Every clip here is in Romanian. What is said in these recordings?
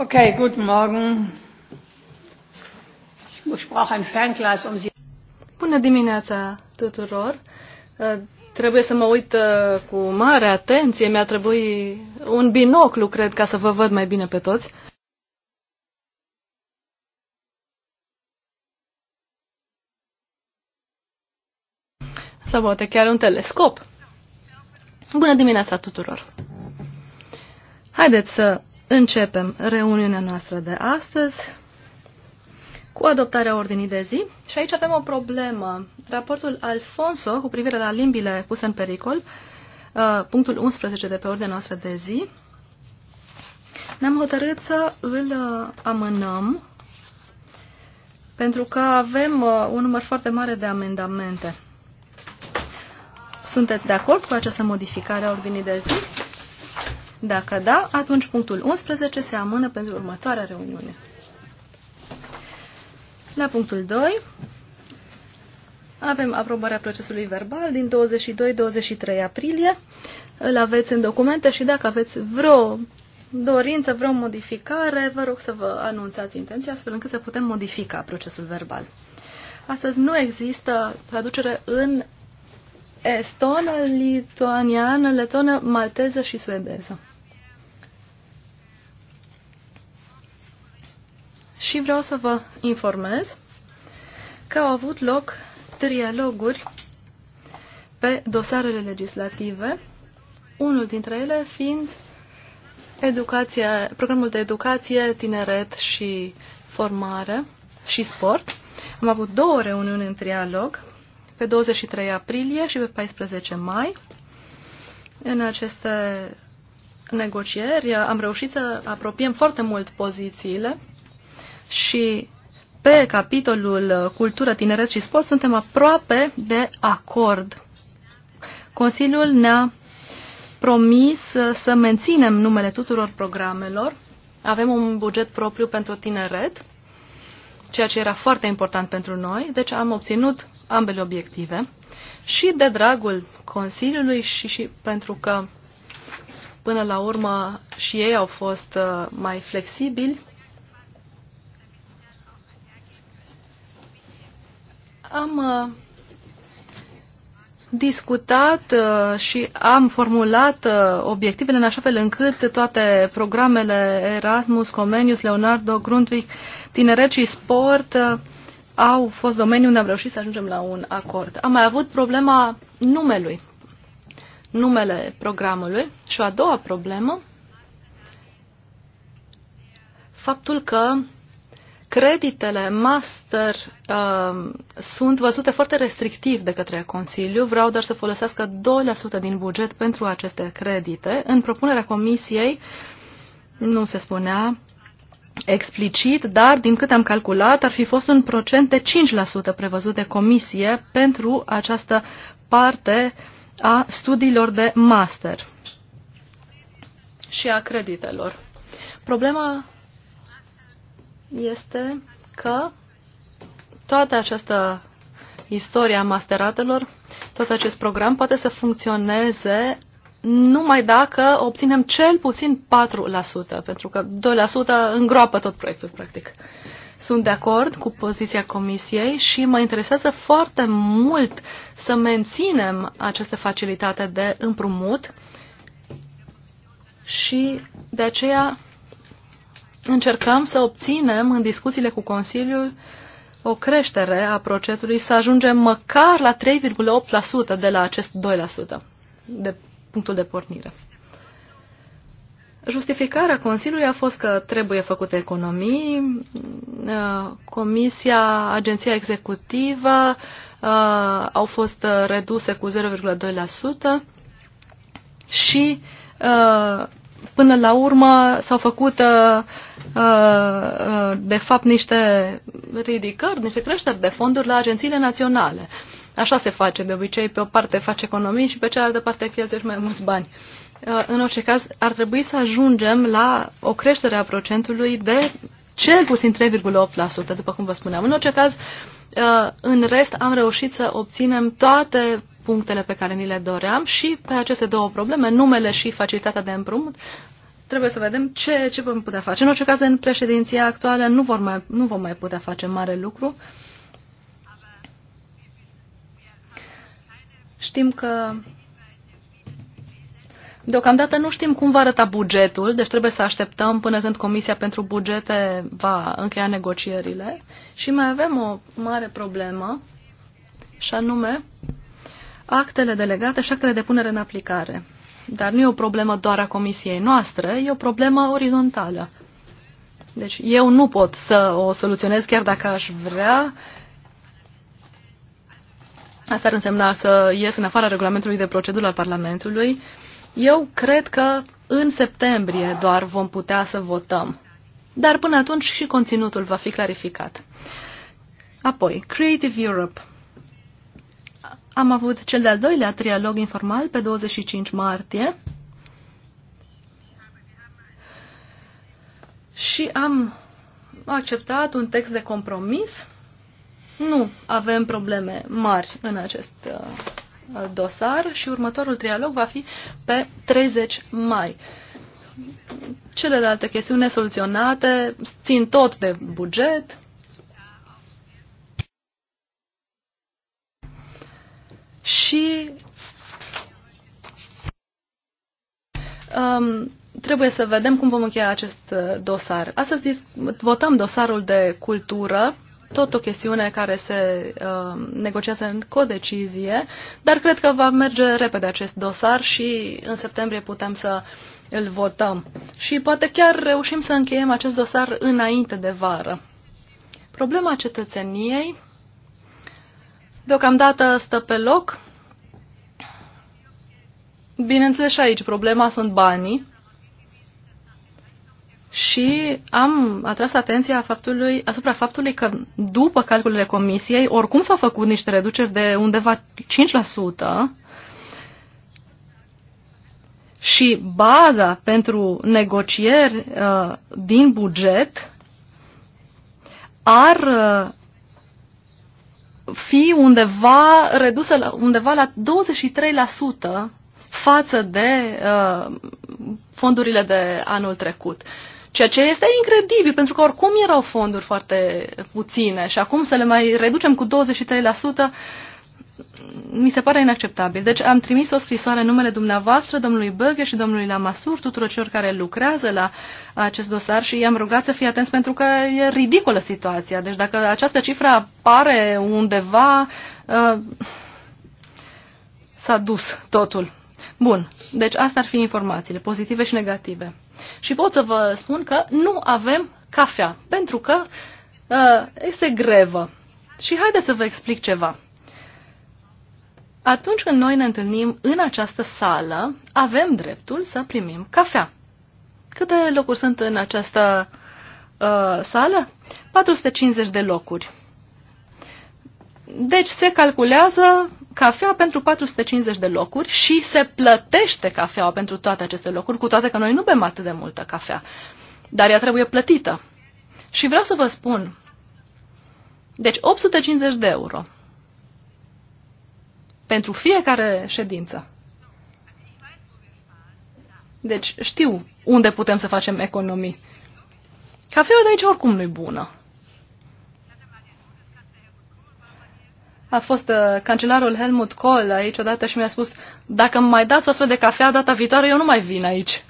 Okay, guten Morgen. Ich brauche ein Fernglas, um Sie. Bună dimineața tuturor. Uh, trebuie să mă uit uh, cu mare atenție. Mi-a trebuit un binoclu, cred, ca să vă văd mai bine pe toți. Sau poate chiar un telescop. Bună dimineața tuturor! Haideți să Începem reuniunea noastră de astăzi cu adoptarea ordinii de zi și aici avem o problemă. Raportul Alfonso cu privire la limbile puse în pericol, uh, punctul 11 de pe ordinea noastră de zi, ne-am hotărât să îl uh, amânăm pentru că avem uh, un număr foarte mare de amendamente. Sunteți de acord cu această modificare a ordinii de zi? Dacă da, atunci punctul 11 se amână pentru următoarea reuniune. La punctul 2 avem aprobarea procesului verbal din 22-23 aprilie. Îl aveți în documente și dacă aveți vreo dorință, vreo modificare, vă rog să vă anunțați intenția astfel încât să putem modifica procesul verbal. Astăzi nu există traducere în estonă, lituaniană, letonă, malteză și suedeză. și vreau să vă informez că au avut loc trialoguri pe dosarele legislative, unul dintre ele fiind educația, programul de educație, tineret și formare și sport. Am avut două reuniuni în trialog, pe 23 aprilie și pe 14 mai. În aceste negocieri am reușit să apropiem foarte mult pozițiile și pe capitolul uh, cultură, tineret și sport suntem aproape de acord. Consiliul ne-a promis uh, să menținem numele tuturor programelor. Avem un buget propriu pentru tineret, ceea ce era foarte important pentru noi, deci am obținut ambele obiective și de dragul Consiliului și, și pentru că până la urmă și ei au fost uh, mai flexibili, Am uh, discutat uh, și am formulat uh, obiectivele în așa fel încât toate programele Erasmus, Comenius, Leonardo, Grundtvig, Tineret și Sport au fost domenii unde am reușit să ajungem la un acord. Am mai avut problema numelui, numele programului și o a doua problemă, faptul că Creditele master uh, sunt văzute foarte restrictiv de către Consiliu. Vreau doar să folosească 2% din buget pentru aceste credite. În propunerea Comisiei nu se spunea explicit, dar din câte am calculat ar fi fost un procent de 5% prevăzut de Comisie pentru această parte a studiilor de master și a creditelor. Problema este că toată această istorie a masteratelor, tot acest program poate să funcționeze numai dacă obținem cel puțin 4%, pentru că 2% îngroapă tot proiectul, practic. Sunt de acord cu poziția Comisiei și mă interesează foarte mult să menținem această facilitate de împrumut și de aceea încercăm să obținem în discuțiile cu Consiliul o creștere a procentului, să ajungem măcar la 3,8% de la acest 2% de punctul de pornire. Justificarea Consiliului a fost că trebuie făcute economii, uh, Comisia, Agenția Executivă uh, au fost reduse cu 0,2% și uh, până la urmă s-au făcut uh, uh, de fapt niște ridicări, niște creșteri de fonduri la agențiile naționale. Așa se face de obicei, pe o parte face economii și pe cealaltă parte cheltuiești mai mulți bani. Uh, în orice caz, ar trebui să ajungem la o creștere a procentului de cel puțin 3,8%, după cum vă spuneam. În orice caz, în rest am reușit să obținem toate punctele pe care ni le doream și pe aceste două probleme, numele și facilitatea de împrumut, trebuie să vedem ce, ce vom putea face. În orice caz, în președinția actuală nu, vor mai, nu vom mai putea face mare lucru. Știm că Deocamdată nu știm cum va arăta bugetul, deci trebuie să așteptăm până când Comisia pentru Bugete va încheia negocierile. Și mai avem o mare problemă, și anume actele delegate și actele de punere în aplicare. Dar nu e o problemă doar a comisiei noastre, e o problemă orizontală. Deci eu nu pot să o soluționez chiar dacă aș vrea. Asta ar însemna să ies în afara regulamentului de procedură al Parlamentului. Eu cred că în septembrie doar vom putea să votăm. Dar până atunci și conținutul va fi clarificat. Apoi, Creative Europe. Am avut cel de-al doilea trialog informal pe 25 martie și am acceptat un text de compromis. Nu avem probleme mari în acest uh, dosar și următorul trialog va fi pe 30 mai. Celelalte chestiuni nesoluționate țin tot de buget, și um, trebuie să vedem cum vom încheia acest uh, dosar. Astăzi votăm dosarul de cultură, tot o chestiune care se uh, negociază în codecizie, dar cred că va merge repede acest dosar și în septembrie putem să îl votăm. Și poate chiar reușim să încheiem acest dosar înainte de vară. Problema cetățeniei Deocamdată stă pe loc. Bineînțeles și aici problema sunt banii. Și am atras atenția faptului, asupra faptului că după calculele comisiei, oricum s-au făcut niște reduceri de undeva 5% și baza pentru negocieri uh, din buget ar uh, fi undeva redusă la, undeva la 23% față de uh, fondurile de anul trecut. Ceea ce este incredibil, pentru că oricum erau fonduri foarte puține și acum să le mai reducem cu 23%, mi se pare inacceptabil. Deci am trimis o scrisoare în numele dumneavoastră, domnului Băghe și domnului Lamasur, tuturor celor care lucrează la acest dosar și i-am rugat să fie atenți pentru că e ridicolă situația. Deci dacă această cifră apare undeva, uh, s-a dus totul. Bun, deci asta ar fi informațiile, pozitive și negative. Și pot să vă spun că nu avem cafea, pentru că uh, este grevă. Și haideți să vă explic ceva atunci când noi ne întâlnim în această sală, avem dreptul să primim cafea. Câte locuri sunt în această uh, sală? 450 de locuri. Deci se calculează cafea pentru 450 de locuri și se plătește cafea pentru toate aceste locuri, cu toate că noi nu bem atât de multă cafea, dar ea trebuie plătită. Și vreau să vă spun, deci 850 de euro pentru fiecare ședință. Deci știu unde putem să facem economii. Cafeaua de aici oricum nu-i bună. A fost uh, cancelarul Helmut Kohl aici odată și mi-a spus dacă îmi mai dați o astfel de cafea data viitoare, eu nu mai vin aici.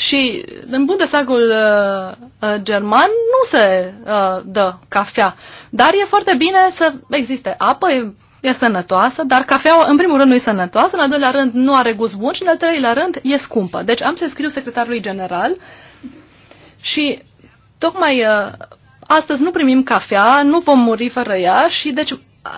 Și în Bundestagul uh, uh, german nu se uh, dă cafea, dar e foarte bine să existe apă, e, e sănătoasă, dar cafeaua în primul rând nu e sănătoasă, în al doilea rând nu are gust bun și în al treilea rând e scumpă. Deci am să scriu secretarului general și tocmai uh, astăzi nu primim cafea, nu vom muri fără ea și deci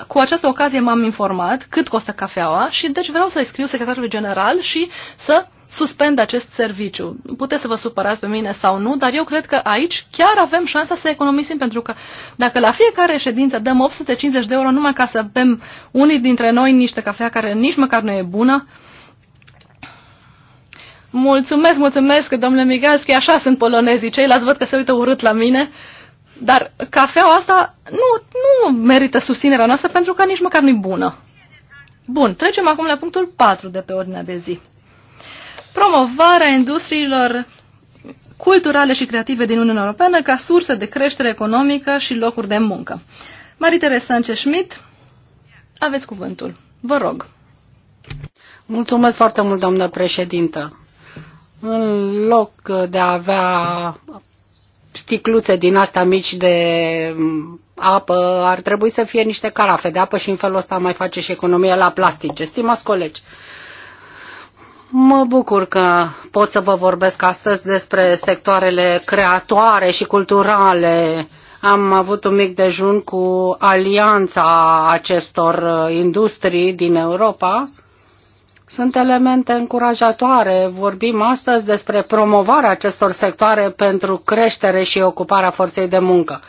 cu această ocazie m-am informat cât costă cafeaua și deci vreau să-i scriu secretarului general și să suspend acest serviciu. Puteți să vă supărați pe mine sau nu, dar eu cred că aici chiar avem șansa să economisim, pentru că dacă la fiecare ședință dăm 850 de euro numai ca să bem unii dintre noi niște cafea care nici măcar nu e bună, Mulțumesc, mulțumesc, domnule Migalski, așa sunt polonezii, ceilalți văd că se uită urât la mine, dar cafeaua asta nu, nu merită susținerea noastră pentru că nici măcar nu-i bună. Bun, trecem acum la punctul 4 de pe ordinea de zi promovarea industriilor culturale și creative din Uniunea Europeană ca sursă de creștere economică și locuri de muncă. Maritere Sanchez-Schmidt, aveți cuvântul. Vă rog. Mulțumesc foarte mult, doamnă președintă. În loc de a avea sticluțe din astea mici de apă, ar trebui să fie niște carafe de apă și în felul ăsta mai face și economia la plastice. Stimați colegi, Mă bucur că pot să vă vorbesc astăzi despre sectoarele creatoare și culturale. Am avut un mic dejun cu alianța acestor uh, industrii din Europa. Sunt elemente încurajatoare. Vorbim astăzi despre promovarea acestor sectoare pentru creștere și ocuparea forței de muncă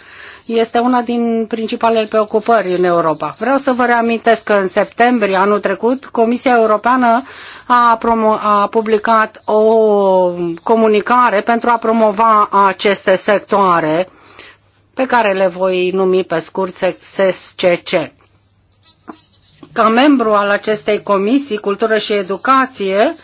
este una din principalele preocupări în Europa. Vreau să vă reamintesc că în septembrie anul trecut Comisia Europeană a, a publicat o comunicare pentru a promova aceste sectoare pe care le voi numi pe scurt SCC. Ca membru al acestei comisii, Cultură și Educație,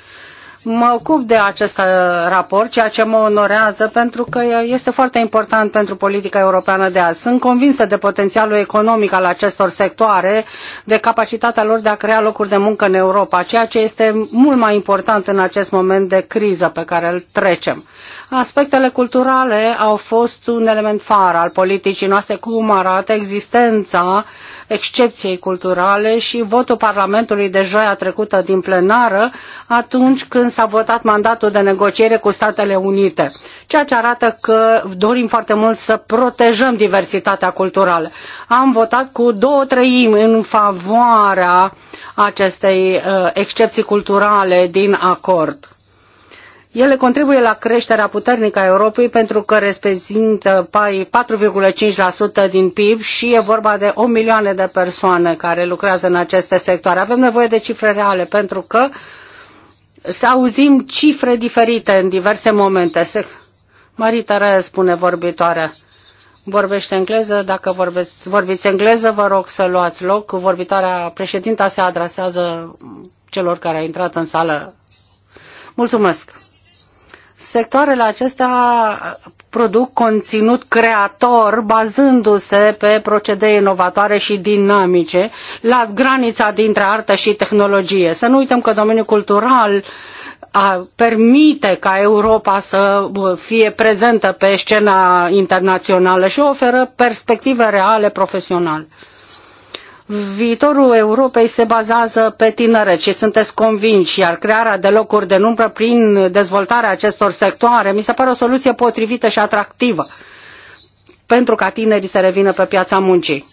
Mă ocup de acest uh, raport, ceea ce mă onorează, pentru că este foarte important pentru politica europeană de azi. Sunt convinsă de potențialul economic al acestor sectoare, de capacitatea lor de a crea locuri de muncă în Europa, ceea ce este mult mai important în acest moment de criză pe care îl trecem. Aspectele culturale au fost un element far al politicii noastre, cum arată existența uh, excepției culturale și votul Parlamentului de joia trecută din plenară atunci când s-a votat mandatul de negociere cu Statele Unite, ceea ce arată că dorim foarte mult să protejăm diversitatea culturală. Am votat cu două treimi în favoarea acestei uh, excepții culturale din acord ele contribuie la creșterea puternică a Europei pentru că reprezintă 4,5% din PIB și e vorba de 8 milioane de persoane care lucrează în aceste sectoare. Avem nevoie de cifre reale pentru că să auzim cifre diferite în diverse momente. Marie Tare spune vorbitoarea. Vorbește engleză, dacă vorbeți, vorbiți engleză, vă rog să luați loc. Vorbitoarea președinta se adresează celor care au intrat în sală. Mulțumesc! sectoarele acestea produc conținut creator bazându-se pe procedee inovatoare și dinamice la granița dintre artă și tehnologie. Să nu uităm că domeniul cultural a, permite ca Europa să uh, fie prezentă pe scena internațională și oferă perspective reale profesionale. Viitorul Europei se bazează pe tineret și sunteți convinși, iar crearea de locuri de muncă prin dezvoltarea acestor sectoare mi se pare o soluție potrivită și atractivă pentru ca tinerii să revină pe piața muncii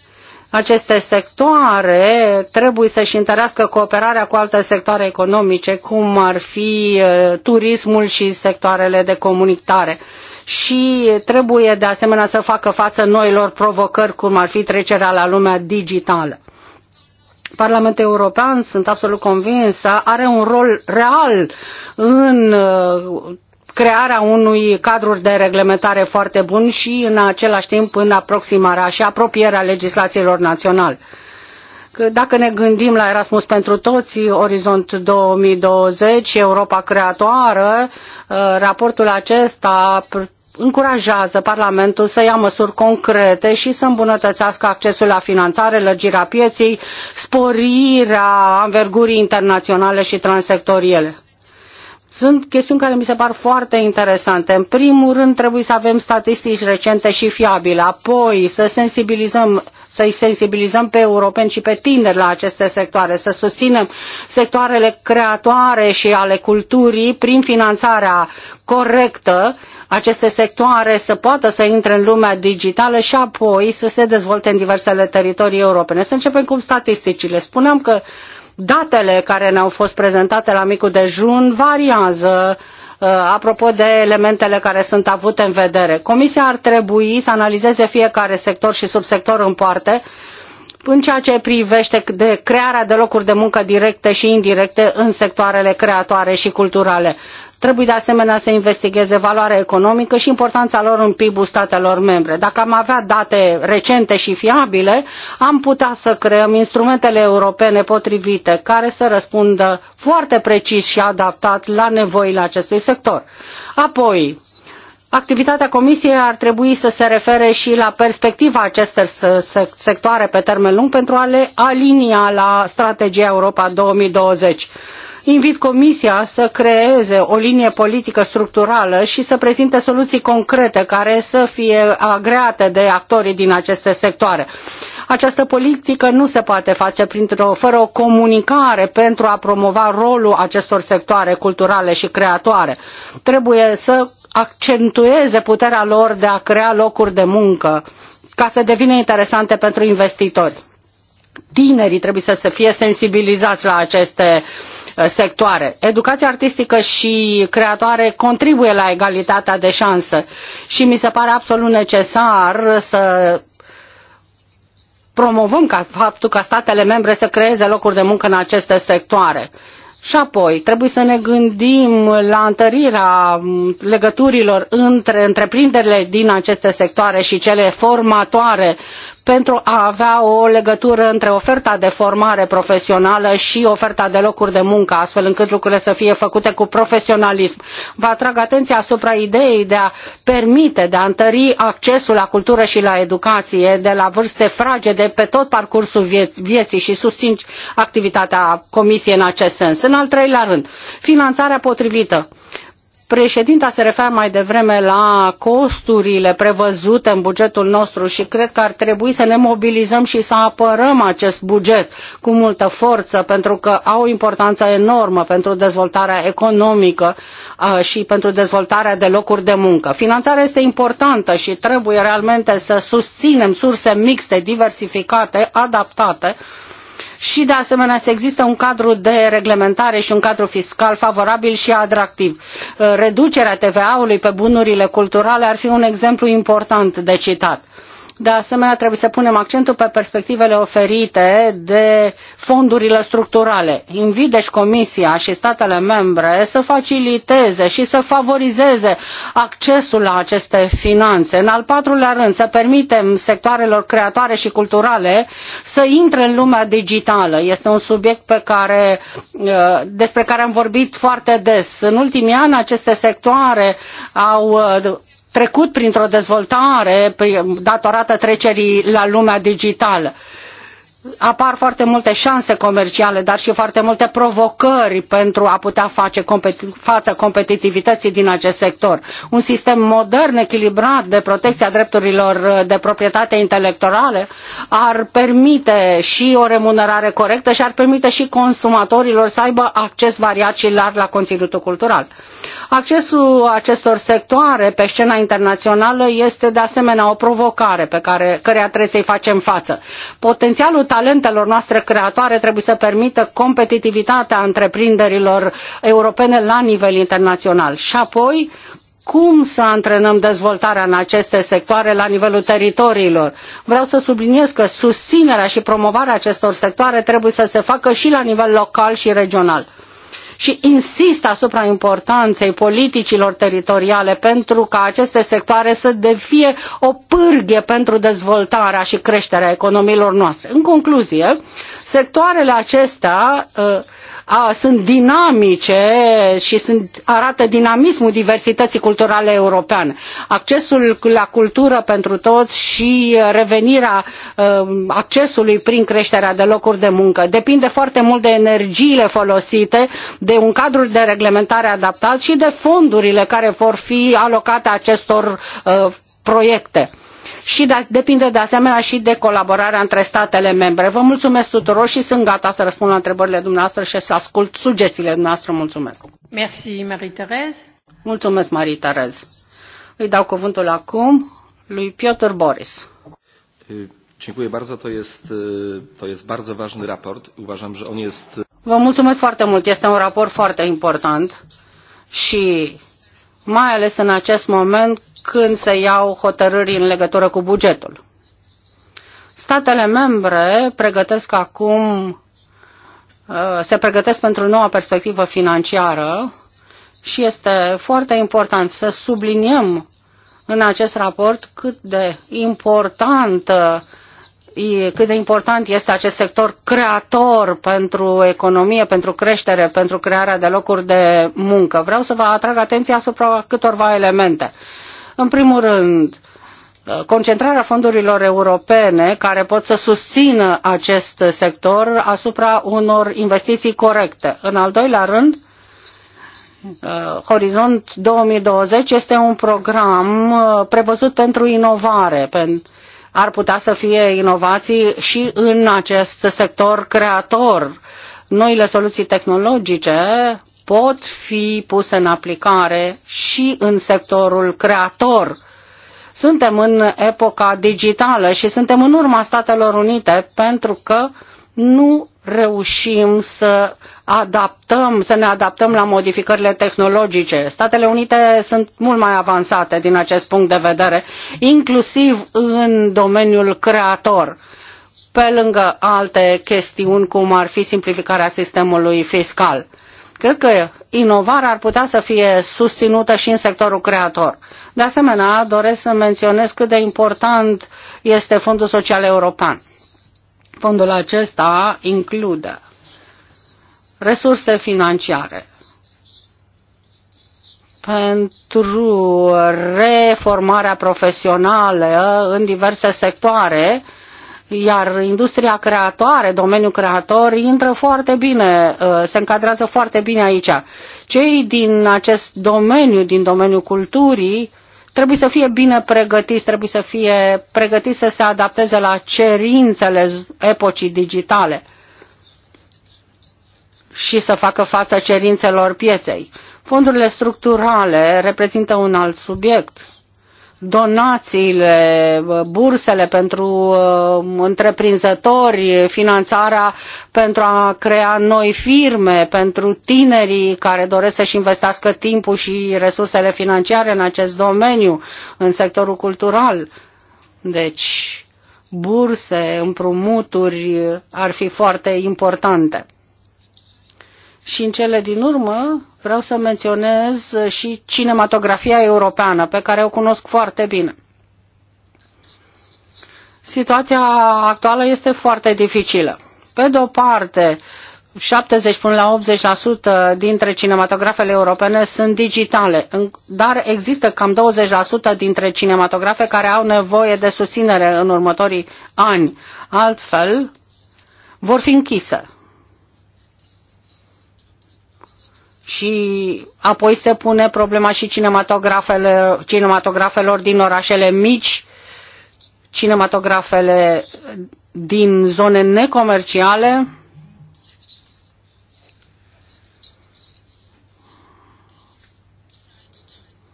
aceste sectoare trebuie să-și întărească cooperarea cu alte sectoare economice, cum ar fi turismul și sectoarele de comunicare. Și trebuie de asemenea să facă față noilor provocări, cum ar fi trecerea la lumea digitală. Parlamentul European, sunt absolut convinsă, are un rol real în uh, crearea unui cadru de reglementare foarte bun și în același timp în aproximarea și apropierea legislațiilor naționale. Dacă ne gândim la Erasmus pentru toți, Orizont 2020, Europa Creatoare, uh, raportul acesta încurajează Parlamentul să ia măsuri concrete și să îmbunătățească accesul la finanțare, lărgirea pieței, sporirea anvergurii internaționale și transectoriale. Sunt chestiuni care mi se par foarte interesante. În primul rând trebuie să avem statistici recente și fiabile, apoi să sensibilizăm să-i sensibilizăm pe europeni și pe tineri la aceste sectoare, să susținem sectoarele creatoare și ale culturii prin finanțarea corectă aceste sectoare să poată să intre în lumea digitală și apoi să se dezvolte în diversele teritorii europene. Să începem cu statisticile. Spuneam că datele care ne-au fost prezentate la micul dejun variază uh, apropo de elementele care sunt avute în vedere. Comisia ar trebui să analizeze fiecare sector și subsector în parte în ceea ce privește de crearea de locuri de muncă directe și indirecte în sectoarele creatoare și culturale. Trebuie de asemenea să investigheze valoarea economică și importanța lor în PIB-ul statelor membre. Dacă am avea date recente și fiabile, am putea să creăm instrumentele europene potrivite care să răspundă foarte precis și adaptat la nevoile acestui sector. Apoi, activitatea comisiei ar trebui să se refere și la perspectiva acestor sectoare pe termen lung pentru a le alinia la strategia Europa 2020 Invit Comisia să creeze o linie politică structurală și să prezinte soluții concrete care să fie agreate de actorii din aceste sectoare. Această politică nu se poate face printr-o, fără o comunicare pentru a promova rolul acestor sectoare culturale și creatoare. Trebuie să accentueze puterea lor de a crea locuri de muncă ca să devină interesante pentru investitori tinerii trebuie să se fie sensibilizați la aceste Uh, sectoare. Educația artistică și creatoare contribuie la egalitatea de șansă și mi se pare absolut necesar să promovăm ca faptul ca statele membre să creeze locuri de muncă în aceste sectoare. Și apoi, trebuie să ne gândim la întărirea legăturilor între întreprinderile din aceste sectoare și cele formatoare pentru a avea o legătură între oferta de formare profesională și oferta de locuri de muncă, astfel încât lucrurile să fie făcute cu profesionalism. Vă atrag atenția asupra ideii de a permite, de a întări accesul la cultură și la educație de la vârste fragede pe tot parcursul vieții și susțin activitatea Comisiei în acest sens. În al treilea rând, finanțarea potrivită Președinta se referă mai devreme la costurile prevăzute în bugetul nostru și cred că ar trebui să ne mobilizăm și să apărăm acest buget cu multă forță pentru că au o importanță enormă pentru dezvoltarea economică și pentru dezvoltarea de locuri de muncă. Finanțarea este importantă și trebuie realmente să susținem surse mixte, diversificate, adaptate și de asemenea să există un cadru de reglementare și un cadru fiscal favorabil și atractiv. Reducerea TVA-ului pe bunurile culturale ar fi un exemplu important de citat de asemenea, trebuie să punem accentul pe perspectivele oferite de fondurile structurale. Invit deci Comisia și statele membre să faciliteze și să favorizeze accesul la aceste finanțe. În al patrulea rând, să permitem sectoarelor creatoare și culturale să intre în lumea digitală. Este un subiect pe care, uh, despre care am vorbit foarte des. În ultimii ani, aceste sectoare au uh, trecut printr-o dezvoltare datorată trecerii la lumea digitală apar foarte multe șanse comerciale, dar și foarte multe provocări pentru a putea face competi- față competitivității din acest sector. Un sistem modern, echilibrat de protecția drepturilor de proprietate intelectuală ar permite și o remunerare corectă și ar permite și consumatorilor să aibă acces variat și larg la conținutul cultural. Accesul acestor sectoare pe scena internațională este de asemenea o provocare pe care căreia trebuie să-i facem față. Potențialul talentelor noastre creatoare trebuie să permită competitivitatea întreprinderilor europene la nivel internațional. Și apoi, cum să antrenăm dezvoltarea în aceste sectoare la nivelul teritoriilor. Vreau să subliniez că susținerea și promovarea acestor sectoare trebuie să se facă și la nivel local și regional și insist asupra importanței politicilor teritoriale pentru ca aceste sectoare să fie o pârghie pentru dezvoltarea și creșterea economiilor noastre. În concluzie, sectoarele acestea uh, a, sunt dinamice și sunt, arată dinamismul diversității culturale europene. Accesul la cultură pentru toți și revenirea a, um, accesului prin creșterea de locuri de muncă. Depinde foarte mult de energiile folosite, de un cadru de reglementare adaptat și de fondurile care vor fi alocate acestor a, uh, proiecte și da, depinde de asemenea și de colaborarea între statele membre. Vă mulțumesc tuturor și sunt gata să răspund la întrebările dumneavoastră și să ascult sugestiile dumneavoastră. Mulțumesc. Merci, Marie-Thérèse. Mulțumesc, Marie-Thérèse. Îi dau cuvântul acum lui Piotr Boris. Dziękuję bardzo. To jest, to jest bardzo ważny raport. Uważam, że on jest... Vă mulțumesc foarte mult. Este un raport foarte important și mai ales în acest moment când se iau hotărâri în legătură cu bugetul. Statele membre pregătesc acum, uh, se pregătesc pentru noua perspectivă financiară și este foarte important să subliniem în acest raport cât de importantă cât de important este acest sector creator pentru economie, pentru creștere, pentru crearea de locuri de muncă. Vreau să vă atrag atenția asupra câtorva elemente. În primul rând, concentrarea fondurilor europene care pot să susțină acest sector asupra unor investiții corecte. În al doilea rând, Horizont 2020 este un program uh, prevăzut pentru inovare, pentru ar putea să fie inovații și în acest sector creator. Noile soluții tehnologice pot fi puse în aplicare și în sectorul creator. Suntem în epoca digitală și suntem în urma Statelor Unite pentru că nu reușim să adaptăm, să ne adaptăm la modificările tehnologice. Statele Unite sunt mult mai avansate din acest punct de vedere, inclusiv în domeniul creator pe lângă alte chestiuni, cum ar fi simplificarea sistemului fiscal. Cred că inovarea ar putea să fie susținută și în sectorul creator. De asemenea, doresc să menționez cât de important este Fondul Social European Fondul acesta include resurse financiare pentru reformarea profesională în diverse sectoare, iar industria creatoare, domeniul creator, intră foarte bine, uh, se încadrează foarte bine aici. Cei din acest domeniu, din domeniul culturii, trebuie să fie bine pregătiți, trebuie să fie pregătiți să se adapteze la cerințele epocii digitale și să facă față cerințelor pieței. Fondurile structurale reprezintă un alt subiect donațiile, bursele pentru uh, întreprinzători, finanțarea pentru a crea noi firme, pentru tinerii care doresc să-și investească timpul și resursele financiare în acest domeniu, în sectorul cultural. Deci, burse, împrumuturi ar fi foarte importante. Și în cele din urmă, Vreau să menționez și cinematografia europeană, pe care o cunosc foarte bine. Situația actuală este foarte dificilă. Pe de o parte, 70 până la 80% dintre cinematografele europene sunt digitale, dar există cam 20% dintre cinematografe care au nevoie de susținere în următorii ani. Altfel, vor fi închise. și apoi se pune problema și cinematografelor, cinematografelor din orașele mici, cinematografele din zone necomerciale.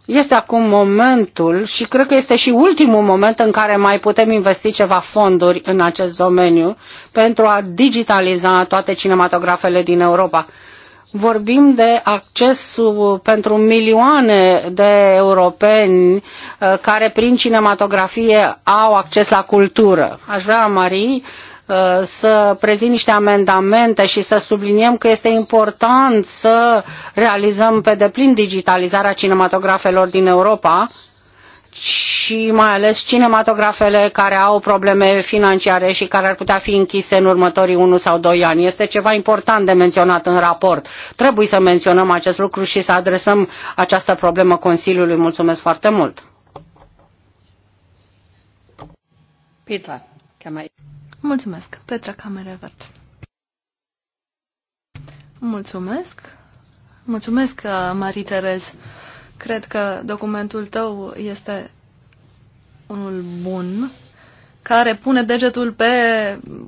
Este acum momentul și cred că este și ultimul moment în care mai putem investi ceva fonduri în acest domeniu pentru a digitaliza toate cinematografele din Europa Vorbim de accesul pentru milioane de europeni uh, care prin cinematografie au acces la cultură. Aș vrea, Marie, uh, să prezint niște amendamente și să subliniem că este important să realizăm pe deplin digitalizarea cinematografelor din Europa și mai ales cinematografele care au probleme financiare și care ar putea fi închise în următorii unu sau doi ani. Este ceva important de menționat în raport. Trebuie să menționăm acest lucru și să adresăm această problemă Consiliului. Mulțumesc foarte mult! Petra, mai... Mulțumesc, Petra Camerevert. Mulțumesc. Mulțumesc, uh, Marie Terez. Cred că documentul tău este unul bun, care pune degetul pe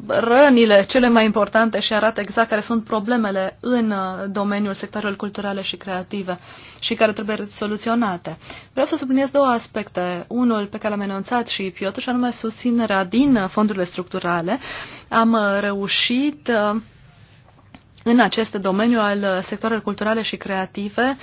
rănile cele mai importante și arată exact care sunt problemele în uh, domeniul sectorului culturale și creative și care trebuie soluționate. Vreau să subliniez două aspecte. Unul pe care l-am enunțat și Piotr, și anume susținerea din fondurile structurale. Am uh, reușit uh, în acest domeniu al sectorului culturale și creative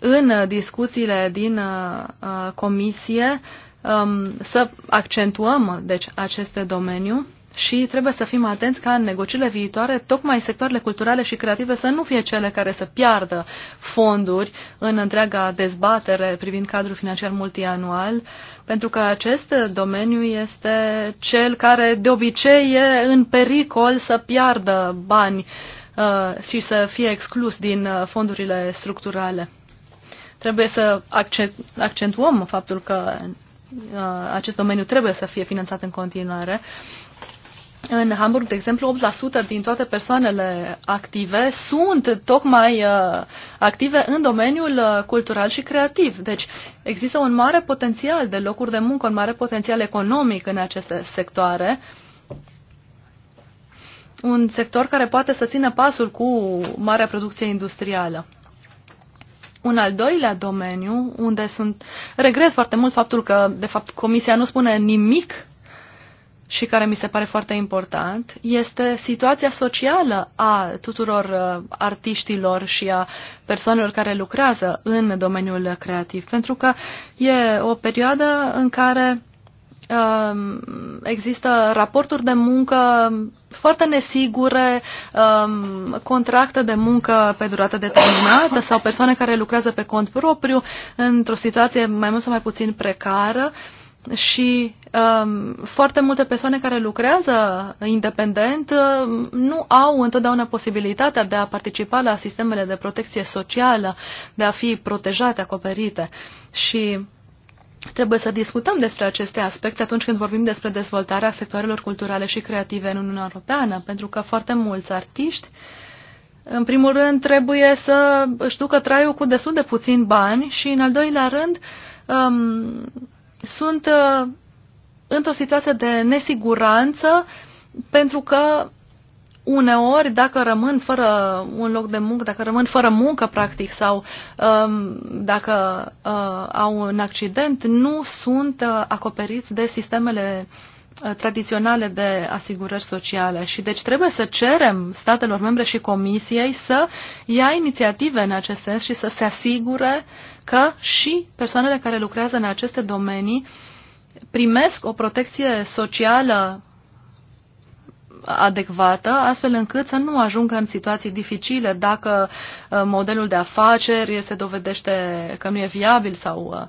în uh, discuțiile din uh, uh, comisie um, să accentuăm deci, aceste domeniu și trebuie să fim atenți ca în negocierile viitoare tocmai sectoarele culturale și creative să nu fie cele care să piardă fonduri în întreaga dezbatere privind cadrul financiar multianual, pentru că acest domeniu este cel care de obicei e în pericol să piardă bani și să fie exclus din fondurile structurale. Trebuie să accentuăm faptul că uh, acest domeniu trebuie să fie finanțat în continuare. În Hamburg, de exemplu, 8% din toate persoanele active sunt tocmai uh, active în domeniul uh, cultural și creativ. Deci există un mare potențial de locuri de muncă, un mare potențial economic în aceste sectoare. Un sector care poate să țină pasul cu marea producție industrială. Un al doilea domeniu unde sunt regret foarte mult faptul că, de fapt, Comisia nu spune nimic și care mi se pare foarte important, este situația socială a tuturor uh, artiștilor și a persoanelor care lucrează în domeniul creativ. Pentru că e o perioadă în care Um, există raporturi de muncă foarte nesigure, um, contracte de muncă pe durată determinată sau persoane care lucrează pe cont propriu într-o situație mai mult sau mai puțin precară și um, foarte multe persoane care lucrează independent uh, nu au întotdeauna posibilitatea de a participa la sistemele de protecție socială, de a fi protejate, acoperite. Și Trebuie să discutăm despre aceste aspecte atunci când vorbim despre dezvoltarea sectoarelor culturale și creative în Uniunea Europeană, pentru că foarte mulți artiști, în primul rând, trebuie să își ducă traiul cu destul de puțin bani și, în al doilea rând, um, sunt uh, într-o situație de nesiguranță pentru că uneori, dacă rămân fără un loc de muncă, dacă rămân fără muncă, practic, sau um, dacă uh, au un accident, nu sunt uh, acoperiți de sistemele uh, tradiționale de asigurări sociale. Și deci trebuie să cerem statelor membre și comisiei să ia inițiative în acest sens și să se asigure că și persoanele care lucrează în aceste domenii primesc o protecție socială adecvată, astfel încât să nu ajungă în situații dificile dacă uh, modelul de afaceri se dovedește că nu e viabil sau uh,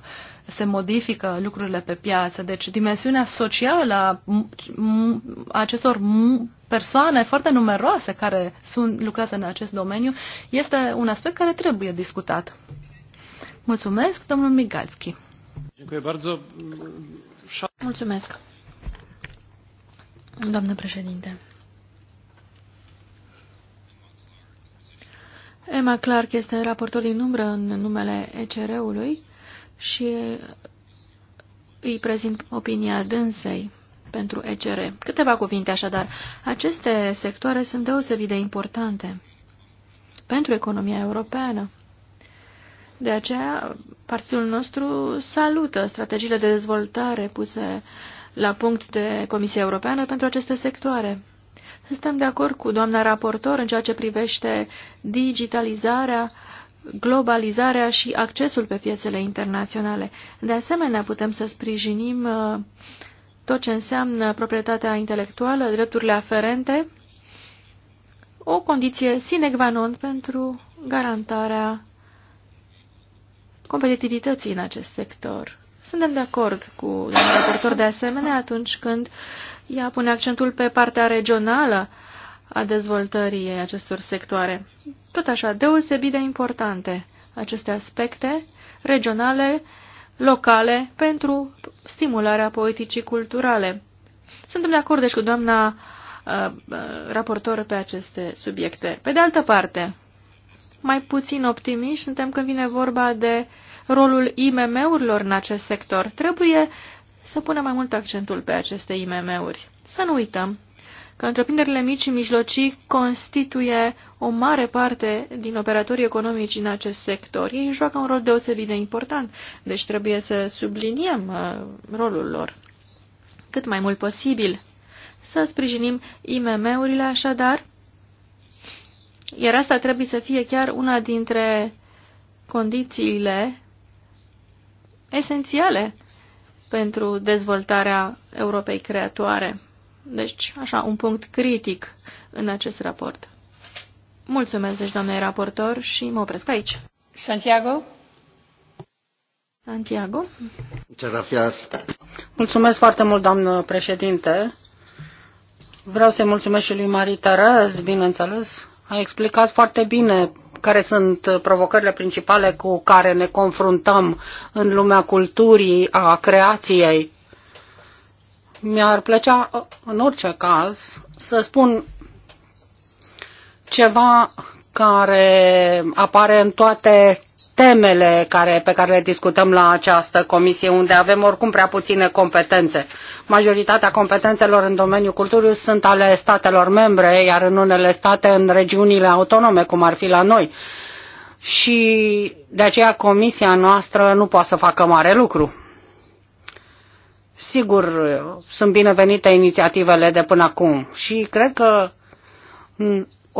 se modifică lucrurile pe piață. Deci dimensiunea socială a acestor persoane foarte numeroase care sunt, lucrează în acest domeniu este un aspect care trebuie discutat. Mulțumesc, domnul Migalski. Mulțumesc. Doamnă președinte. Emma Clark este raportor din umbră în numele ECR-ului și îi prezint opinia dânsei pentru ECR. Câteva cuvinte așadar. Aceste sectoare sunt deosebit de importante pentru economia europeană. De aceea, partidul nostru salută strategiile de dezvoltare puse la punct de Comisia Europeană pentru aceste sectoare. Suntem de acord cu doamna raportor în ceea ce privește digitalizarea, globalizarea și accesul pe piețele internaționale. De asemenea, putem să sprijinim uh, tot ce înseamnă proprietatea intelectuală, drepturile aferente, o condiție sine qua non pentru garantarea competitivității în acest sector. Suntem de acord cu domnul raportor de asemenea atunci când ea pune accentul pe partea regională a dezvoltării acestor sectoare. Tot așa, deosebit de importante aceste aspecte regionale, locale, pentru stimularea politicii culturale. Suntem de acord deci cu doamna uh, uh raportor pe aceste subiecte. Pe de altă parte, mai puțin optimiști suntem când vine vorba de rolul IMM-urilor în acest sector. Trebuie să punem mai mult accentul pe aceste IMM-uri. Să nu uităm că întreprinderile mici și mijlocii constituie o mare parte din operatorii economici în acest sector. Ei joacă un rol deosebit de important, deci trebuie să subliniem uh, rolul lor cât mai mult posibil. Să sprijinim IMM-urile așadar, iar asta trebuie să fie chiar una dintre condițiile esențiale pentru dezvoltarea Europei creatoare. Deci, așa, un punct critic în acest raport. Mulțumesc, deci, doamnei raportor, și mă opresc aici. Santiago? Santiago? Mulțumesc foarte mult, doamnă președinte. Vreau să-i mulțumesc și lui Marita Răz, bineînțeles. A explicat foarte bine care sunt provocările principale cu care ne confruntăm în lumea culturii, a creației. Mi-ar plăcea, în orice caz, să spun ceva care apare în toate temele care, pe care le discutăm la această comisie, unde avem oricum prea puține competențe. Majoritatea competențelor în domeniul culturii sunt ale statelor membre, iar în unele state în regiunile autonome, cum ar fi la noi. Și de aceea comisia noastră nu poate să facă mare lucru. Sigur, sunt binevenite inițiativele de până acum și cred că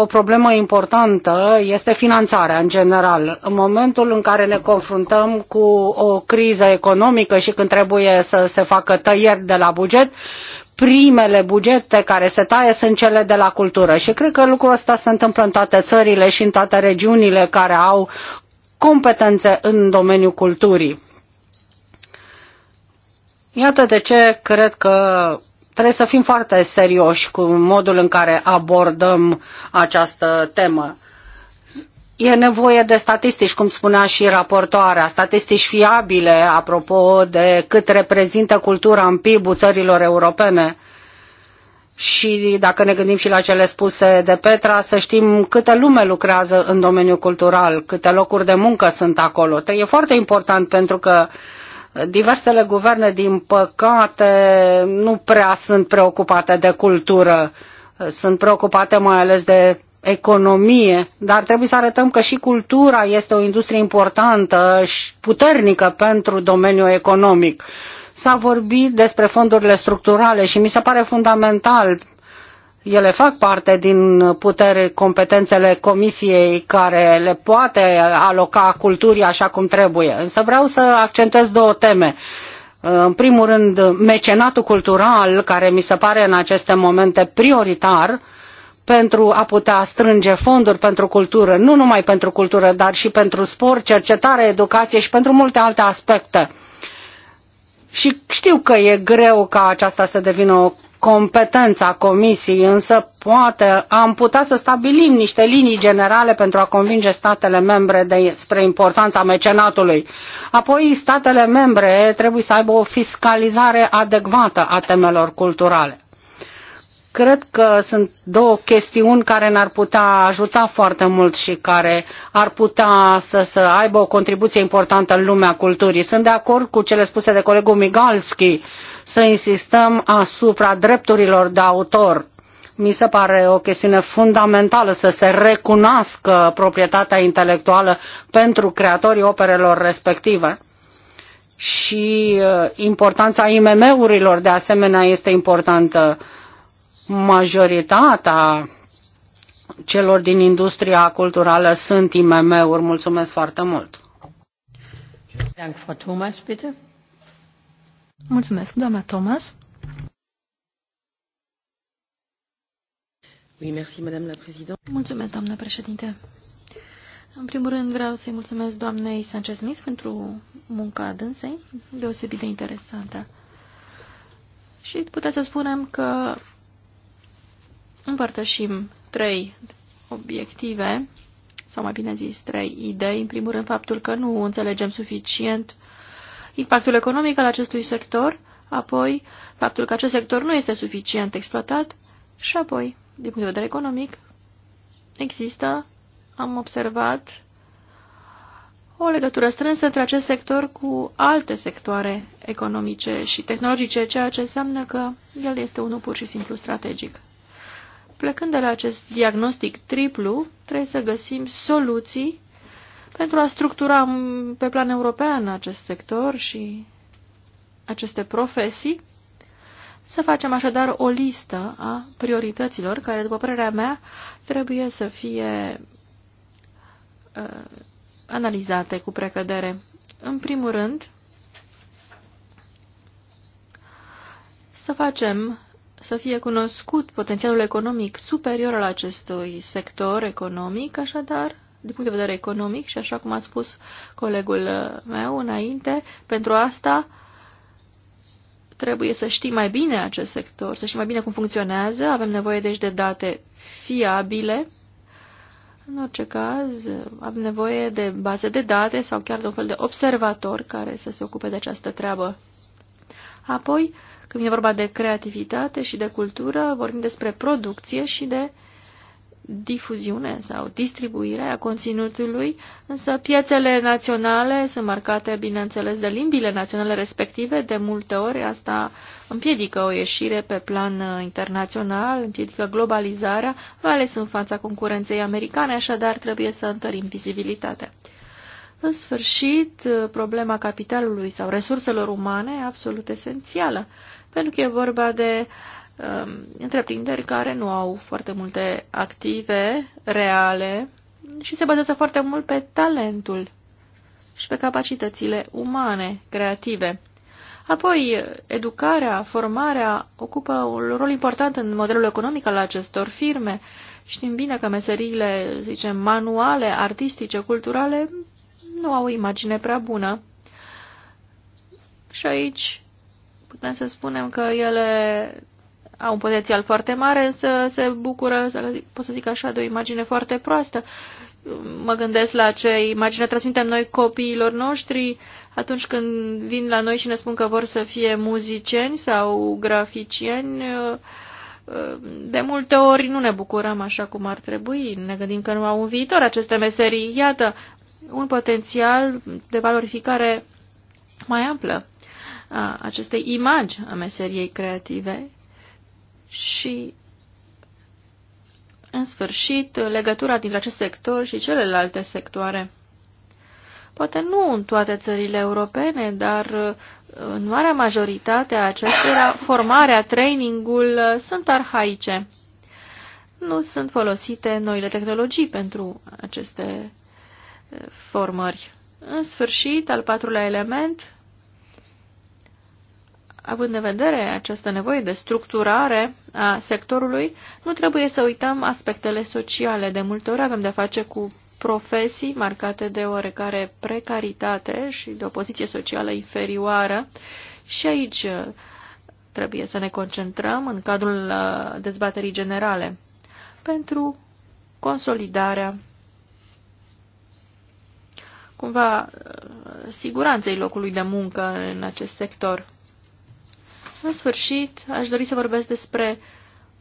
o problemă importantă este finanțarea în general. În momentul în care ne confruntăm cu o criză economică și când trebuie să se facă tăieri de la buget, primele bugete care se taie sunt cele de la cultură și cred că lucrul ăsta se întâmplă în toate țările și în toate regiunile care au competențe în domeniul culturii. Iată de ce cred că Trebuie să fim foarte serioși cu modul în care abordăm această temă. E nevoie de statistici, cum spunea și raportoarea, statistici fiabile, apropo de cât reprezintă cultura în pib țărilor europene. Și dacă ne gândim și la cele spuse de Petra, să știm câte lume lucrează în domeniul cultural, câte locuri de muncă sunt acolo. E foarte important pentru că uh, Diversele guverne, din păcate, nu prea sunt preocupate de cultură, sunt preocupate mai ales de economie, dar trebuie să arătăm că și cultura este o industrie importantă și puternică pentru domeniul economic. S-a vorbit despre fondurile structurale și mi se pare fundamental ele fac parte din putere competențele comisiei care le poate aloca culturii așa cum trebuie. Însă vreau să accentuez două teme. În primul rând, mecenatul cultural, care mi se pare în aceste momente prioritar, pentru a putea strânge fonduri pentru cultură, nu numai pentru cultură, dar și pentru sport, cercetare, educație și pentru multe alte aspecte. Și știu că e greu ca aceasta să devină o competența Comisiei, însă poate am putea să stabilim niște linii generale pentru a convinge statele membre de, spre importanța mecenatului. Apoi, statele membre trebuie să aibă o fiscalizare adecvată a temelor culturale. Cred că sunt două chestiuni care ne-ar putea ajuta foarte mult și care ar putea să, să aibă o contribuție importantă în lumea culturii. Sunt de acord cu cele spuse de colegul Migalski, uh, să insistăm asupra drepturilor de autor. Mi se pare o chestiune fundamentală să se recunoască proprietatea intelectuală pentru creatorii operelor respective și uh, importanța IMM-urilor de asemenea este importantă. Majoritatea celor din industria culturală sunt IMM-uri. Mulțumesc foarte mult! Dank, Thomas, bitte. Mulțumesc, doamna Thomas. Mulțumesc, doamna președinte. În primul rând vreau să-i mulțumesc doamnei Sanchez Smith pentru munca dânsei, deosebit de interesantă. Și puteți să spunem că împărtășim trei obiective, sau mai bine zis, trei idei. În primul rând, faptul că nu înțelegem suficient uh, impactul economic al acestui sector, apoi faptul că acest sector nu este suficient exploatat și apoi, din punct de vedere economic, există, am observat, o legătură strânsă între acest sector cu alte sectoare economice și tehnologice, ceea ce înseamnă că el este unul pur și simplu strategic. Plecând de la acest diagnostic triplu, trebuie să găsim soluții pentru a structura pe plan european acest sector și aceste profesii, să facem așadar o listă a priorităților care, după părerea mea, trebuie să fie uh, analizate cu precădere. În primul rând, să facem să fie cunoscut potențialul economic superior al acestui sector economic, așadar, din punct de vedere economic și așa cum a spus colegul uh, meu înainte, pentru asta trebuie să știi mai bine acest sector, să știi mai bine cum funcționează, avem nevoie deci de date fiabile, în orice caz avem nevoie de baze de date sau chiar de un fel de observator care să se ocupe de această treabă. Apoi, când e vorba de creativitate și de cultură, vorbim despre producție și de uh, difuziune sau distribuire a conținutului, însă piețele naționale sunt marcate, bineînțeles, de limbile naționale respective. De multe ori asta împiedică o ieșire pe plan uh, internațional, împiedică globalizarea, mai ales în fața concurenței americane, așadar trebuie să întărim vizibilitatea. În sfârșit, uh, problema capitalului sau resurselor umane e absolut esențială, pentru că e vorba de uh, Um, întreprinderi care nu au foarte multe active reale și se bazează foarte mult pe talentul și pe capacitățile umane, creative. Apoi, educarea, formarea ocupă un rol important în modelul economic al acestor firme. Știm bine că meseriile, zicem, manuale, artistice, culturale, nu au o imagine prea bună. Și aici putem să spunem că ele au un potențial foarte mare, însă se bucură, să pot să zic așa, de o imagine foarte proastă. Mă gândesc la ce imagine transmitem noi copiilor noștri atunci când vin la noi și ne spun că vor să fie muzicieni sau graficieni. De multe ori nu ne bucurăm așa cum ar trebui, ne gândim că nu au un viitor aceste meserii. Iată, un potențial de valorificare mai amplă a acestei imagi a meseriei creative și, în sfârșit, legătura dintre acest sector și celelalte sectoare. Poate nu în toate țările europene, dar uh, în marea majoritate a acestora, formarea, trainingul uh, sunt arhaice. Nu sunt folosite noile tehnologii pentru aceste uh, formări. În sfârșit, al patrulea element, Având în vedere această nevoie de structurare a sectorului, nu trebuie să uităm aspectele sociale. De multe ori avem de face cu profesii marcate de oarecare precaritate și de o poziție socială inferioară și aici uh, trebuie să ne concentrăm în cadrul uh, dezbaterii generale pentru consolidarea cumva uh, siguranței locului de muncă în acest sector. În sfârșit, aș dori să vorbesc despre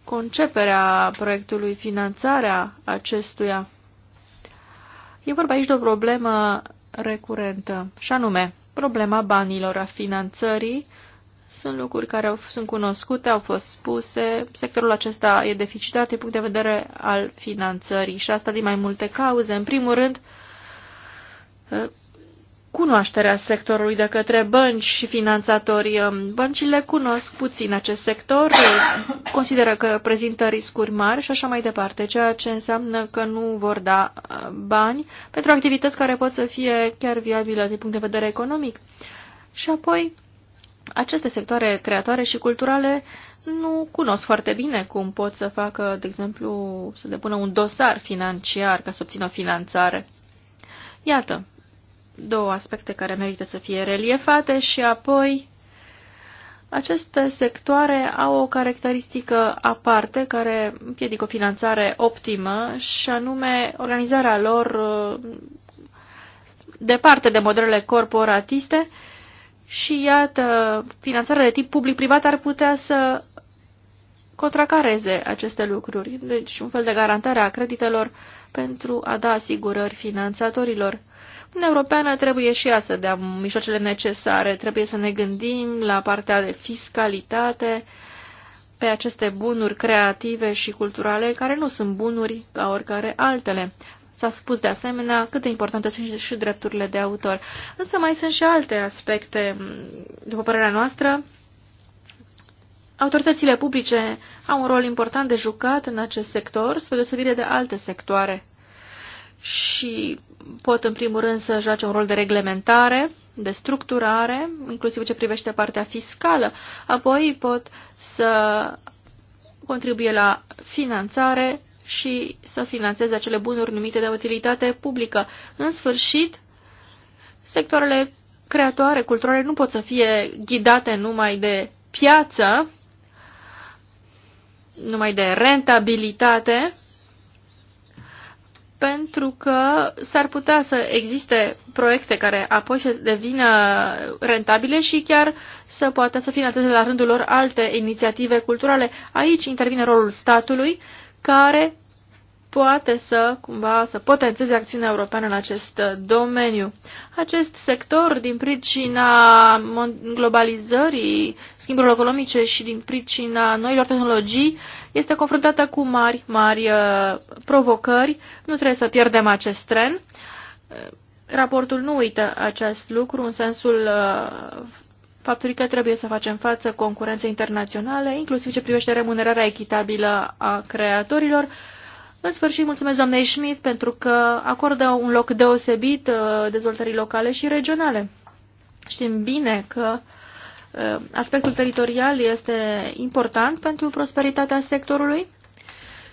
conceperea proiectului, finanțarea acestuia. E vorba aici de o problemă recurentă, și anume problema banilor, a finanțării. Sunt lucruri care au, sunt cunoscute, au fost spuse. Sectorul acesta e deficitar din punct de vedere al finanțării și asta din mai multe cauze. În primul rând, cunoașterea sectorului de către bănci și finanțatori. Băncile cunosc puțin acest sector, consideră că prezintă riscuri mari și așa mai departe, ceea ce înseamnă că nu vor da bani pentru activități care pot să fie chiar viabile din punct de vedere economic. Și apoi, aceste sectoare creatoare și culturale nu cunosc foarte bine cum pot să facă, de exemplu, să depună un dosar financiar ca să obțină finanțare. Iată, două aspecte care merită să fie reliefate și apoi aceste sectoare au o caracteristică aparte care împiedică o finanțare optimă și anume organizarea lor uh, departe de modelele corporatiste și iată, finanțarea de tip public-privat ar putea să contracareze aceste lucruri, deci un fel de garantare a creditelor pentru a da asigurări finanțatorilor. Uniunea Europeană trebuie și ea să dea mijloacele necesare, trebuie să ne gândim la partea de fiscalitate, pe aceste bunuri creative și culturale care nu sunt bunuri ca oricare altele. S-a spus de asemenea cât de importante sunt și drepturile de autor. Însă mai sunt și alte aspecte, după părerea noastră. Autoritățile publice au un rol important de jucat în acest sector, spre deosebire de alte sectoare și pot în primul rând să joace un rol de reglementare, de structurare, inclusiv ce privește partea fiscală. Apoi pot să contribuie la finanțare și să finanțeze acele bunuri numite de utilitate publică. În sfârșit, sectoarele creatoare, culturale nu pot să fie ghidate numai de piață, numai de rentabilitate, pentru că s-ar putea să existe proiecte care apoi să devină rentabile și chiar să poată să finanțeze la rândul lor alte inițiative culturale. Aici intervine rolul statului, care poate să cumva să potențeze acțiunea europeană în acest uh, domeniu. Acest sector, din pricina globalizării, schimburilor economice și din pricina noilor tehnologii, este confruntată cu mari, mari uh, provocări. Nu trebuie să pierdem acest tren. Uh, raportul nu uită acest lucru în sensul faptului că trebuie să facem față concurenței internaționale, inclusiv ce privește remunerarea echitabilă a creatorilor, în sfârșit, mulțumesc doamnei Schmidt pentru că acordă un loc deosebit uh, dezvoltării locale și regionale. Știm bine că uh, aspectul teritorial este important pentru prosperitatea sectorului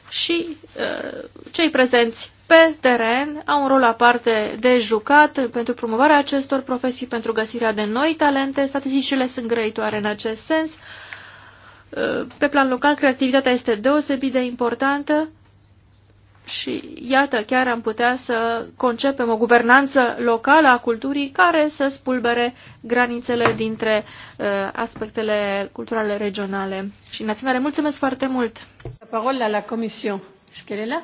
și uh, cei prezenți pe teren au un rol aparte de jucat pentru promovarea acestor profesii, pentru găsirea de noi talente. Statisticile sunt grăitoare în acest sens. Pe plan local, creativitatea este deosebit de importantă și iată, chiar am putea să concepem o guvernanță locală a culturii care să spulbere granițele dintre uh, aspectele culturale regionale și naționale. Mulțumesc foarte mult! La parola la Comisie. Șchelela?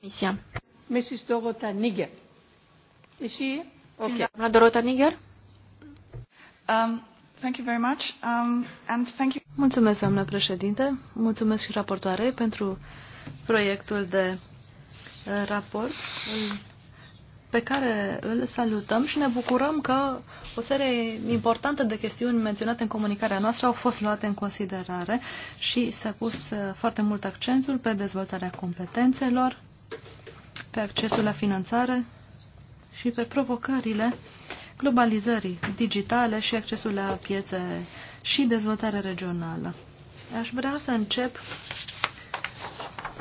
Comisia. Mrs. Dorota Niger. Is she? Okay. Dorota Niger? Um, thank you very much. Um, and thank you. Mulțumesc, doamnă președinte. Mulțumesc și raportoare pentru proiectul de raport pe care îl salutăm și ne bucurăm că o serie importantă de chestiuni menționate în comunicarea noastră au fost luate în considerare și s-a pus uh, foarte mult accentul pe dezvoltarea competențelor, pe accesul la finanțare și pe provocările globalizării digitale și accesul la piețe și dezvoltare regională. Aș vrea să încep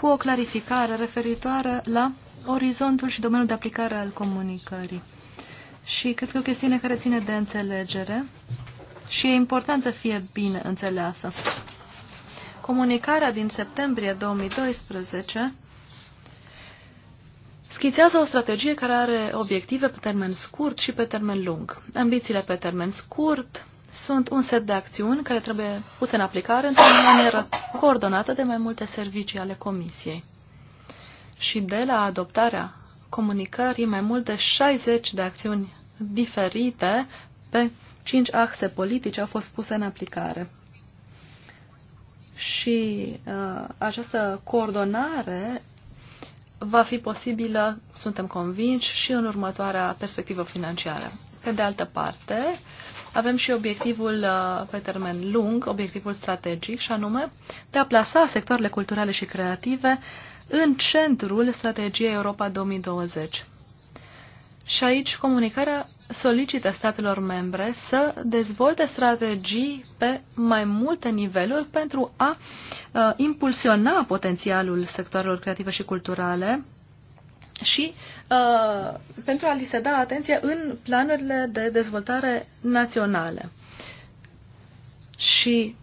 cu o clarificare referitoare la orizontul și domeniul de aplicare al comunicării. Și cred că e o chestiune care ține de înțelegere și e important să fie bine înțeleasă. Comunicarea din septembrie 2012 schițează o strategie care are obiective pe termen scurt și pe termen lung. Ambițiile pe termen scurt sunt un set de acțiuni care trebuie puse în aplicare într-o manieră coordonată de mai multe servicii ale Comisiei. Și de la adoptarea comunicării, mai mult de 60 de acțiuni diferite pe 5 axe politice au fost puse în aplicare. Și uh, această coordonare va fi posibilă, suntem convinși, și în următoarea perspectivă financiară. Pe de altă parte, uh, avem și obiectivul uh, pe termen lung, obiectivul strategic, și anume de a plasa sectoarele culturale și creative în centrul strategiei Europa 2020. Și aici comunicarea solicită statelor membre să dezvolte strategii pe mai multe niveluri pentru a uh, impulsiona potențialul sectoarelor creative și culturale și uh, pentru a li se da atenție în planurile de dezvoltare naționale. Și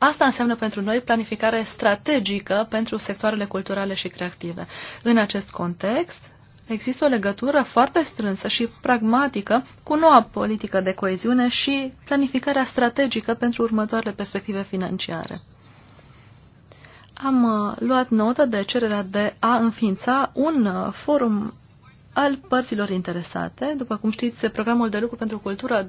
Asta înseamnă pentru noi planificare strategică pentru sectoarele culturale și creative. În acest context, există o legătură foarte strânsă și pragmatică cu noua politică de coeziune și planificarea strategică pentru următoarele perspective financiare am uh, luat notă de cererea de a înființa un uh, forum al părților interesate. După cum știți, programul de lucru pentru cultură 2013-2014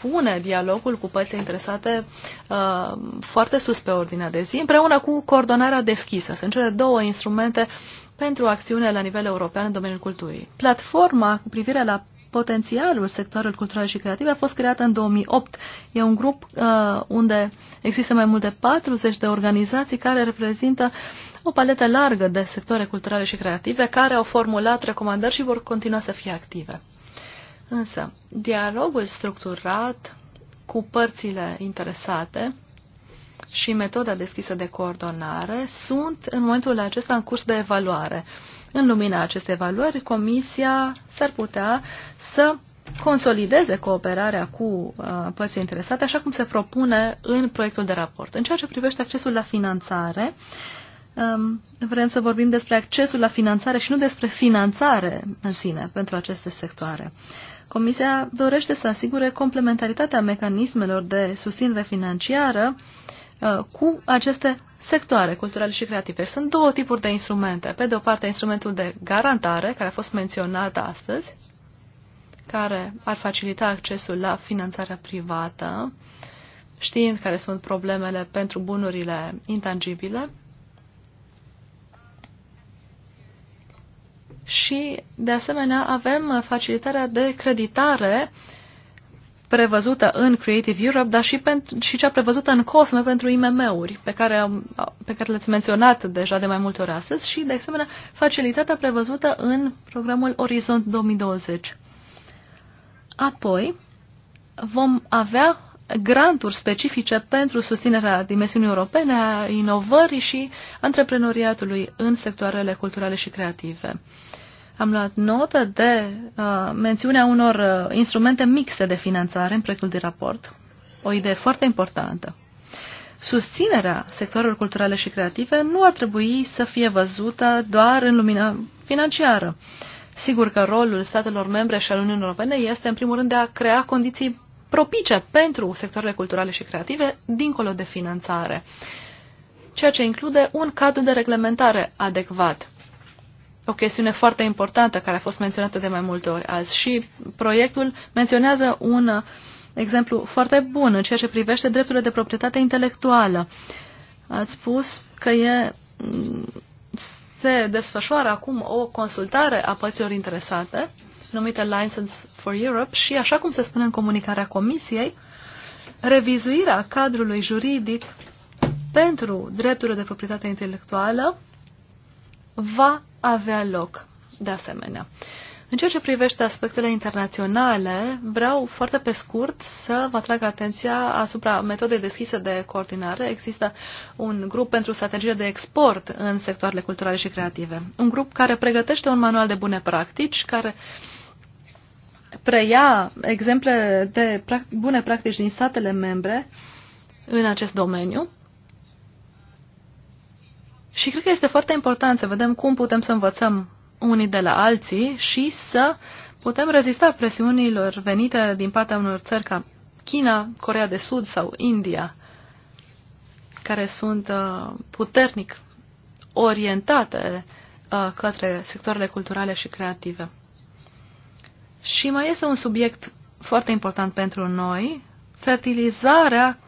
pune dialogul cu părțile interesate uh, foarte sus pe ordinea de zi, împreună cu coordonarea deschisă. Sunt cele două instrumente pentru acțiune la nivel european în domeniul culturii. Platforma cu privire la potențialul sectorului cultural și creativ a fost creat în 2008. E un grup uh, unde există mai mult de 40 de organizații care reprezintă o paletă largă de sectoare culturale și creative care au formulat recomandări și vor continua să fie active. Însă, dialogul structurat cu părțile interesate și metoda deschisă de coordonare sunt în momentul acesta în curs de evaluare. Uh, în lumina acestei valori, Comisia s-ar putea să consolideze cooperarea cu uh, părții interesate, așa cum se propune în proiectul de raport. În ceea ce privește accesul la finanțare, um, vrem să vorbim despre accesul la finanțare și nu despre finanțare în sine pentru aceste sectoare. Comisia dorește să asigure complementaritatea mecanismelor de susținere financiară uh, Uh, cu aceste sectoare culturale și creative. Sunt două tipuri de instrumente. Pe de o parte, instrumentul de garantare, care a fost menționat astăzi, care ar facilita accesul la finanțarea privată, știind care sunt problemele pentru bunurile intangibile. Și, de asemenea, avem facilitarea de creditare uh, prevăzută în Creative Europe, dar și, pentru, și cea prevăzută în COSME pentru IMM-uri, pe care, pe care le-ați menționat deja de mai multe ori astăzi, și, de asemenea, facilitatea prevăzută în programul Orizont 2020. Apoi, vom avea granturi specifice pentru susținerea dimensiunii europene, a inovării și antreprenoriatului în sectoarele culturale și creative. Am luat notă de uh, mențiunea unor uh, instrumente mixte de finanțare în proiectul de raport. O idee foarte importantă. Susținerea sectorului culturale și creative nu ar trebui să fie văzută doar în lumina financiară. Sigur că rolul statelor membre și al Uniunii Europene este, în primul rând, de a crea condiții propice pentru sectoarele culturale și creative, dincolo de finanțare, ceea ce include un cadru de reglementare adecvat o chestiune foarte importantă care a fost menționată de mai multe ori azi și proiectul menționează un exemplu foarte bun în ceea ce privește drepturile de proprietate intelectuală. Ați spus că e, se desfășoară acum o consultare a părților interesate, numită License for Europe, și așa cum se spune în comunicarea Comisiei, revizuirea cadrului juridic pentru drepturile de proprietate intelectuală va avea loc de asemenea. În ceea ce privește aspectele internaționale, vreau foarte pe scurt să vă atrag atenția asupra metodei deschise de coordinare. Există un grup pentru strategie de export în sectoarele culturale și creative. Un grup care pregătește un manual de bune practici, care preia exemple de bune practici din statele membre în acest domeniu și cred că este foarte important să vedem cum putem să învățăm unii de la alții și să putem rezista presiunilor venite din partea unor țări ca China, Corea de Sud sau India, care sunt uh, puternic orientate uh, către sectoarele culturale și creative. Și mai este un subiect foarte important pentru noi, fertilizarea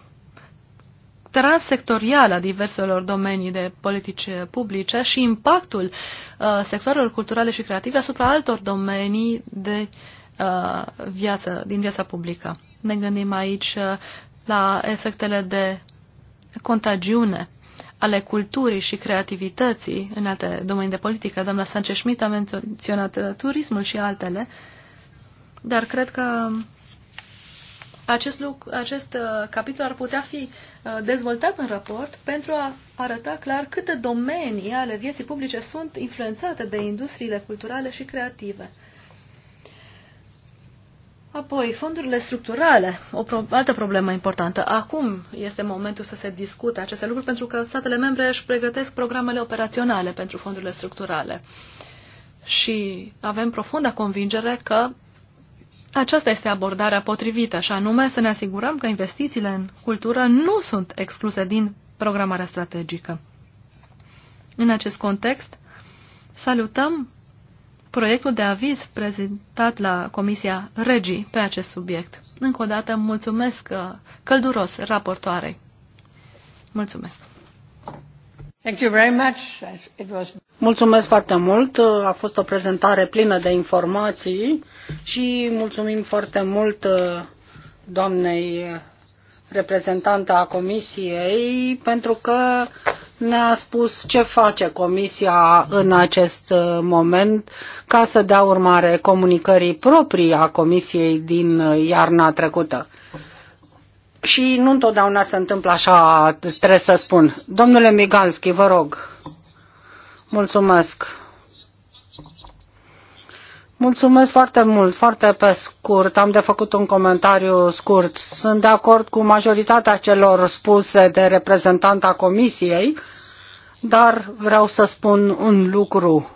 transsectorial a diverselor domenii de politici publice și impactul uh, sectoarelor culturale și creative asupra altor domenii de uh, viață, din viața publică. Ne gândim aici uh, la efectele de contagiune ale culturii și creativității în alte domenii de politică. Doamna Sanchez-Schmidt a menționat uh, turismul și altele, dar cred că acest, lucru, acest uh, capitol ar putea fi uh, dezvoltat în raport pentru a arăta clar câte domenii ale vieții publice sunt influențate de industriile culturale și creative. Apoi, fondurile structurale, o pro altă problemă importantă. Acum este momentul să se discute aceste lucruri pentru că statele membre își pregătesc programele operaționale pentru fondurile structurale. Și avem profunda convingere că aceasta este abordarea potrivită, și anume să ne asigurăm că investițiile în cultură nu sunt excluse din programarea strategică. În acest context, salutăm proiectul de aviz prezentat la Comisia Regii pe acest subiect. Încă o dată mulțumesc uh, călduros raportoarei. Mulțumesc! Thank you very much. It was... Mulțumesc foarte mult. A fost o prezentare plină de informații și mulțumim foarte mult uh, doamnei reprezentanta a Comisiei pentru că ne-a spus ce face Comisia în acest uh, moment ca să dea urmare comunicării proprii a Comisiei din uh, iarna trecută. Și nu întotdeauna se întâmplă așa, trebuie să spun. Domnule Migalski, vă rog. Mulțumesc. Mulțumesc foarte mult, foarte pe scurt. Am de făcut un comentariu scurt. Sunt de acord cu majoritatea celor spuse de reprezentanta Comisiei, dar vreau să spun un lucru.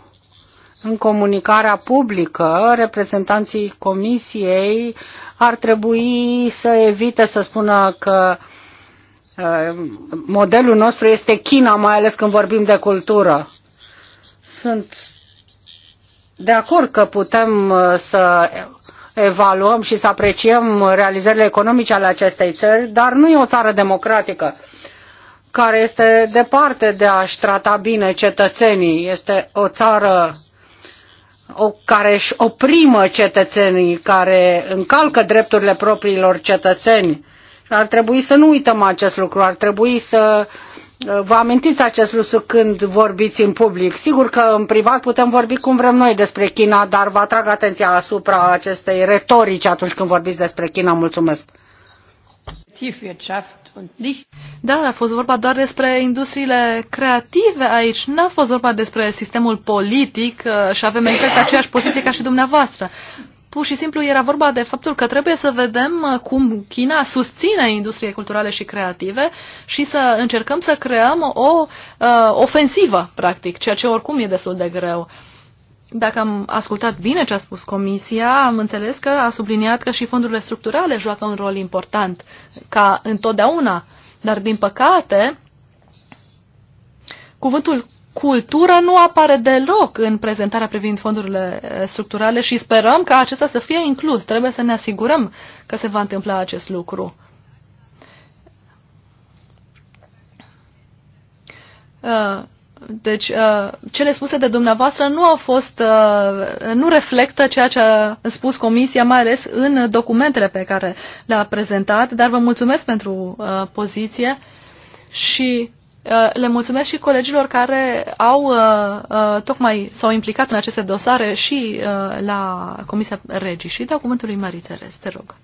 În comunicarea publică, reprezentanții Comisiei ar trebui să evite să spună că eh, modelul nostru este China, mai ales când vorbim de cultură. Sunt de acord că putem uh, să evaluăm și să apreciem realizările economice ale acestei țări, dar nu e o țară democratică care este departe de a-și trata bine cetățenii. Este o țară o, care își oprimă cetățenii, care încalcă drepturile propriilor cetățeni. Ar trebui să nu uităm acest lucru, ar trebui să Uh, vă amintiți acest lucru când vorbiți în public. Sigur că în privat putem vorbi cum vrem noi despre China, dar vă atrag atenția asupra acestei retorici atunci când vorbiți despre China. Mulțumesc! Da, a fost vorba doar despre industriile creative aici, n-a fost vorba despre sistemul politic uh, și avem exact aceeași poziție ca și dumneavoastră pur și simplu era vorba de faptul că trebuie să vedem uh, cum China susține industriei culturale și creative și să încercăm să creăm o uh, ofensivă, practic, ceea ce oricum e destul de greu. Dacă am ascultat bine ce a spus Comisia, am înțeles că a subliniat că și fondurile structurale joacă un rol important, ca întotdeauna. Dar, din păcate, cuvântul cultura nu apare deloc în prezentarea privind fondurile eh, structurale și sperăm ca acesta să fie inclus. Trebuie să ne asigurăm că se va întâmpla acest lucru. Eh, deci, eh, cele spuse de dumneavoastră nu au fost, nu reflectă ceea ce a spus Comisia, mai ales în documentele pe care le-a prezentat, dar vă mulțumesc pentru poziție și Uh, le mulțumesc și colegilor care au uh, uh, tocmai s-au implicat în aceste dosare și la Comisia Regii și dau cuvântul lui Marie Teres, te rog.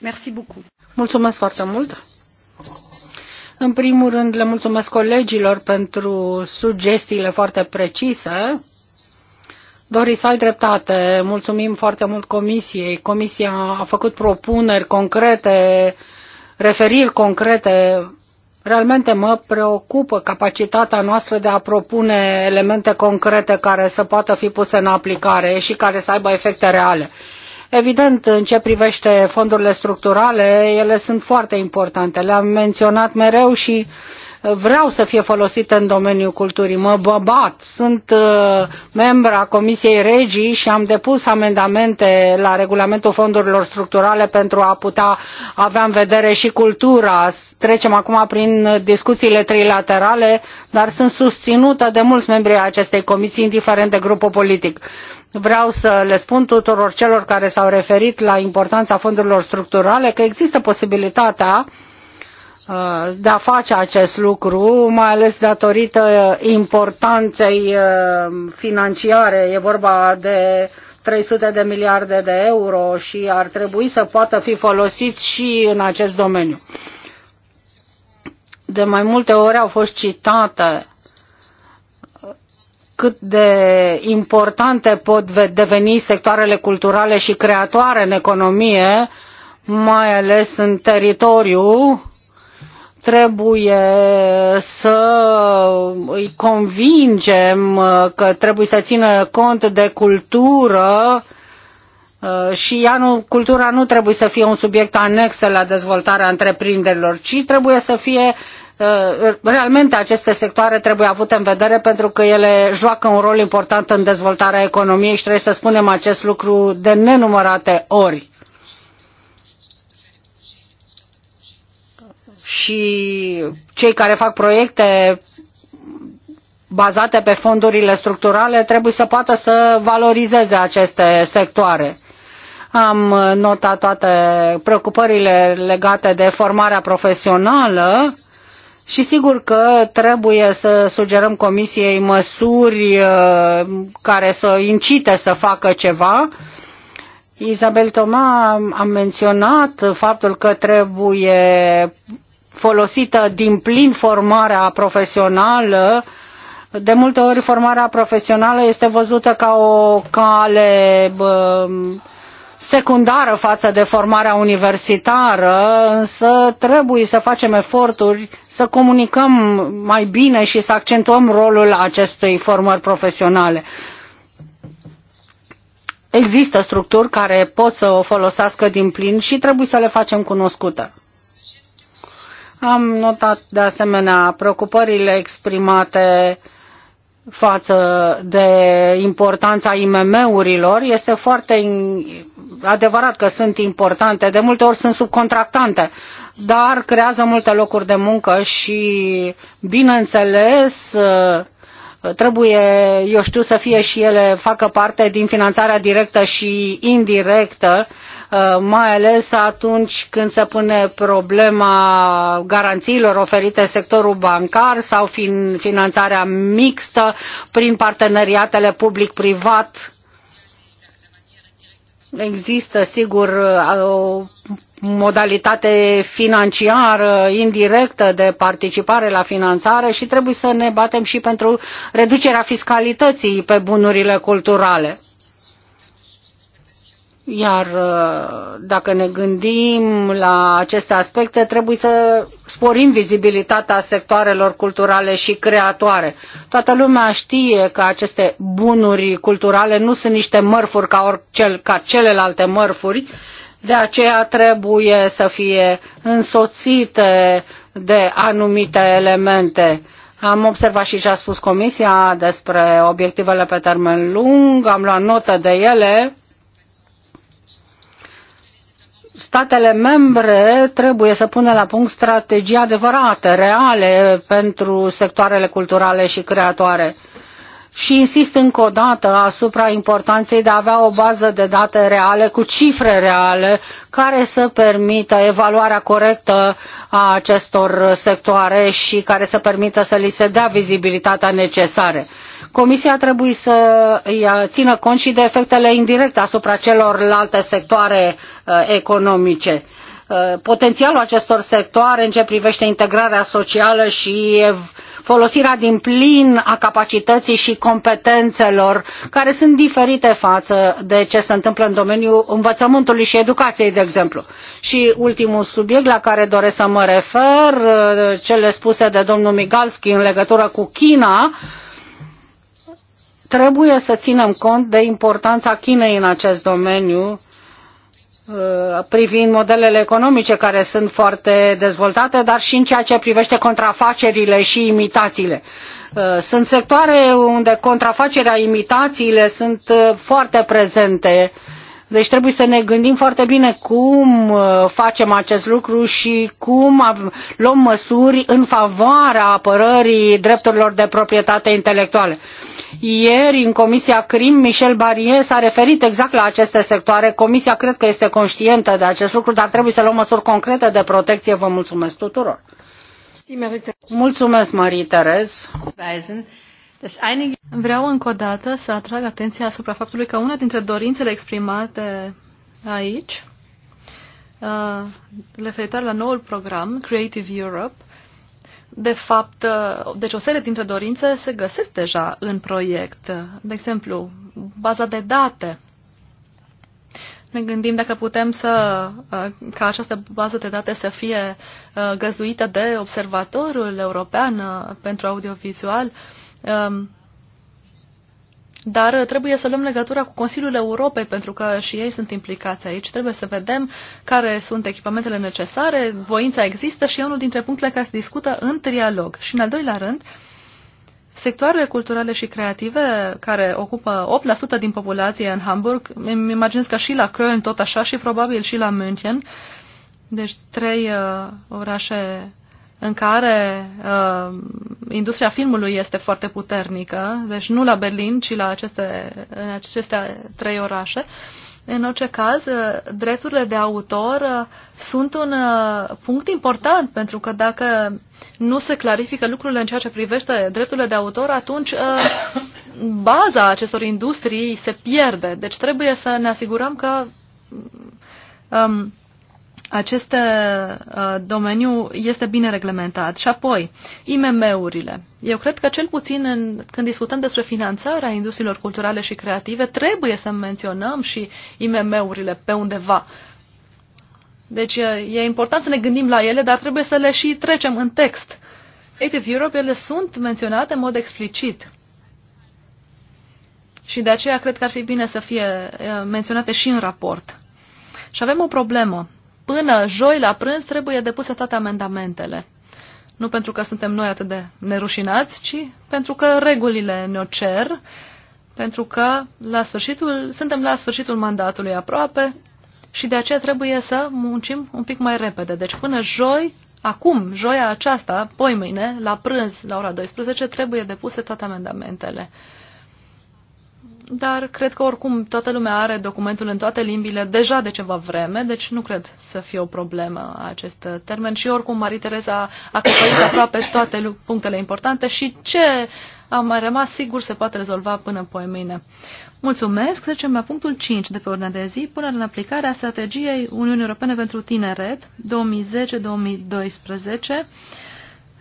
Merci beaucoup. Mulțumesc foarte mult. În primul rând, le mulțumesc colegilor pentru sugestiile foarte precise Dori să ai dreptate. Mulțumim foarte mult Comisiei. Comisia a făcut propuneri concrete, referiri concrete. Realmente mă preocupă capacitatea noastră de a propune elemente concrete care să poată fi puse în aplicare și care să aibă efecte reale. Evident, în ce privește fondurile structurale, ele sunt foarte importante. Le-am menționat mereu și uh, vreau să fie folosită în domeniul culturii. Mă băbat, sunt uh, membra Comisiei Regii și am depus amendamente la regulamentul fondurilor structurale pentru a putea avea în vedere și cultura. Trecem acum prin discuțiile trilaterale, dar sunt susținută de mulți membri ai acestei comisii, indiferent de grupul politic. Vreau să le spun tuturor celor care s-au referit la importanța fondurilor structurale că există posibilitatea uh, Uh, de a face acest lucru, mai ales datorită importanței uh, financiare. E vorba de 300 de miliarde de euro și ar trebui să poată fi folosit și în acest domeniu. De mai multe ori au fost citate cât de importante pot deveni sectoarele culturale și creatoare în economie, mai ales în teritoriu trebuie să îi convingem că trebuie să țină cont de cultură uh, și nu, cultura nu trebuie să fie un subiect anexă la dezvoltarea întreprinderilor, ci trebuie să fie uh, realmente aceste sectoare trebuie avute în vedere pentru că ele joacă un rol important în dezvoltarea economiei și trebuie să spunem acest lucru de nenumărate ori și cei care fac proiecte bazate pe fondurile structurale trebuie să poată să valorizeze aceste sectoare. Am notat toate preocupările legate de formarea profesională și sigur că trebuie să sugerăm comisiei măsuri uh, care să incite să facă ceva. Isabel Toma a menționat faptul că trebuie folosită din plin formarea profesională. De multe ori formarea profesională este văzută ca o cale secundară față de formarea universitară, însă trebuie să facem eforturi să comunicăm mai bine și să accentuăm rolul acestei formări profesionale. Există structuri care pot să o folosească din plin și trebuie să le facem cunoscută. Am notat de asemenea preocupările exprimate față de importanța IMM-urilor. Este foarte adevărat că sunt importante, de multe ori sunt subcontractante, dar creează multe locuri de muncă și, bineînțeles, trebuie, eu știu, să fie și ele, facă parte din finanțarea directă și indirectă Uh, mai ales atunci când se pune problema garanțiilor oferite sectorul bancar sau fin, finanțarea mixtă prin parteneriatele public-privat. Există, sigur, uh, o modalitate financiară indirectă de participare la finanțare și trebuie să ne batem și pentru reducerea fiscalității pe bunurile culturale. Iar uh, dacă ne gândim la aceste aspecte, trebuie să sporim vizibilitatea sectoarelor culturale și creatoare. Toată lumea știe că aceste bunuri culturale nu sunt niște mărfuri ca, oricel, ca celelalte mărfuri, de aceea trebuie să fie însoțite de anumite elemente. Am observat și ce a spus Comisia despre obiectivele pe termen lung, am luat notă de ele statele membre trebuie să pună la punct strategii adevărate, reale pentru sectoarele culturale și creatoare. Și insist încă o dată asupra importanței de a avea o bază de date reale, cu cifre reale, care să permită evaluarea corectă a acestor sectoare și care să permită să li se dea vizibilitatea necesară Comisia trebuie să țină cont și de efectele indirecte asupra celorlalte sectoare uh, economice. Uh, potențialul acestor sectoare în ce privește integrarea socială și folosirea din plin a capacității și competențelor care sunt diferite față de ce se întâmplă în domeniul învățământului și educației, de exemplu. Și ultimul subiect la care doresc să mă refer, uh, cele spuse de domnul Migalski în legătură cu China, Trebuie să ținem cont de importanța Chinei în acest domeniu uh, privind modelele economice care sunt foarte dezvoltate, dar și în ceea ce privește contrafacerile și imitațiile. Uh, sunt sectoare unde contrafacerea, imitațiile sunt uh, foarte prezente, deci trebuie să ne gândim foarte bine cum facem acest lucru și cum luăm măsuri în favoarea apărării drepturilor de proprietate intelectuală. Ieri, în Comisia CRIM, Michel Barnier s-a referit exact la aceste sectoare. Comisia cred că este conștientă de acest lucru, dar trebuie să luăm măsuri concrete de protecție. Vă mulțumesc tuturor! Mulțumesc, Marie Terez! Vreau încă o dată să atrag atenția asupra faptului că una dintre dorințele exprimate aici, uh, referitoare la noul program Creative Europe, de fapt, deci o serie dintre dorințe se găsesc deja în proiect. De exemplu, baza de date. Ne gândim dacă putem să, ca această bază de date să fie găzduită de Observatorul European uh, pentru Audiovizual. Um, dar uh, trebuie să luăm legătura cu Consiliul Europei, pentru că și ei sunt implicați aici. Trebuie să vedem care sunt echipamentele necesare, voința există și e unul dintre punctele care se discută în trialog. Și în al doilea rând, sectoarele culturale și creative, care ocupă 8% din populație în Hamburg, îmi imaginez că și la Köln tot așa și probabil și la München, deci trei uh, orașe în care uh, industria filmului este foarte puternică, deci nu la Berlin, ci la aceste, în aceste trei orașe. În orice caz, uh, drepturile de autor uh, sunt un uh, punct important, pentru că dacă nu se clarifică lucrurile în ceea ce privește drepturile de autor, atunci baza acestor industrii se pierde. Deci trebuie să ne asigurăm că um, acest uh, domeniu este bine reglementat. Și apoi, IMM-urile. Eu cred că cel puțin în, când discutăm despre finanțarea industriilor culturale și creative, trebuie să menționăm și IMM-urile pe undeva. Deci uh, e important să ne gândim la ele, dar trebuie să le și trecem în text. Active Europe, ele sunt menționate în mod explicit. Și de aceea cred că ar fi bine să fie uh, menționate și în raport. Și avem o problemă până joi la prânz trebuie depuse toate amendamentele. Nu pentru că suntem noi atât de nerușinați, ci pentru că regulile ne-o cer, pentru că la sfârșitul, suntem la sfârșitul mandatului aproape și de aceea trebuie să muncim un pic mai repede. Deci până joi, acum, joia aceasta, poi mâine, la prânz, la ora 12, trebuie depuse toate amendamentele dar cred că oricum toată lumea are documentul în toate limbile deja de ceva vreme, deci nu cred să fie o problemă acest termen. Și oricum Marie Tereza a acoperit aproape toate punctele importante și ce a mai rămas sigur se poate rezolva până pe mine. Mulțumesc. Trecem la punctul 5 de pe ordinea de zi, punerea în aplicare a strategiei Uniunii Europene pentru Tineret 2010-2012.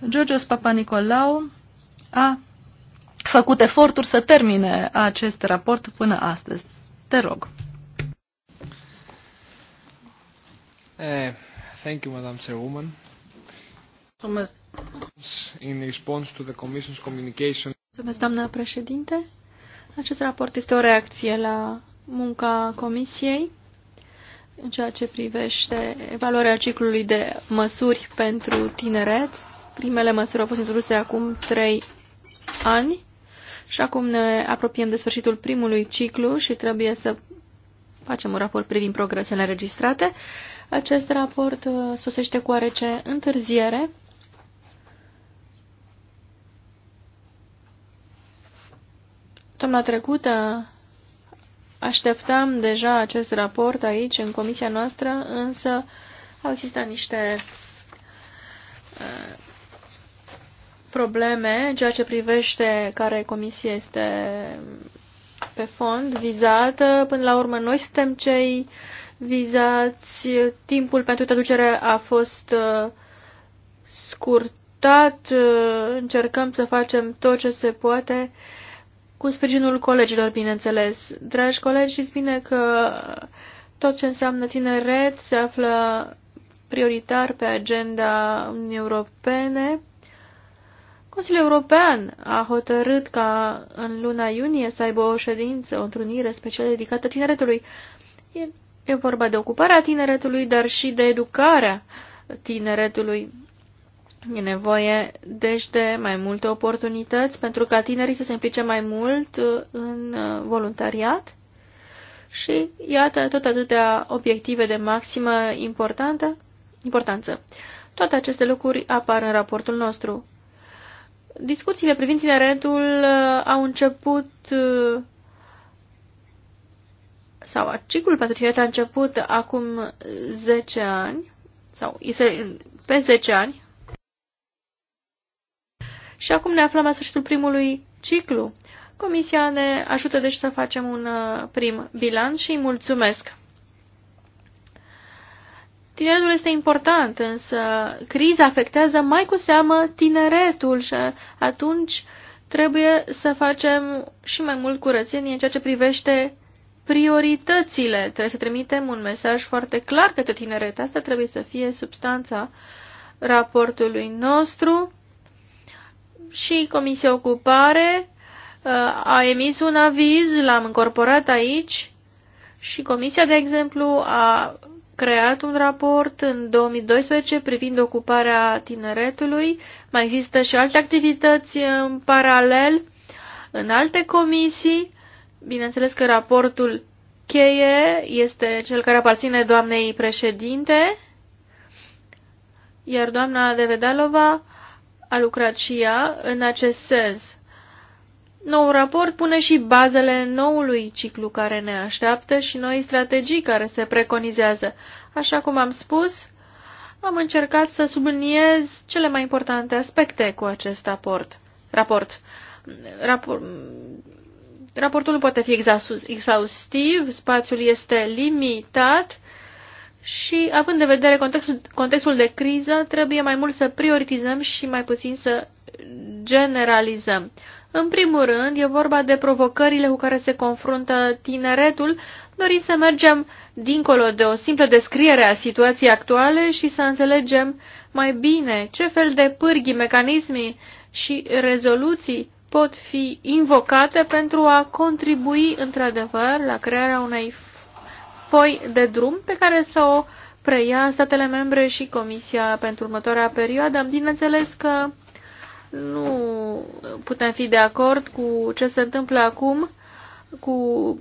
Georgios Papanicolau a făcut eforturi să termine acest raport până astăzi. Te rog. Eh, thank you, Madam Chairwoman. Mulțumesc. In response to the Commission's communication. Mulțumesc, doamnă președinte. Acest raport este o reacție la munca Comisiei în ceea ce privește evaluarea ciclului de măsuri pentru tineret. Primele măsuri au fost introduse acum trei ani și acum ne apropiem de sfârșitul primului ciclu și trebuie să facem un raport privind progresele înregistrate. Acest raport uh, sosește cu oarece întârziere. Toamna trecută așteptam deja acest raport aici, în comisia noastră, însă au existat niște uh, probleme în ceea ce privește care comisie este pe fond vizată. Până la urmă, noi suntem cei vizați. Timpul pentru traducere a fost uh, scurtat. Uh, încercăm să facem tot ce se poate cu sprijinul colegilor, bineînțeles. Dragi colegi, știți bine că tot ce înseamnă tineret se află prioritar pe agenda Uniunii Europene Consiliul European a hotărât ca în luna iunie să aibă o ședință, o întrunire specială dedicată tineretului. E, e vorba de ocuparea tineretului, dar și de educarea tineretului. E nevoie, deci, de mai multe oportunități pentru ca tinerii să se implice mai mult în voluntariat. Și, iată, tot atâtea obiective de maximă importantă, importanță. Toate aceste lucruri apar în raportul nostru. Discuțiile privind tineretul uh, au început uh, sau ciclul pentru tineret a început acum 10 ani sau este pe 10 ani și acum ne aflăm la sfârșitul primului ciclu. Comisia ne ajută deci să facem un uh, prim bilanț și îi mulțumesc. Tineretul este important, însă criza afectează mai cu seamă tineretul și atunci trebuie să facem și mai mult curățenie în ceea ce privește prioritățile. Trebuie să trimitem un mesaj foarte clar către tineret. Asta trebuie să fie substanța raportului nostru. Și Comisia Ocupare uh, a emis un aviz, l-am incorporat aici și Comisia, de exemplu, a creat un raport în 2012 privind ocuparea tineretului. Mai există și alte activități în paralel, în alte comisii. Bineînțeles că raportul cheie este cel care aparține doamnei președinte, iar doamna Devedalova a lucrat și ea în acest sens nou raport pune și bazele noului ciclu care ne așteaptă și noi strategii care se preconizează. Așa cum am spus, am încercat să subliniez cele mai importante aspecte cu acest raport. raport. Rapor... Raportul nu poate fi exhaustiv, spațiul este limitat și, având de vedere contextul, contextul de criză, trebuie mai mult să prioritizăm și mai puțin să generalizăm. În primul rând, e vorba de provocările cu care se confruntă tineretul, dorim să mergem dincolo de o simplă descriere a situației actuale și să înțelegem mai bine ce fel de pârghii, mecanisme și rezoluții pot fi invocate pentru a contribui într-adevăr la crearea unei foi de drum pe care să o preia statele membre și Comisia pentru următoarea perioadă. Bineînțeles că nu putem fi de acord cu ce se întâmplă acum cu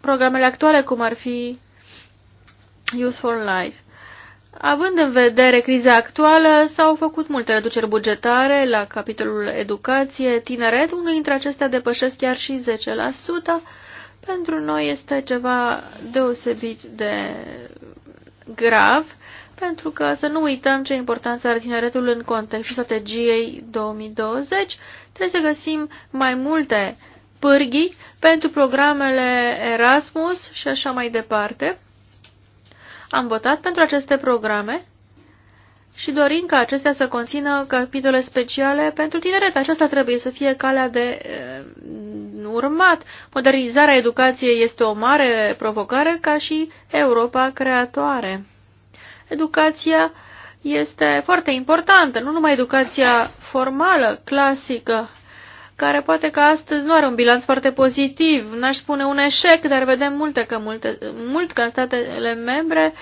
programele actuale, cum ar fi Youth for Life. Având în vedere criza actuală, s-au făcut multe reduceri bugetare la capitolul educație, tineret, unul dintre acestea depășesc chiar și 10%. Pentru noi este ceva deosebit de grav pentru că să nu uităm ce importanță are tineretul în contextul strategiei 2020. Trebuie să găsim mai multe pârghii pentru programele Erasmus și așa mai departe. Am votat pentru aceste programe și dorim ca acestea să conțină capitole speciale pentru tineret. Aceasta trebuie să fie calea de e, eh, urmat. Modernizarea educației este o mare provocare ca și Europa creatoare educația este foarte importantă, nu numai educația formală, clasică, care poate că astăzi nu are un bilanț foarte pozitiv, n-aș spune un eșec, dar vedem multe că multe, mult că în statele membre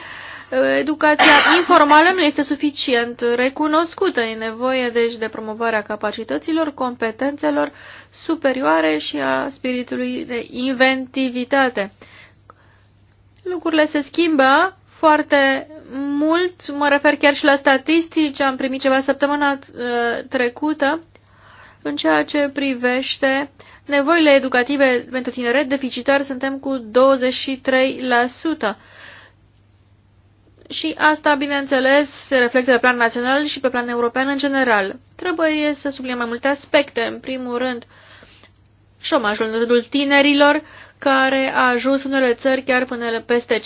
educația informală nu este suficient recunoscută. E nevoie deci de promovarea capacităților, competențelor superioare și a spiritului de inventivitate. Lucrurile se schimbă foarte mult, mă refer chiar și la statistici, am primit ceva săptămâna uh, trecută, în ceea ce privește nevoile educative pentru tineret deficitar, suntem cu 23%. Și asta, bineînțeles, se reflectă pe plan național și pe plan european în general. Trebuie să subliniem mai multe aspecte. În primul rând, șomajul în rândul tinerilor, care a ajuns în unele țări chiar până peste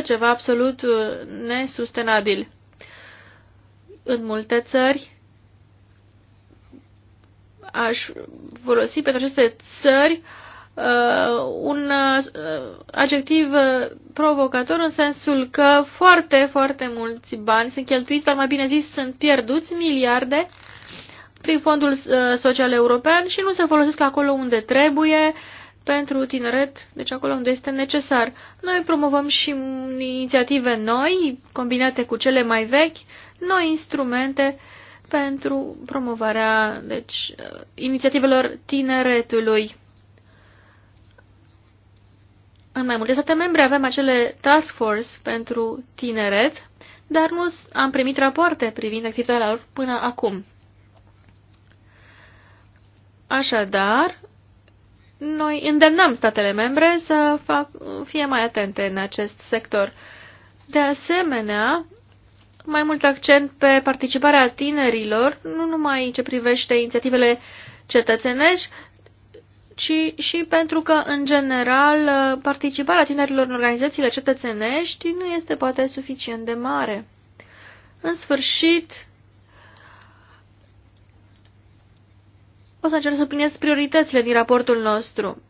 50%, ceva absolut uh, nesustenabil. În multe țări aș folosi pentru aceste țări uh, un uh, adjectiv uh, provocator în sensul că foarte, foarte mulți bani sunt cheltuiți, dar mai bine zis sunt pierduți miliarde prin Fondul uh, Social European și nu se folosesc acolo unde trebuie, uh, pentru tineret, deci acolo unde este necesar. Noi promovăm și inițiative noi, combinate cu cele mai vechi, noi instrumente pentru promovarea deci, uh, inițiativelor tineretului. În mai multe state membre avem acele task force pentru tineret, dar nu am primit rapoarte privind activitatea lor până acum. Așadar, noi îndemnăm statele membre să fac, fie mai atente în acest sector. De asemenea, mai mult accent pe participarea tinerilor, nu numai ce privește inițiativele cetățenești, ci și pentru că, în general, participarea tinerilor în organizațiile cetățenești nu este poate suficient de mare. În sfârșit, O să încerc să plinesc prioritățile din raportul nostru.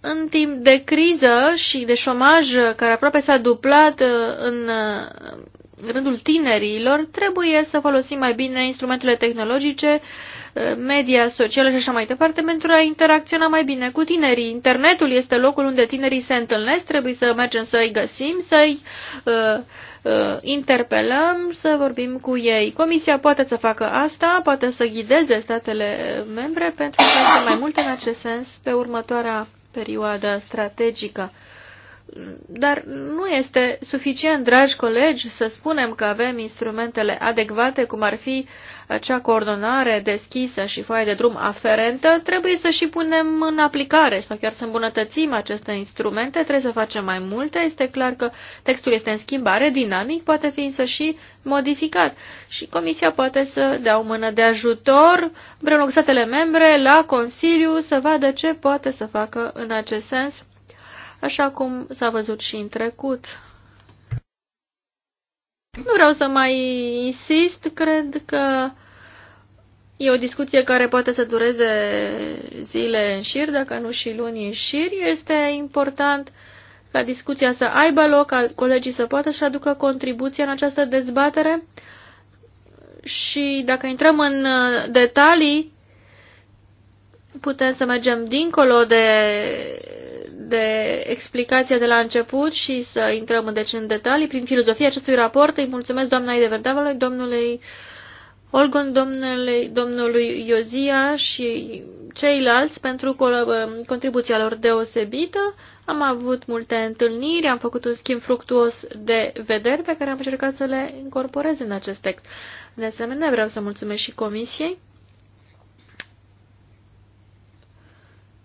În timp de criză și de șomaj care aproape s-a duplat uh, uh, în rândul tinerilor, trebuie să folosim mai bine instrumentele tehnologice, uh, media socială și așa mai departe pentru a interacționa mai bine cu tinerii. Internetul este locul unde tinerii se întâlnesc, trebuie să mergem să-i găsim, să-i uh, interpelăm, să vorbim cu ei. Comisia poate să facă asta, poate să ghideze statele membre pentru a face mai mult în acest sens pe următoarea perioadă strategică. Dar nu este suficient, dragi colegi, să spunem că avem instrumentele adecvate, cum ar fi acea coordonare deschisă și foaie de drum aferentă, trebuie să și punem în aplicare sau chiar să îmbunătățim aceste instrumente, trebuie să facem mai multe, este clar că textul este în schimbare, dinamic, poate fi însă și modificat și Comisia poate să dea o mână de ajutor împreună cu statele membre la Consiliu să vadă ce poate să facă în acest sens, așa cum s-a văzut și în trecut. Nu vreau să mai insist, cred că e o discuție care poate să dureze zile în șir, dacă nu și luni în șir. Este important ca discuția să aibă loc, ca colegii să poată să aducă contribuția în această dezbatere și dacă intrăm în uh, detalii, putem să mergem dincolo de de explicația de la început și să intrăm în deci în detalii. Prin filozofia acestui raport îi mulțumesc doamna Ide Verdavală, domnului Olgon, domnului, domnului Iozia și ceilalți pentru contribuția lor deosebită. Am avut multe întâlniri, am făcut un schimb fructuos de vederi pe care am încercat să le incorporez în acest text. De asemenea, vreau să mulțumesc și comisiei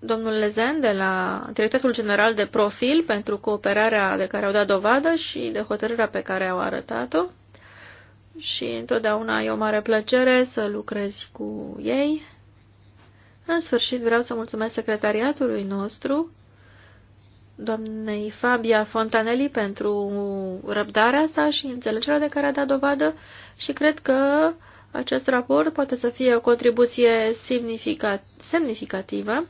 domnul Lezen de la directorul General de Profil pentru cooperarea de care au dat dovadă și de hotărârea pe care au arătat-o. Și întotdeauna e o mare plăcere să lucrez cu ei. În sfârșit vreau să mulțumesc secretariatului nostru, doamnei Fabia Fontanelli, pentru răbdarea sa și înțelegerea de care a dat dovadă și cred că acest raport poate să fie o contribuție semnificat semnificativă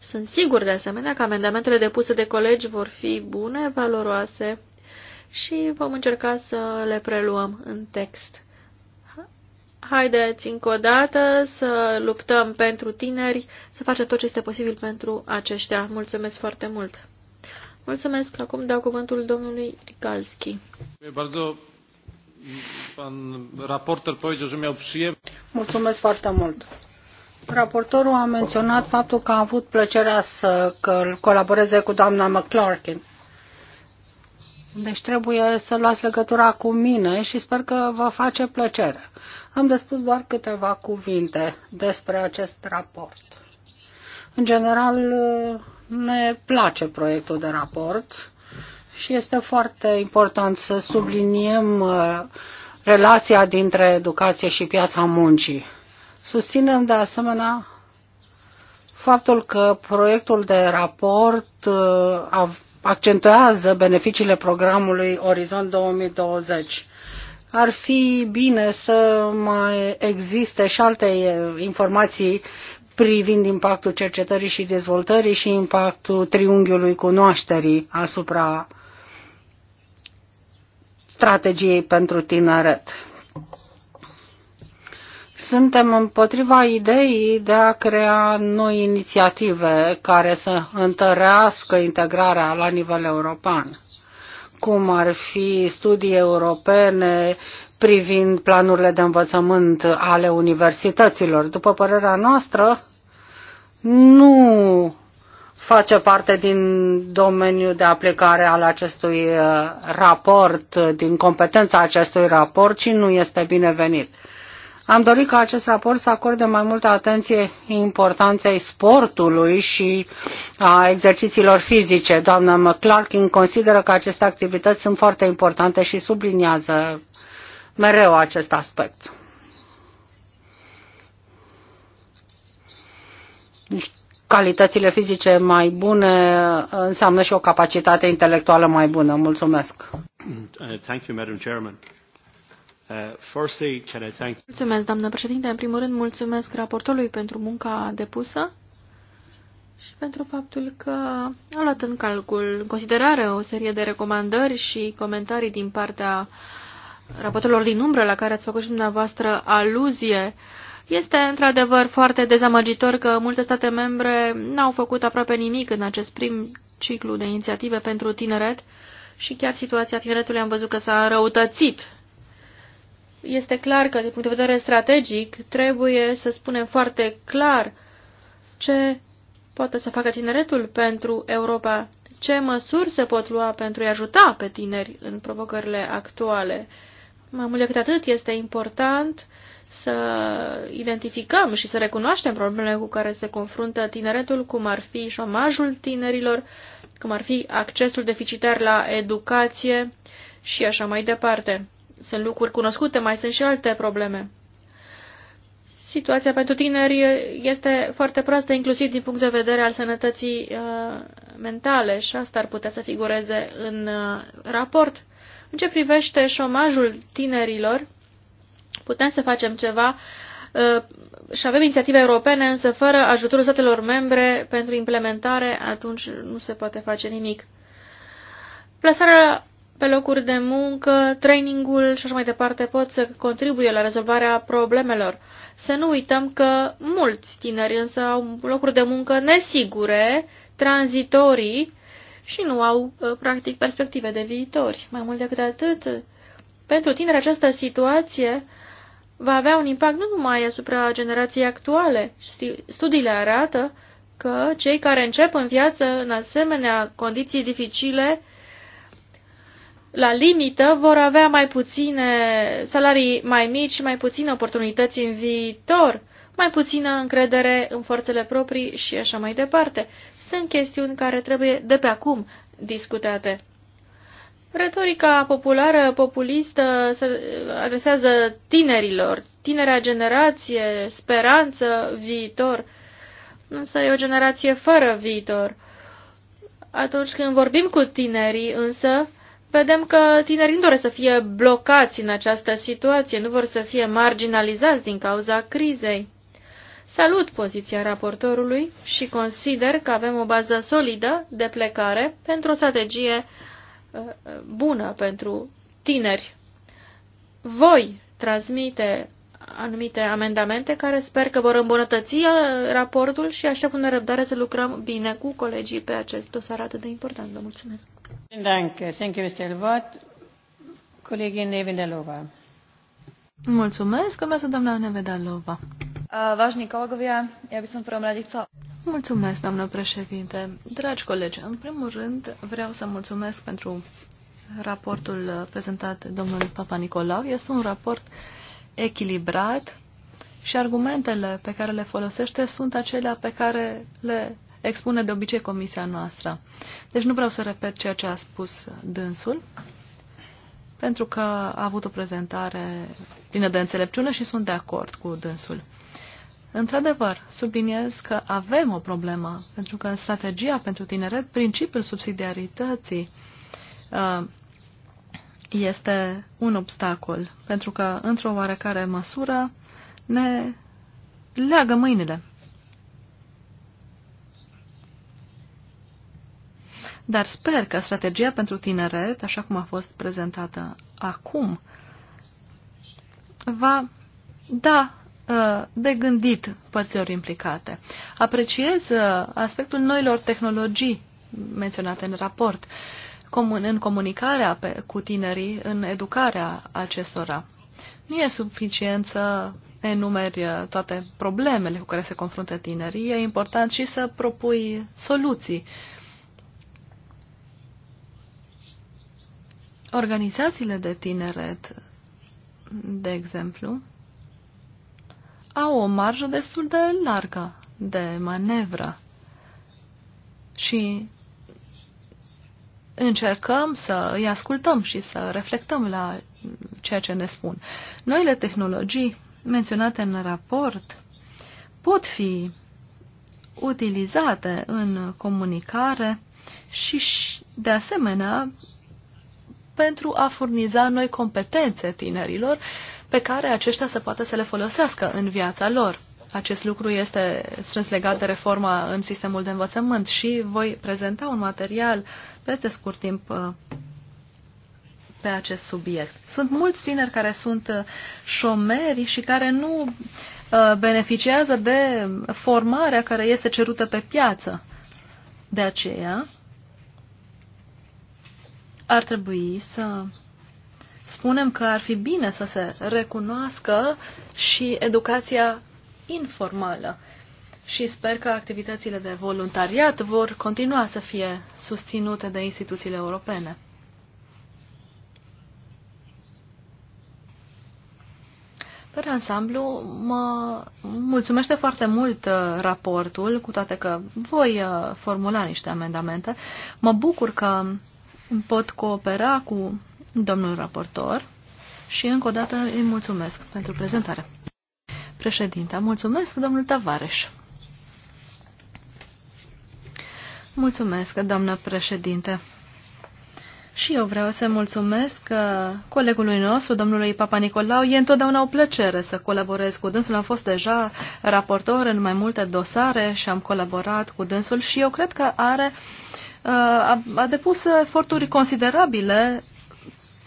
sunt sigur de asemenea că amendamentele depuse de colegi vor fi bune, valoroase și vom încerca să le preluăm în text. Haideți încă o dată să luptăm pentru tineri, să facem tot ce este posibil pentru aceștia. Mulțumesc foarte mult! Mulțumesc! Acum dau cuvântul domnului Galski. Mulțumesc foarte mult! Raportorul a menționat faptul că a avut plăcerea să colaboreze cu doamna McClarkin. Deci trebuie să luați legătura cu mine și sper că vă face plăcere. Am de spus doar câteva cuvinte despre acest raport. În general, ne place proiectul de raport și este foarte important să subliniem uh, relația dintre educație și piața muncii. Susținem de asemenea faptul că proiectul de raport uh, accentuează beneficiile programului Orizont 2020. Ar fi bine să mai existe și alte uh, informații privind impactul cercetării și dezvoltării și impactul triunghiului cunoașterii asupra strategiei pentru tineret. Suntem împotriva ideii de a crea noi inițiative care să întărească integrarea la nivel european, cum ar fi studii europene privind planurile de învățământ ale universităților. După părerea noastră, nu face parte din domeniul de aplicare al acestui uh, raport, din competența acestui raport și nu este binevenit. Am dorit ca acest raport să acorde mai multă atenție importanței sportului și a exercițiilor fizice. Doamna McClarkin consideră că aceste activități sunt foarte importante și subliniază mereu acest aspect. Calitățile fizice mai bune înseamnă și o capacitate intelectuală mai bună. Mulțumesc. Uh, thank you, Madam Chairman. Uh, mulțumesc, doamnă președinte. În primul rând, mulțumesc raportorului pentru munca depusă și pentru faptul că a luat în calcul, în considerare, o serie de recomandări și comentarii din partea raportorilor din umbră la care ați făcut și dumneavoastră aluzie. Este într-adevăr foarte dezamăgitor că multe state membre n-au făcut aproape nimic în acest prim ciclu de inițiative pentru tineret și chiar situația tineretului am văzut că s-a răutățit este clar că, din punct de vedere strategic, trebuie să spunem foarte clar ce poate să facă tineretul pentru Europa, ce măsuri se pot lua pentru a-i ajuta pe tineri în provocările actuale. Mai mult decât atât, este important să identificăm și să recunoaștem problemele cu care se confruntă tineretul, cum ar fi șomajul tinerilor, cum ar fi accesul deficitar la educație și așa mai departe sunt lucruri cunoscute, mai sunt și alte probleme. Situația pentru tineri este foarte proastă, inclusiv din punct de vedere al sănătății uh, mentale și asta ar putea să figureze în uh, raport. În ce privește șomajul tinerilor, putem să facem ceva uh, și avem inițiative europene, însă fără ajutorul statelor membre pentru implementare, atunci nu se poate face nimic. Plasarea pe locuri de muncă, trainingul și așa mai departe pot să contribuie la rezolvarea problemelor. Să nu uităm că mulți tineri însă au locuri de muncă nesigure, tranzitorii și nu au ă, practic perspective de viitori. Mai mult decât atât, pentru tineri această situație va avea un impact nu numai asupra generației actuale. Studiile arată că cei care încep în viață în asemenea condiții dificile la limită vor avea mai puține salarii mai mici și mai puține oportunități în viitor, mai puțină încredere în forțele proprii și așa mai departe. Sunt chestiuni care trebuie de pe acum discutate. Retorica populară, populistă, se adresează tinerilor, tinerea generație, speranță, viitor, însă e o generație fără viitor. Atunci când vorbim cu tinerii, însă, vedem că tinerii nu doresc să fie blocați în această situație, nu vor să fie marginalizați din cauza crizei. Salut poziția raportorului și consider că avem o bază solidă de plecare pentru o strategie uh, bună pentru tineri. Voi transmite anumite amendamente care sper că vor îmbunătăți uh, raportul și aștept cu nerăbdare să lucrăm bine cu colegii pe acest dosar atât de important. Vă mulțumesc. Thank you, Mulțumesc, doamna Nevedalova. Vážni kolegovia, ja by som v prvom rade chcela... Mulțumesc, doamnă președinte. Dragi colegi, în primul rând vreau să mulțumesc pentru raportul prezentat domnului Papa Nicolau. Este un raport uh, echilibrat și argumentele pe care le folosește sunt acelea pe care le expune de obicei comisia noastră. Deci nu vreau să repet ceea ce a spus dânsul, pentru că a avut o prezentare plină de înțelepciune și sunt de acord cu dânsul. Într-adevăr, subliniez că avem o problemă, pentru că în strategia pentru tineret, principiul subsidiarității uh, este un obstacol, pentru că, într-o oarecare măsură, ne leagă mâinile. Dar sper că strategia pentru tineret, așa cum a fost prezentată acum, va da ă, de gândit părților implicate. Apreciez ă, aspectul noilor tehnologii menționate în raport comun, în comunicarea pe, cu tinerii, în educarea acestora. Nu e suficient să enumeri uh, toate problemele cu care se confruntă tinerii, e important și să propui soluții. Organizațiile de tineret, de exemplu, au o marjă destul de largă de manevră și încercăm să îi ascultăm și să reflectăm la ceea ce ne spun. Noile tehnologii menționate în raport pot fi utilizate în comunicare și, de asemenea, pentru a furniza noi competențe tinerilor pe care aceștia să poată să le folosească în viața lor. Acest lucru este strâns legat de reforma în sistemul de învățământ și voi prezenta un material peste scurt timp uh, pe acest subiect. Sunt mulți tineri care sunt uh, șomeri și care nu uh, beneficiază de formarea care este cerută pe piață. De aceea, ar trebui să spunem că ar fi bine să se recunoască și educația informală și sper că activitățile de voluntariat vor continua să fie susținute de instituțiile europene. Pe ansamblu, mă mulțumește foarte mult uh, raportul, cu toate că voi uh, formula niște amendamente. Mă bucur că pot coopera cu domnul raportor și încă o dată îi mulțumesc pentru prezentare. Președinte, mulțumesc, domnul Tavares. Mulțumesc, doamnă președinte. Și eu vreau să mulțumesc că uh, colegului nostru, domnului Papa Nicolau. E întotdeauna o plăcere să colaborez cu dânsul. Am fost deja raportor în mai multe dosare și am colaborat cu dânsul și eu cred că are uh, a, a depus eforturi considerabile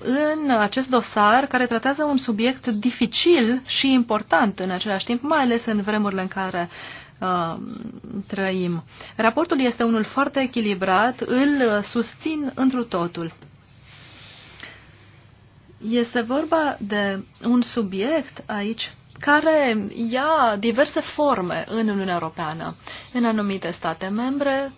în acest dosar care tratează un subiect dificil și important în același timp, mai ales în vremurile în care uh, Um, trăim. Raportul este unul foarte echilibrat, îl susțin întru totul. Este vorba de un subiect aici care ia diverse forme în Uniunea Europeană. În anumite state membre,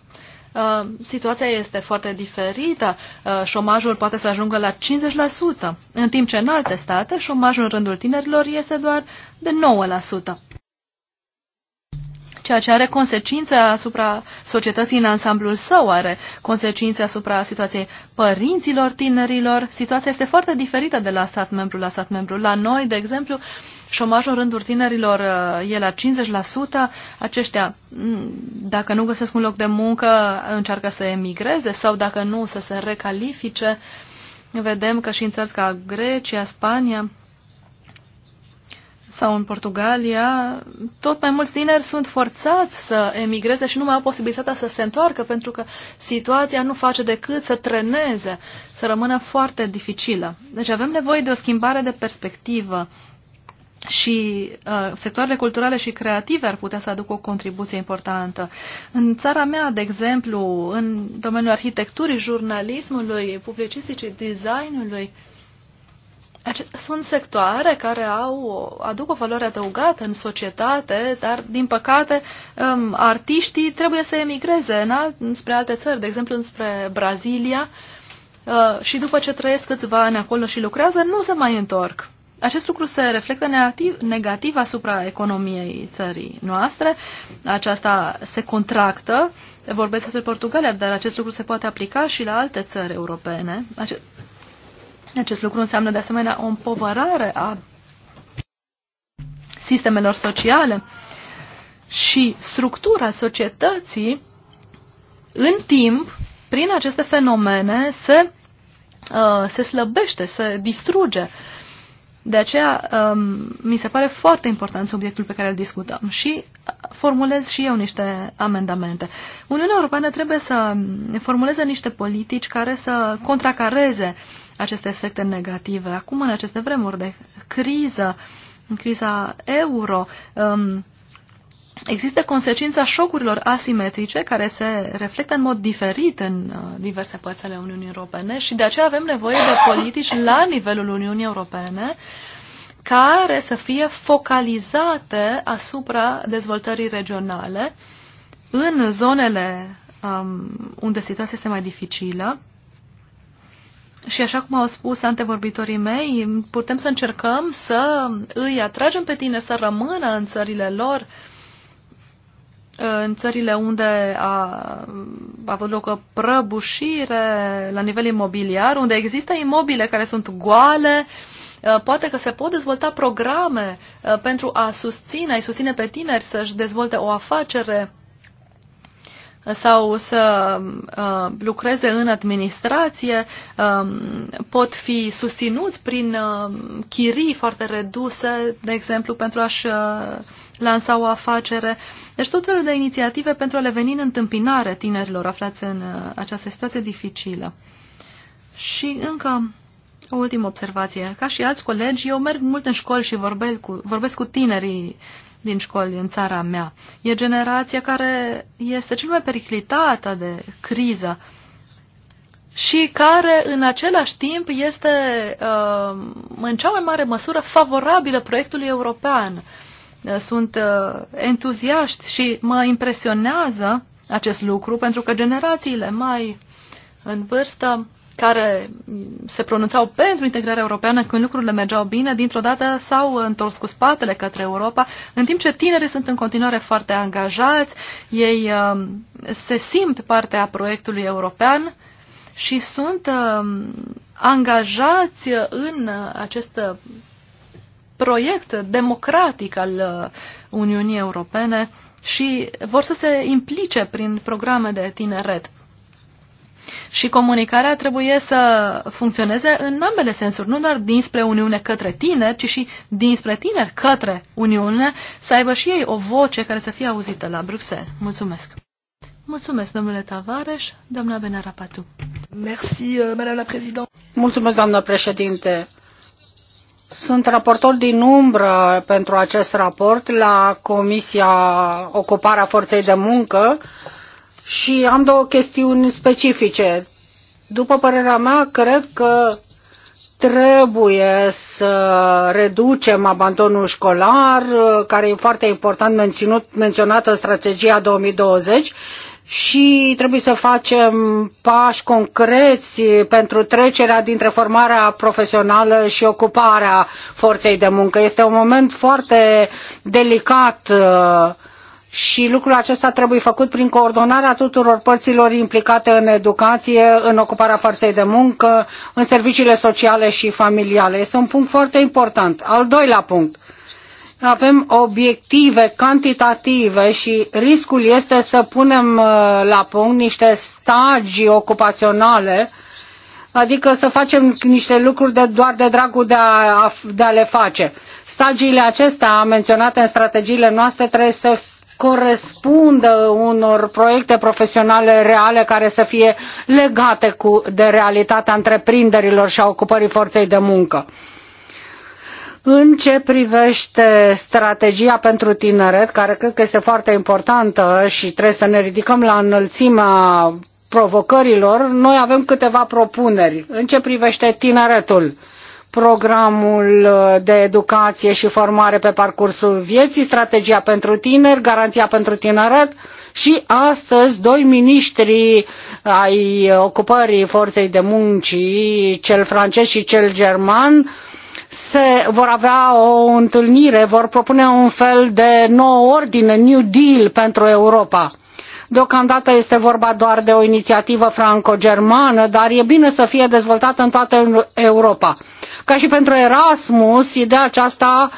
uh, situația este foarte diferită. Uh, șomajul poate să ajungă la 50%, în timp ce în alte state șomajul în rândul tinerilor este doar de 9% ceea ce are consecințe asupra societății în ansamblul său, are consecințe asupra situației părinților tinerilor. Situația este foarte diferită de la stat membru la stat membru. La noi, de exemplu, șomajul rândul tinerilor uh, e la 50%. Aceștia, mm, dacă nu găsesc un loc de muncă, încearcă să emigreze sau dacă nu, să se recalifice. Vedem că și în țări ca Grecia, Spania, sau în Portugalia, tot mai mulți tineri sunt forțați să emigreze și nu mai au posibilitatea să se întoarcă pentru că situația nu face decât să treneze, să rămână foarte dificilă. Deci avem nevoie de o schimbare de perspectivă și uh, sectoarele culturale și creative ar putea să aducă o contribuție importantă. În țara mea, de exemplu, în domeniul arhitecturii, jurnalismului, publicisticii, designului, uh, sunt sectoare care au, aduc o valoare adăugată în societate, dar, din păcate, um, artiștii trebuie să emigreze în alt, spre alte țări, de exemplu, spre Brazilia, uh, și după ce trăiesc câțiva ani acolo și lucrează, nu se mai întorc. Acest lucru se reflectă negativ, negativ asupra economiei țării noastre. Aceasta se contractă. Vorbesc despre Portugalia, dar acest lucru se poate aplica și la alte țări europene. Ace acest lucru înseamnă de asemenea o împovărare a sistemelor sociale și structura societății în timp, prin aceste fenomene, se, uh, se slăbește, se distruge. De aceea um, mi se pare foarte important subiectul pe care îl discutăm și formulez și eu niște amendamente. Uniunea Europeană trebuie să formuleze niște politici care să contracareze uh, aceste efecte negative. Acum, în aceste vremuri de criză, în criza euro, um, există consecința șocurilor asimetrice care se reflectă în mod diferit în uh, diverse părți ale Uniunii Europene și de aceea avem nevoie de politici la nivelul Uniunii Europene care să fie focalizate asupra dezvoltării regionale în zonele um, unde situația este mai dificilă și așa cum au spus antevorbitorii mei, putem să încercăm să îi atragem pe tineri să rămână în țările lor, în țările unde a, avut loc o prăbușire la nivel imobiliar, unde există imobile care sunt goale, uh, poate că se pot dezvolta programe uh, pentru a susține, a susține pe tineri să-și dezvolte o afacere sau să uh, lucreze în administrație uh, pot fi susținuți prin uh, chirii foarte reduse, de exemplu, pentru a-și uh, lansa o afacere. Deci tot felul de inițiative pentru a le veni în întâmpinare tinerilor aflați în uh, această situație dificilă. Și încă o ultimă observație. Ca și alți colegi, eu merg mult în școli și vorbesc cu, vorbesc cu tinerii din școli în țara mea. E generația care este cel mai periclitată de criză și care în același timp este uh, în cea mai mare măsură favorabilă proiectului european. Uh, sunt uh, entuziaști și mă impresionează acest lucru pentru că generațiile mai în vârstă care se pronunțau pentru integrarea europeană când lucrurile mergeau bine, dintr-o dată s-au întors cu spatele către Europa, în timp ce tinerii sunt în continuare foarte angajați, ei um, se simt parte a proiectului european și sunt um, angajați în acest proiect democratic al uh, Uniunii Europene și vor să se implice prin programe de tineret. Și comunicarea trebuie să funcționeze în ambele sensuri, nu doar dinspre Uniune către tineri, ci și dinspre tineri către Uniune, să aibă și ei o voce care să fie auzită la Bruxelles. Mulțumesc! Mulțumesc, domnule Tavares, doamna Benarapatu. Merci, euh, madame la présidente. Mulțumesc, doamnă președinte. Sunt raportor din umbră pentru acest raport la Comisia Ocuparea Forței de Muncă și am două chestiuni specifice. După părerea mea, cred că trebuie să reducem abandonul școlar, care e foarte important menținut, menționat în strategia 2020 și trebuie să facem pași concreți pentru trecerea dintre formarea profesională și ocuparea forței de muncă. Este un moment foarte delicat uh, și lucrul acesta trebuie făcut prin coordonarea tuturor părților implicate în educație, în ocuparea forței de muncă, în serviciile sociale și familiale. Este un punct foarte important. Al doilea punct. Avem obiective cantitative și riscul este să punem uh, la punct niște stagii ocupaționale Adică să facem niște lucruri de, doar de dragul de a, de a le face. Stagiile acestea menționate în strategiile noastre trebuie să corespundă unor proiecte profesionale reale care să fie legate cu, de realitatea întreprinderilor și a ocupării forței de muncă. În ce privește strategia pentru tineret, care cred că este foarte importantă și trebuie să ne ridicăm la înălțimea provocărilor, noi avem câteva propuneri. În ce privește tineretul, uh, programul uh, de educație și formare pe parcursul vieții, strategia pentru tineri, garanția pentru tineret și astăzi doi miniștri ai ocupării forței de muncii, cel francez și cel german, se vor avea o întâlnire, vor propune un fel de nouă ordine, New Deal pentru Europa. Deocamdată este vorba doar de o inițiativă franco-germană, dar e bine să fie dezvoltată în toată Europa. Ca și pentru Erasmus, ideea aceasta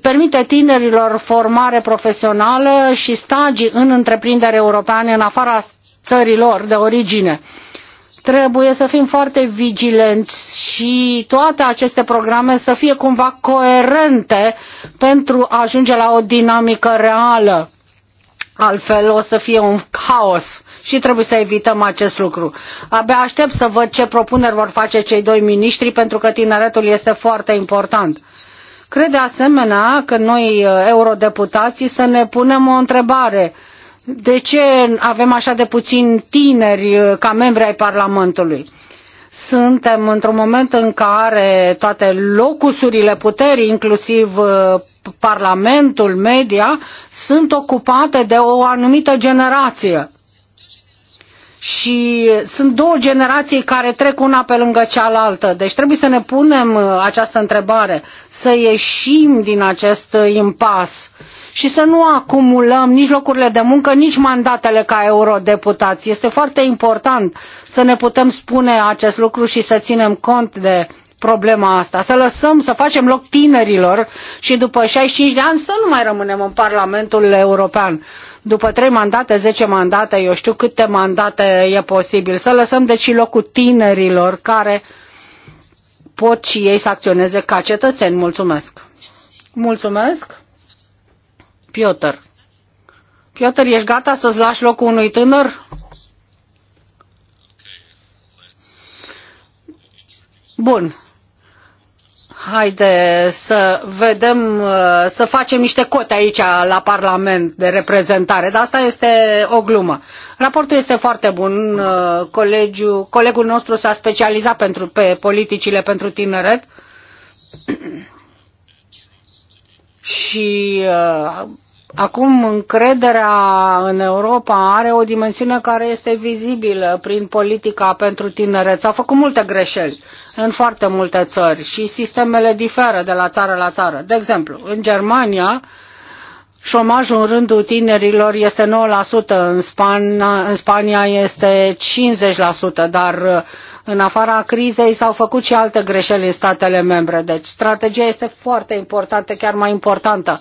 permite tinerilor formare profesională și stagii în întreprinderi europeane în afara țărilor de origine trebuie să fim foarte vigilenți și toate aceste programe să fie cumva coerente pentru a ajunge la o dinamică reală. Altfel o să fie un haos și trebuie să evităm acest lucru. Abia aștept să văd ce propuneri vor face cei doi miniștri pentru că tineretul este foarte important. Cred de asemenea că noi, uh, eurodeputații, să ne punem o întrebare. De ce avem așa de puțini tineri uh, ca membri ai Parlamentului? Suntem într-un moment în care toate locusurile puterii, inclusiv uh, Parlamentul, media, sunt ocupate de o anumită generație și sunt două generații care trec una pe lângă cealaltă. Deci trebuie să ne punem uh, această întrebare, să ieșim din acest uh, impas și să nu acumulăm nici locurile de muncă, nici mandatele ca eurodeputați. Este foarte important să ne putem spune acest lucru și să ținem cont de problema asta, să lăsăm, să facem loc tinerilor și după 65 de ani să nu mai rămânem în Parlamentul European, după trei mandate, zece mandate, eu știu câte mandate e posibil. Să lăsăm deci și locul tinerilor care pot și ei să acționeze ca cetățeni. Mulțumesc! Mulțumesc! Piotr. Piotr, ești gata să-ți lași locul unui tânăr? Bun. Haide să vedem, uh, să facem niște cote aici la Parlament de reprezentare, dar asta este o glumă. Raportul este foarte bun, uh, Colegiul, colegul nostru s-a specializat pentru, pe politicile pentru tineret și uh, Acum încrederea în Europa are o dimensiune care este vizibilă prin politica pentru tineret. S-au făcut multe greșeli în foarte multe țări și sistemele diferă de la țară la țară. De exemplu, în Germania, șomajul în rândul tinerilor este 9%, în, Spana, în Spania este 50%, dar uh, în afara crizei s-au făcut și alte greșeli în statele membre. Deci strategia este foarte importantă, chiar mai importantă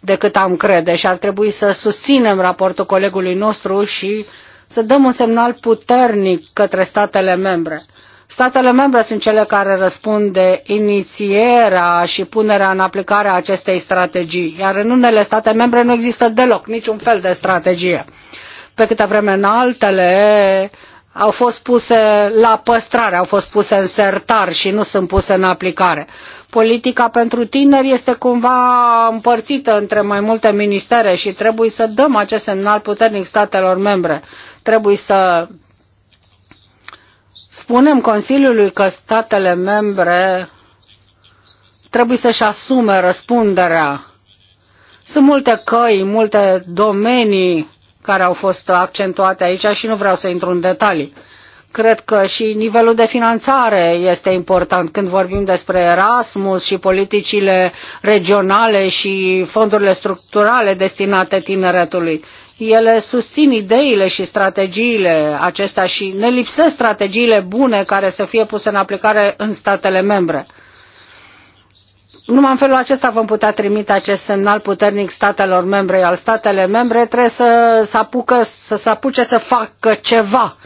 decât am crede și ar trebui să susținem raportul colegului nostru și să dăm un semnal puternic către statele membre. Statele membre sunt cele care răspund de inițierea și punerea în aplicare a acestei strategii, iar în unele state membre nu există deloc niciun fel de strategie. Pe câte vreme în altele au fost puse la păstrare, au fost puse în sertar și nu sunt puse în aplicare. Politica pentru tineri este cumva împărțită între mai multe ministere și trebuie să dăm acest semnal puternic statelor membre. Trebuie să spunem Consiliului că statele membre trebuie să-și asume răspunderea. Sunt multe căi, multe domenii care au fost accentuate aici și nu vreau să intru în detalii. Cred că și nivelul de finanțare este important când vorbim despre Erasmus și politicile regionale și fondurile structurale destinate tineretului. Ele susțin ideile și strategiile acestea și ne lipsesc strategiile bune care să fie puse în aplicare în statele membre. Numai în felul acesta vom putea trimite acest semnal puternic statelor membre, iar statele membre trebuie să se apucă, să se apuce să facă ceva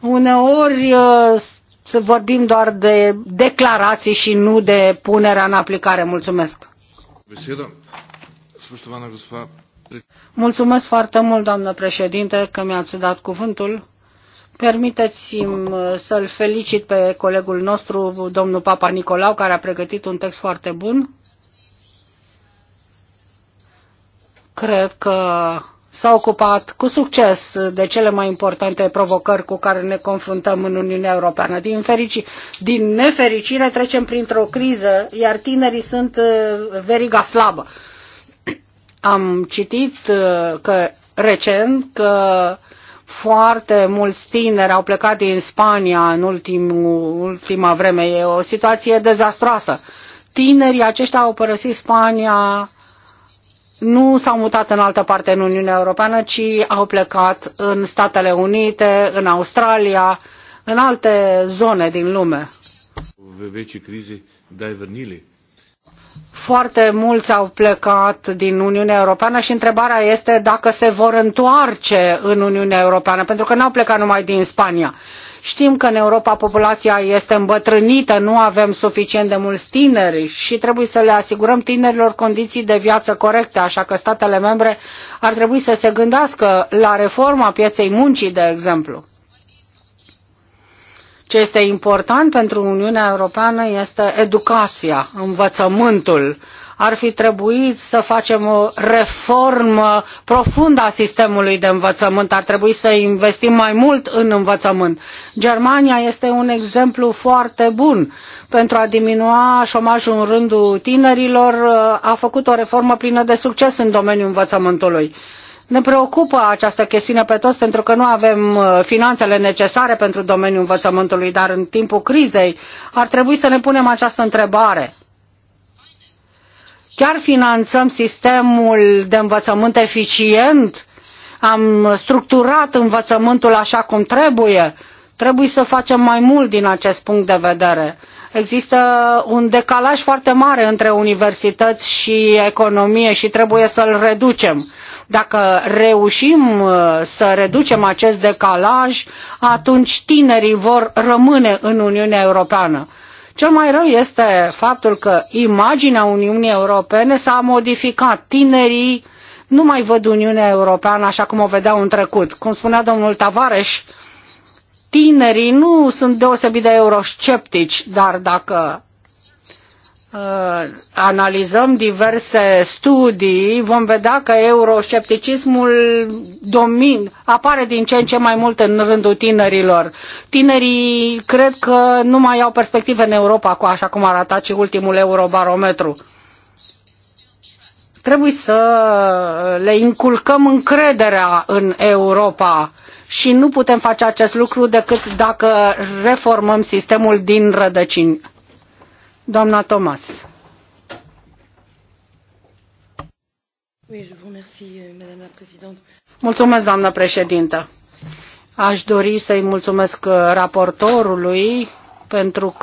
Uneori uh, să vorbim doar de declarații și nu de punerea în aplicare. Mulțumesc. Mulțumesc foarte mult, doamnă președinte, că mi-ați dat cuvântul. Permiteți-mi uh, să-l felicit pe colegul nostru, domnul Papa Nicolau, care a pregătit un text foarte bun. Cred că s-a ocupat cu succes de cele mai importante provocări cu care ne confruntăm în Uniunea Europeană. Din, ferici, din nefericire trecem printr-o criză, iar tinerii sunt uh, veriga slabă. Am citit uh, că recent că foarte mulți tineri au plecat din Spania în ultimul, ultima vreme. E o situație dezastroasă. Tinerii aceștia au părăsit Spania nu s-au mutat în altă parte în Uniunea Europeană, ci au plecat în Statele Unite, în Australia, în alte zone din lume. Foarte mulți au plecat din Uniunea Europeană și întrebarea este dacă se vor întoarce în Uniunea Europeană, pentru că n-au plecat numai din Spania. Știm că în Europa populația este îmbătrânită, nu avem suficient de mulți tineri și trebuie să le asigurăm tinerilor condiții de viață corecte, așa că statele membre ar trebui să se gândească la reforma pieței muncii, de exemplu. Ce este important pentru Uniunea Europeană este educația, învățământul ar fi trebuit să facem o reformă profundă a sistemului de învățământ, ar trebui să investim mai mult în învățământ. Germania este un exemplu foarte bun pentru a diminua șomajul în rândul tinerilor, a făcut o reformă plină de succes în domeniul învățământului. Ne preocupă această chestiune pe toți pentru că nu avem uh, finanțele necesare pentru domeniul învățământului, dar în timpul crizei ar trebui să ne punem această întrebare. Chiar finanțăm sistemul de învățământ eficient? Am structurat învățământul așa cum trebuie? Trebuie să facem mai mult din acest punct de vedere. Există un decalaj foarte mare între universități și economie și trebuie să-l reducem dacă reușim uh, să reducem acest decalaj, atunci tinerii vor rămâne în Uniunea Europeană. Cel mai rău este faptul că imaginea Uniunii Europene s-a modificat. Tinerii nu mai văd Uniunea Europeană așa cum o vedeau în trecut. Cum spunea domnul Tavares, tinerii nu sunt deosebit de eurosceptici, dar dacă Uh, analizăm diverse studii, vom vedea că euroscepticismul domin, apare din ce în ce mai mult în rândul tinerilor. Tinerii cred că nu mai au perspective în Europa, cu așa cum arată și ultimul eurobarometru. Trebuie să le inculcăm încrederea în Europa și nu putem face acest lucru decât dacă reformăm sistemul din rădăcini. Thomas. Euh, mulțumesc, doamnă președintă. Aș dori să-i mulțumesc uh, raportorului pentru,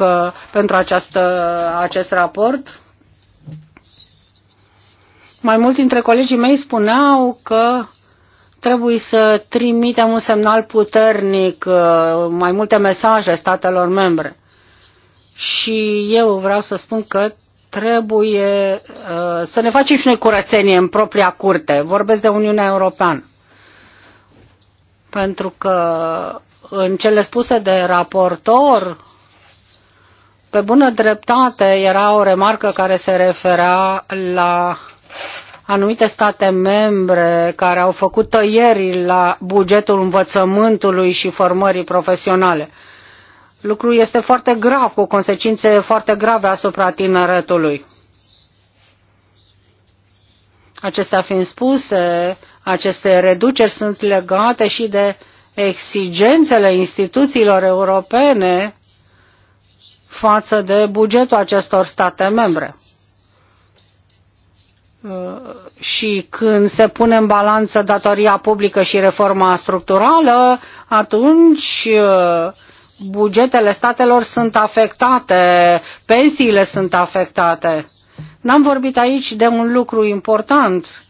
acest raport. Mai mulți dintre colegii mei spuneau că trebuie să trimitem un semnal puternic, uh, mai multe mesaje statelor membre și eu vreau să spun că trebuie uh, să ne facem și noi curățenie în propria curte. Vorbesc de Uniunea Europeană. Pentru că în cele spuse de raportor, pe bună dreptate era o remarcă care se referea la anumite state membre care au făcut tăieri la bugetul învățământului și formării profesionale lucru este foarte grav, cu consecințe foarte grave asupra tineretului. Acestea fiind spuse, aceste reduceri sunt legate și de exigențele instituțiilor europene față de bugetul acestor state membre. Uh, și când se pune în balanță datoria publică și reforma structurală, atunci uh, bugetele statelor sunt afectate, pensiile sunt afectate. N-am vorbit aici de un lucru important.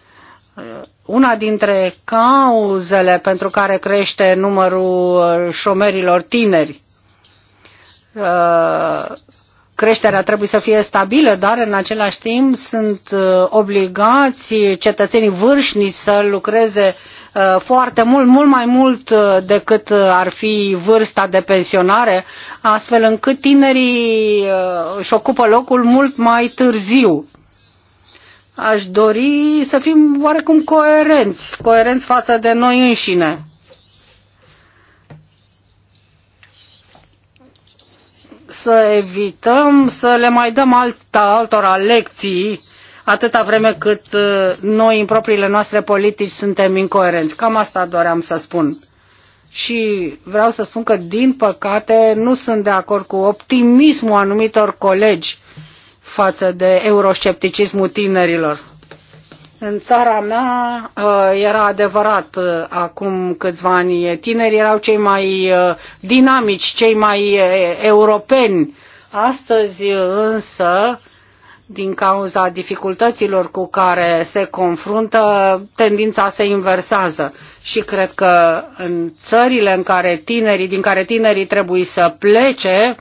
Una dintre cauzele pentru care crește numărul uh, șomerilor tineri. Uh, creșterea trebuie să fie stabilă, dar în același timp sunt uh, obligați cetățenii vârșni să lucreze uh, Uh, foarte mult, mult mai mult uh, decât uh, ar fi vârsta de pensionare, astfel încât tinerii își ocupă locul mult mai târziu. Aș dori să fim oarecum coerenți, coerenți față de noi înșine. Să evităm să le mai dăm alta, altora lecții uh, atâta vreme cât uh, noi în propriile noastre politici suntem incoerenți. Cam asta doream să spun. Și vreau să spun că, din păcate, nu sunt de acord cu optimismul anumitor colegi față de euroscepticismul tinerilor. În țara mea uh, era adevărat, uh, acum câțiva ani tineri erau cei mai dinamici, cei mai europeni. Astăzi însă din cauza dificultăților cu care se confruntă, tendința se inversează și cred că în țările în care tinerii, din care tinerii trebuie să plece,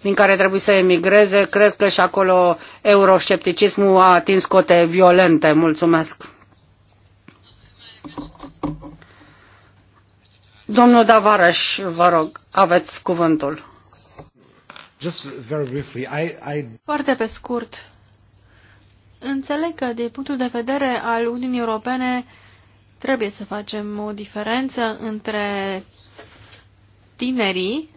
din care trebuie să emigreze, cred că și acolo euroscepticismul a atins cote violente. Mulțumesc. Domnul Davarăș, vă rog, aveți cuvântul. Foarte pe scurt, Înțeleg că, din punctul de vedere al Uniunii Europene, trebuie să facem o diferență între tinerii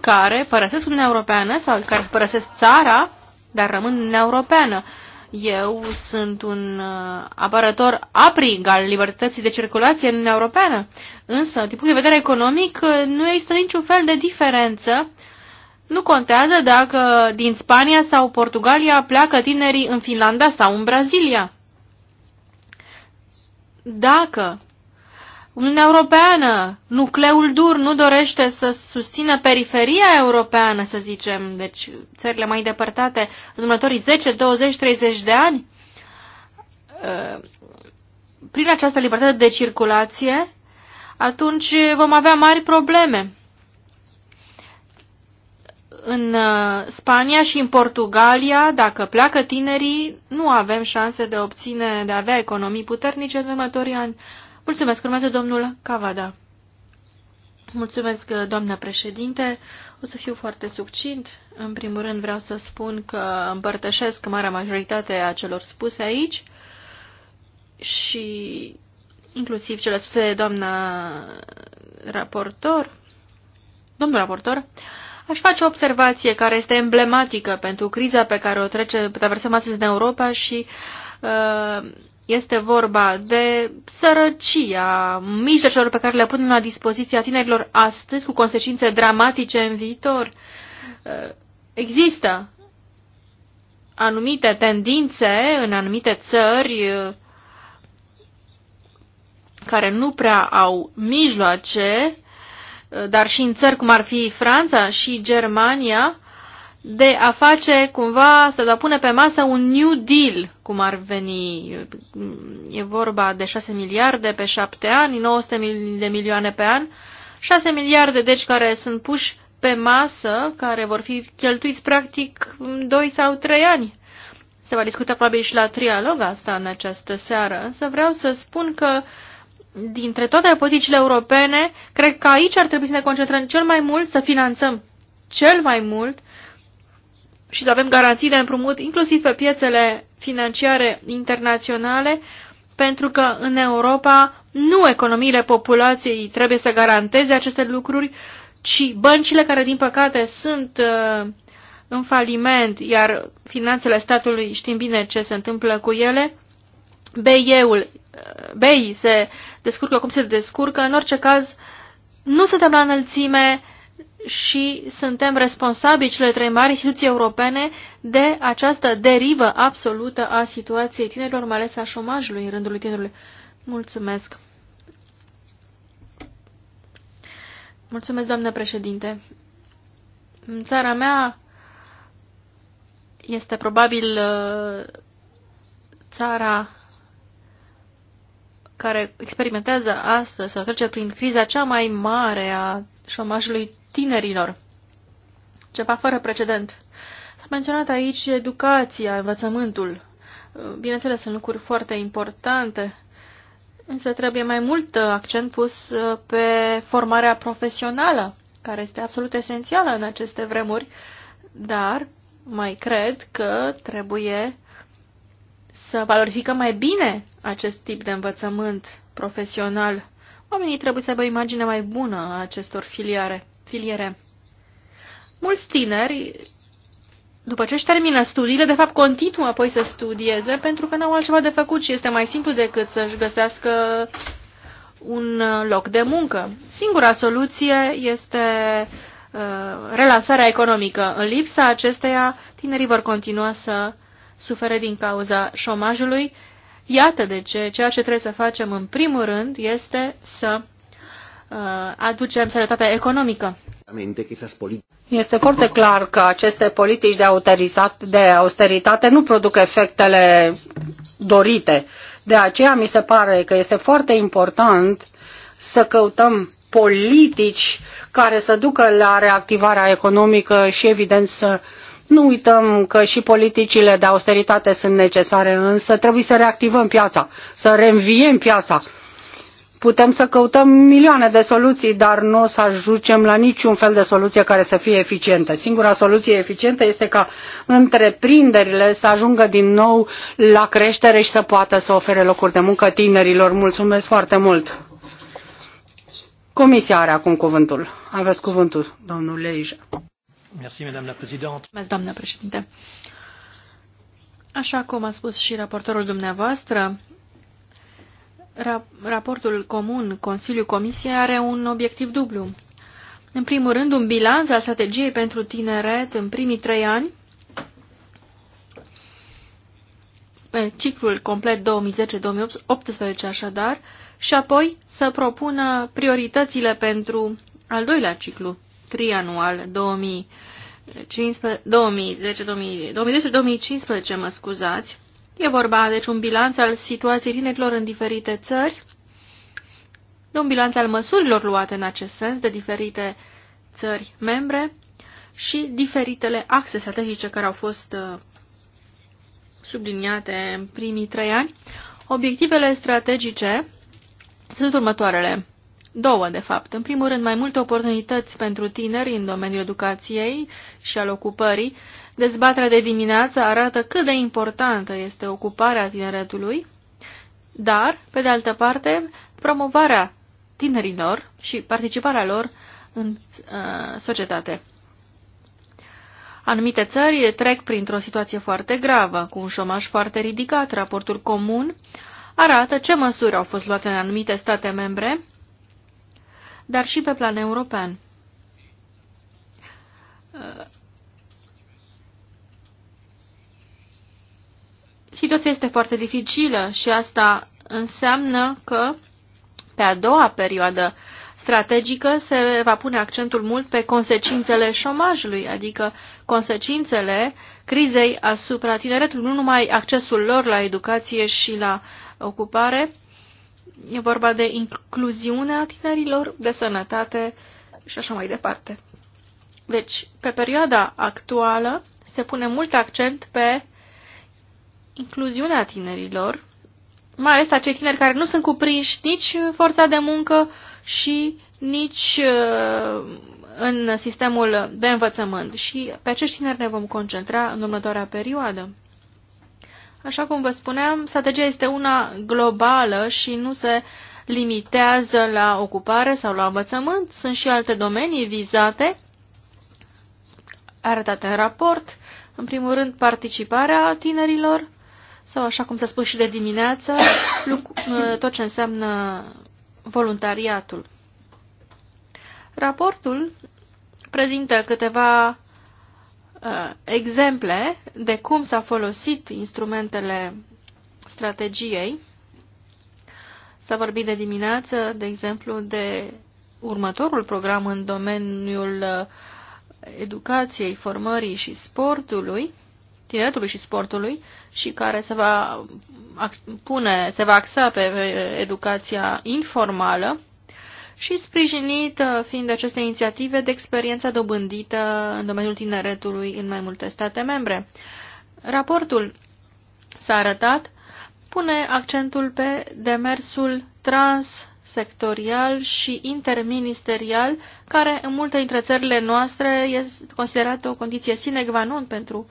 care părăsesc Uniunea Europeană sau care părăsesc țara, dar rămân în Europeană. Eu sunt un uh, apărător aprig al libertății de circulație în Uniunea Europeană, însă, din punct de vedere economic, uh, nu există niciun fel de diferență nu contează dacă din Spania sau Portugalia pleacă tinerii în Finlanda sau în Brazilia. Dacă Uniunea Europeană, nucleul dur, nu dorește să susțină periferia europeană, să zicem, deci țările mai îndepărtate în următorii 10, 20, 30 de ani, prin această libertate de circulație, atunci vom avea mari probleme în uh, Spania și în Portugalia, dacă pleacă tinerii, nu avem șanse de obține, de a avea economii puternice în următorii ani. Mulțumesc, urmează domnul Cavada. Mulțumesc, uh, doamnă președinte. O să fiu foarte succint. În primul rând vreau să spun că împărtășesc marea majoritate a celor spuse aici și inclusiv cele spuse de doamna raportor, domnul raportor, uh, Aș face o observație care este emblematică pentru criza pe care o trece, traversăm astăzi în Europa și uh, este vorba de sărăcia mijlocelor pe care le punem la dispoziția tinerilor astăzi cu consecințe dramatice în viitor. Uh, există anumite tendințe în anumite țări uh, care nu prea au mijloace dar și în țări cum ar fi Franța și Germania, de a face cumva, să pune pe masă un New Deal, cum ar veni. E vorba de 6 miliarde pe 7 ani, 900 de milioane pe an, 6 miliarde deci care sunt puși pe masă, care vor fi cheltuiți practic 2 sau 3 ani. Se va discuta probabil și la trialog asta în această seară, însă vreau să spun că uh, dintre toate politicile europene, cred că aici ar trebui să ne concentrăm cel mai mult, să finanțăm cel mai mult și să avem garanții de împrumut, inclusiv pe piețele financiare internaționale, pentru că în Europa nu economiile populației trebuie să garanteze aceste lucruri, ci băncile care, din păcate, sunt uh, în faliment, iar finanțele statului știm bine ce se întâmplă cu ele, BEI-ul, uh, BEI se uh, descurcă cum se descurcă. În orice caz, nu suntem la înălțime și suntem responsabili cele trei mari instituții europene de această derivă absolută a situației tinerilor, mai ales a șomajului în rândul tinerilor. Mulțumesc! Mulțumesc, doamnă președinte! În țara mea este probabil uh, țara care experimentează astăzi sau trece prin criza cea mai mare a șomajului tinerilor. Ceva fără precedent. S-a menționat aici educația, învățământul. Bineînțeles, sunt lucruri foarte importante, însă trebuie mai mult accent pus uh, pe formarea profesională, care este absolut esențială în aceste vremuri, dar mai cred că trebuie să valorificăm mai bine acest tip de învățământ profesional, oamenii trebuie să aibă o imagine mai bună a acestor filiare, filiere. Mulți tineri, după ce își termină studiile, de fapt continuă apoi să studieze pentru că n-au altceva de făcut și este mai simplu decât să-și găsească un loc de muncă. Singura soluție este uh, relansarea economică. În lipsa acesteia, tinerii vor continua să sufere din cauza șomajului Iată de ce ceea ce trebuie să facem în primul rând este să uh, aducem sănătatea economică. Este foarte clar că aceste politici de austeritate nu produc efectele dorite. De aceea mi se pare că este foarte important să căutăm politici care să ducă la reactivarea economică și, evident, să nu uităm că și politicile de austeritate sunt necesare, însă trebuie să reactivăm piața, să reînviem piața. Putem să căutăm milioane de soluții, dar nu o să ajungem la niciun fel de soluție care să fie eficientă. Singura soluție eficientă este ca întreprinderile să ajungă din nou la creștere și să poată să ofere locuri de muncă tinerilor. Mulțumesc foarte mult! Comisia are acum cuvântul. Aveți cuvântul, domnul Leija doamnă președinte. Așa cum a spus și raportorul dumneavoastră, raportul comun Consiliu-Comisie are un obiectiv dublu. În primul rând, un bilanț al strategiei pentru tineret în primii trei ani, pe ciclul complet 2010-2018 așadar, și apoi să propună prioritățile pentru al doilea ciclu trianual 2010-2015, mă scuzați. E vorba, deci, un bilanț al situației tinerilor în diferite țări, de un bilanț al măsurilor luate în acest sens de diferite țări membre și diferitele axe strategice care au fost uh, subliniate în primii trei ani. Obiectivele strategice sunt următoarele două, de fapt. În primul rând, mai multe oportunități pentru tineri în domeniul educației și al ocupării. Dezbaterea de dimineață arată cât de importantă este ocuparea tineretului, dar, pe de altă parte, promovarea tinerilor și participarea lor în uh, societate. Anumite țări trec printr-o situație foarte gravă, cu un șomaj foarte ridicat. Raportul comun arată ce măsuri au fost luate în anumite state membre dar și pe plan european. Situația este foarte dificilă și asta înseamnă că pe a doua perioadă strategică se va pune accentul mult pe consecințele șomajului, adică consecințele crizei asupra tineretului, nu numai accesul lor la educație și la ocupare, E vorba de incluziunea tinerilor, de sănătate și așa mai departe. Deci, pe perioada actuală se pune mult accent pe incluziunea tinerilor, mai ales acei tineri care nu sunt cuprinși nici în forța de muncă și nici uh, în sistemul de învățământ. Și pe acești tineri ne vom concentra în următoarea perioadă. Așa cum vă spuneam, strategia este una globală și nu se limitează la ocupare sau la învățământ. Sunt și alte domenii vizate, arătate în raport. În primul rând, participarea tinerilor sau, așa cum s-a spus și de dimineață, ă, tot ce înseamnă voluntariatul. Raportul prezintă câteva Uh, exemple de cum s-a folosit instrumentele strategiei. S-a vorbit de dimineață, de exemplu, de următorul program în domeniul uh, educației, formării și sportului, tineretului și sportului, și care se va, pune, se va axa pe educația informală, și sprijinit uh, fiind aceste inițiative de experiența dobândită în domeniul tineretului în mai multe state membre. Raportul s-a arătat, pune accentul pe demersul transsectorial și interministerial, care în multe dintre țările noastre este considerată o condiție sine qua non pentru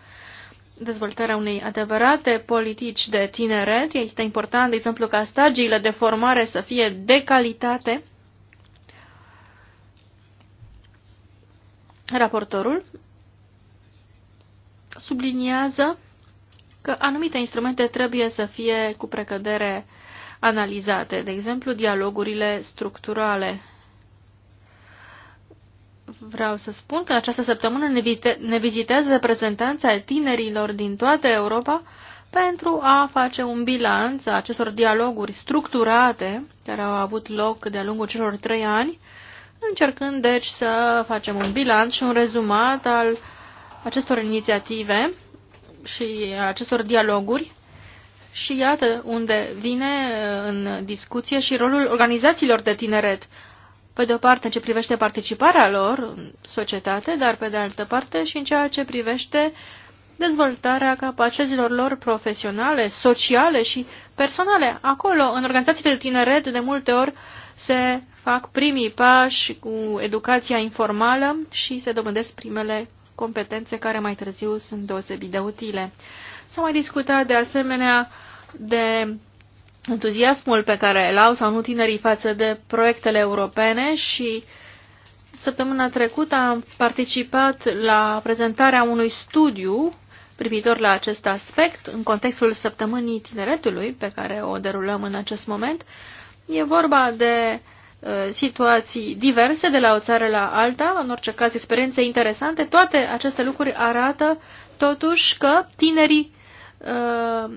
dezvoltarea unei adevărate politici de tineret. Este important, de exemplu, ca stagiile de formare să fie de calitate Raportorul subliniază că anumite instrumente trebuie să fie cu precădere analizate, de exemplu dialogurile structurale. Vreau să spun că în această săptămână ne, vite- ne vizitează reprezentanța ai tinerilor din toată Europa pentru a face un bilanț a acestor dialoguri structurate care au avut loc de-a lungul celor trei ani încercând deci să facem un bilanț și un rezumat al acestor inițiative și acestor dialoguri și iată unde vine uh, în discuție și rolul organizațiilor de tineret. Pe de o parte în ce privește participarea lor în societate, dar pe de altă parte și în ceea ce privește dezvoltarea capacităților lor profesionale, sociale și personale. Acolo, în organizațiile de tineret, de multe ori se fac primii pași cu educația informală și se dobândesc primele competențe care mai târziu sunt deosebit de utile. S-a mai discutat de asemenea de entuziasmul pe care îl au sau nu tinerii față de proiectele europene și săptămâna trecută am participat la prezentarea unui studiu privitor la acest aspect în contextul săptămânii tineretului pe care o derulăm în acest moment E vorba de uh, situații diverse de la o țară la alta, în orice caz experiențe interesante, toate aceste lucruri arată totuși că tinerii uh,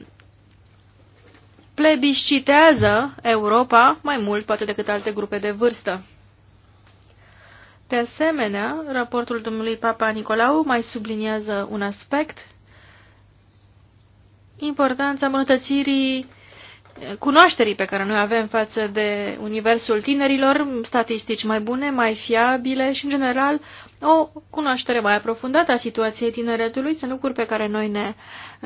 plebiscitează Europa mai mult poate decât alte grupe de vârstă. De asemenea, raportul domnului Papa Nicolau mai subliniază un aspect, importanța îmbunătățirii cunoașterii pe care noi avem față de universul tinerilor, statistici mai bune, mai fiabile și, în general, o cunoaștere mai aprofundată a situației tineretului. Sunt lucruri pe care noi ne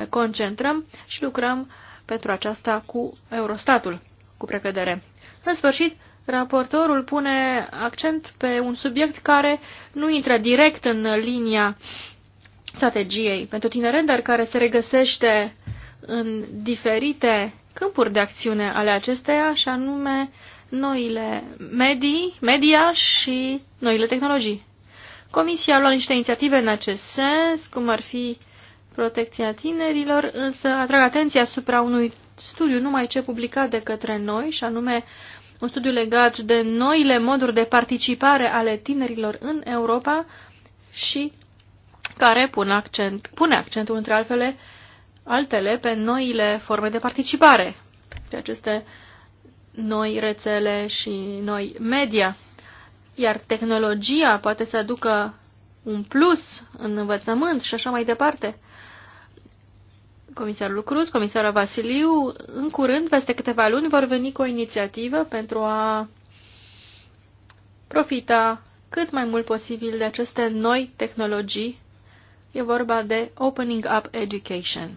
concentrăm și lucrăm pentru aceasta cu Eurostatul, cu precădere. În sfârșit, raportorul pune accent pe un subiect care nu intră direct în linia strategiei pentru tineret, dar care se regăsește în diferite câmpuri de acțiune ale acesteia, și anume noile medii, media și noile tehnologii. Comisia a luat niște inițiative în acest sens, cum ar fi protecția tinerilor, însă atrag atenția asupra unui studiu numai ce publicat de către noi, și anume un studiu legat de noile moduri de participare ale tinerilor în Europa și care pun accent, pune accentul, între altele, altele pe noile forme de participare, pe aceste noi rețele și noi media. Iar tehnologia poate să aducă un plus în învățământ și așa mai departe. Comisarul Cruz, comisarul Vasiliu, în curând, peste câteva luni, vor veni cu o inițiativă pentru a profita cât mai mult posibil de aceste noi tehnologii. E vorba de Opening Up Education.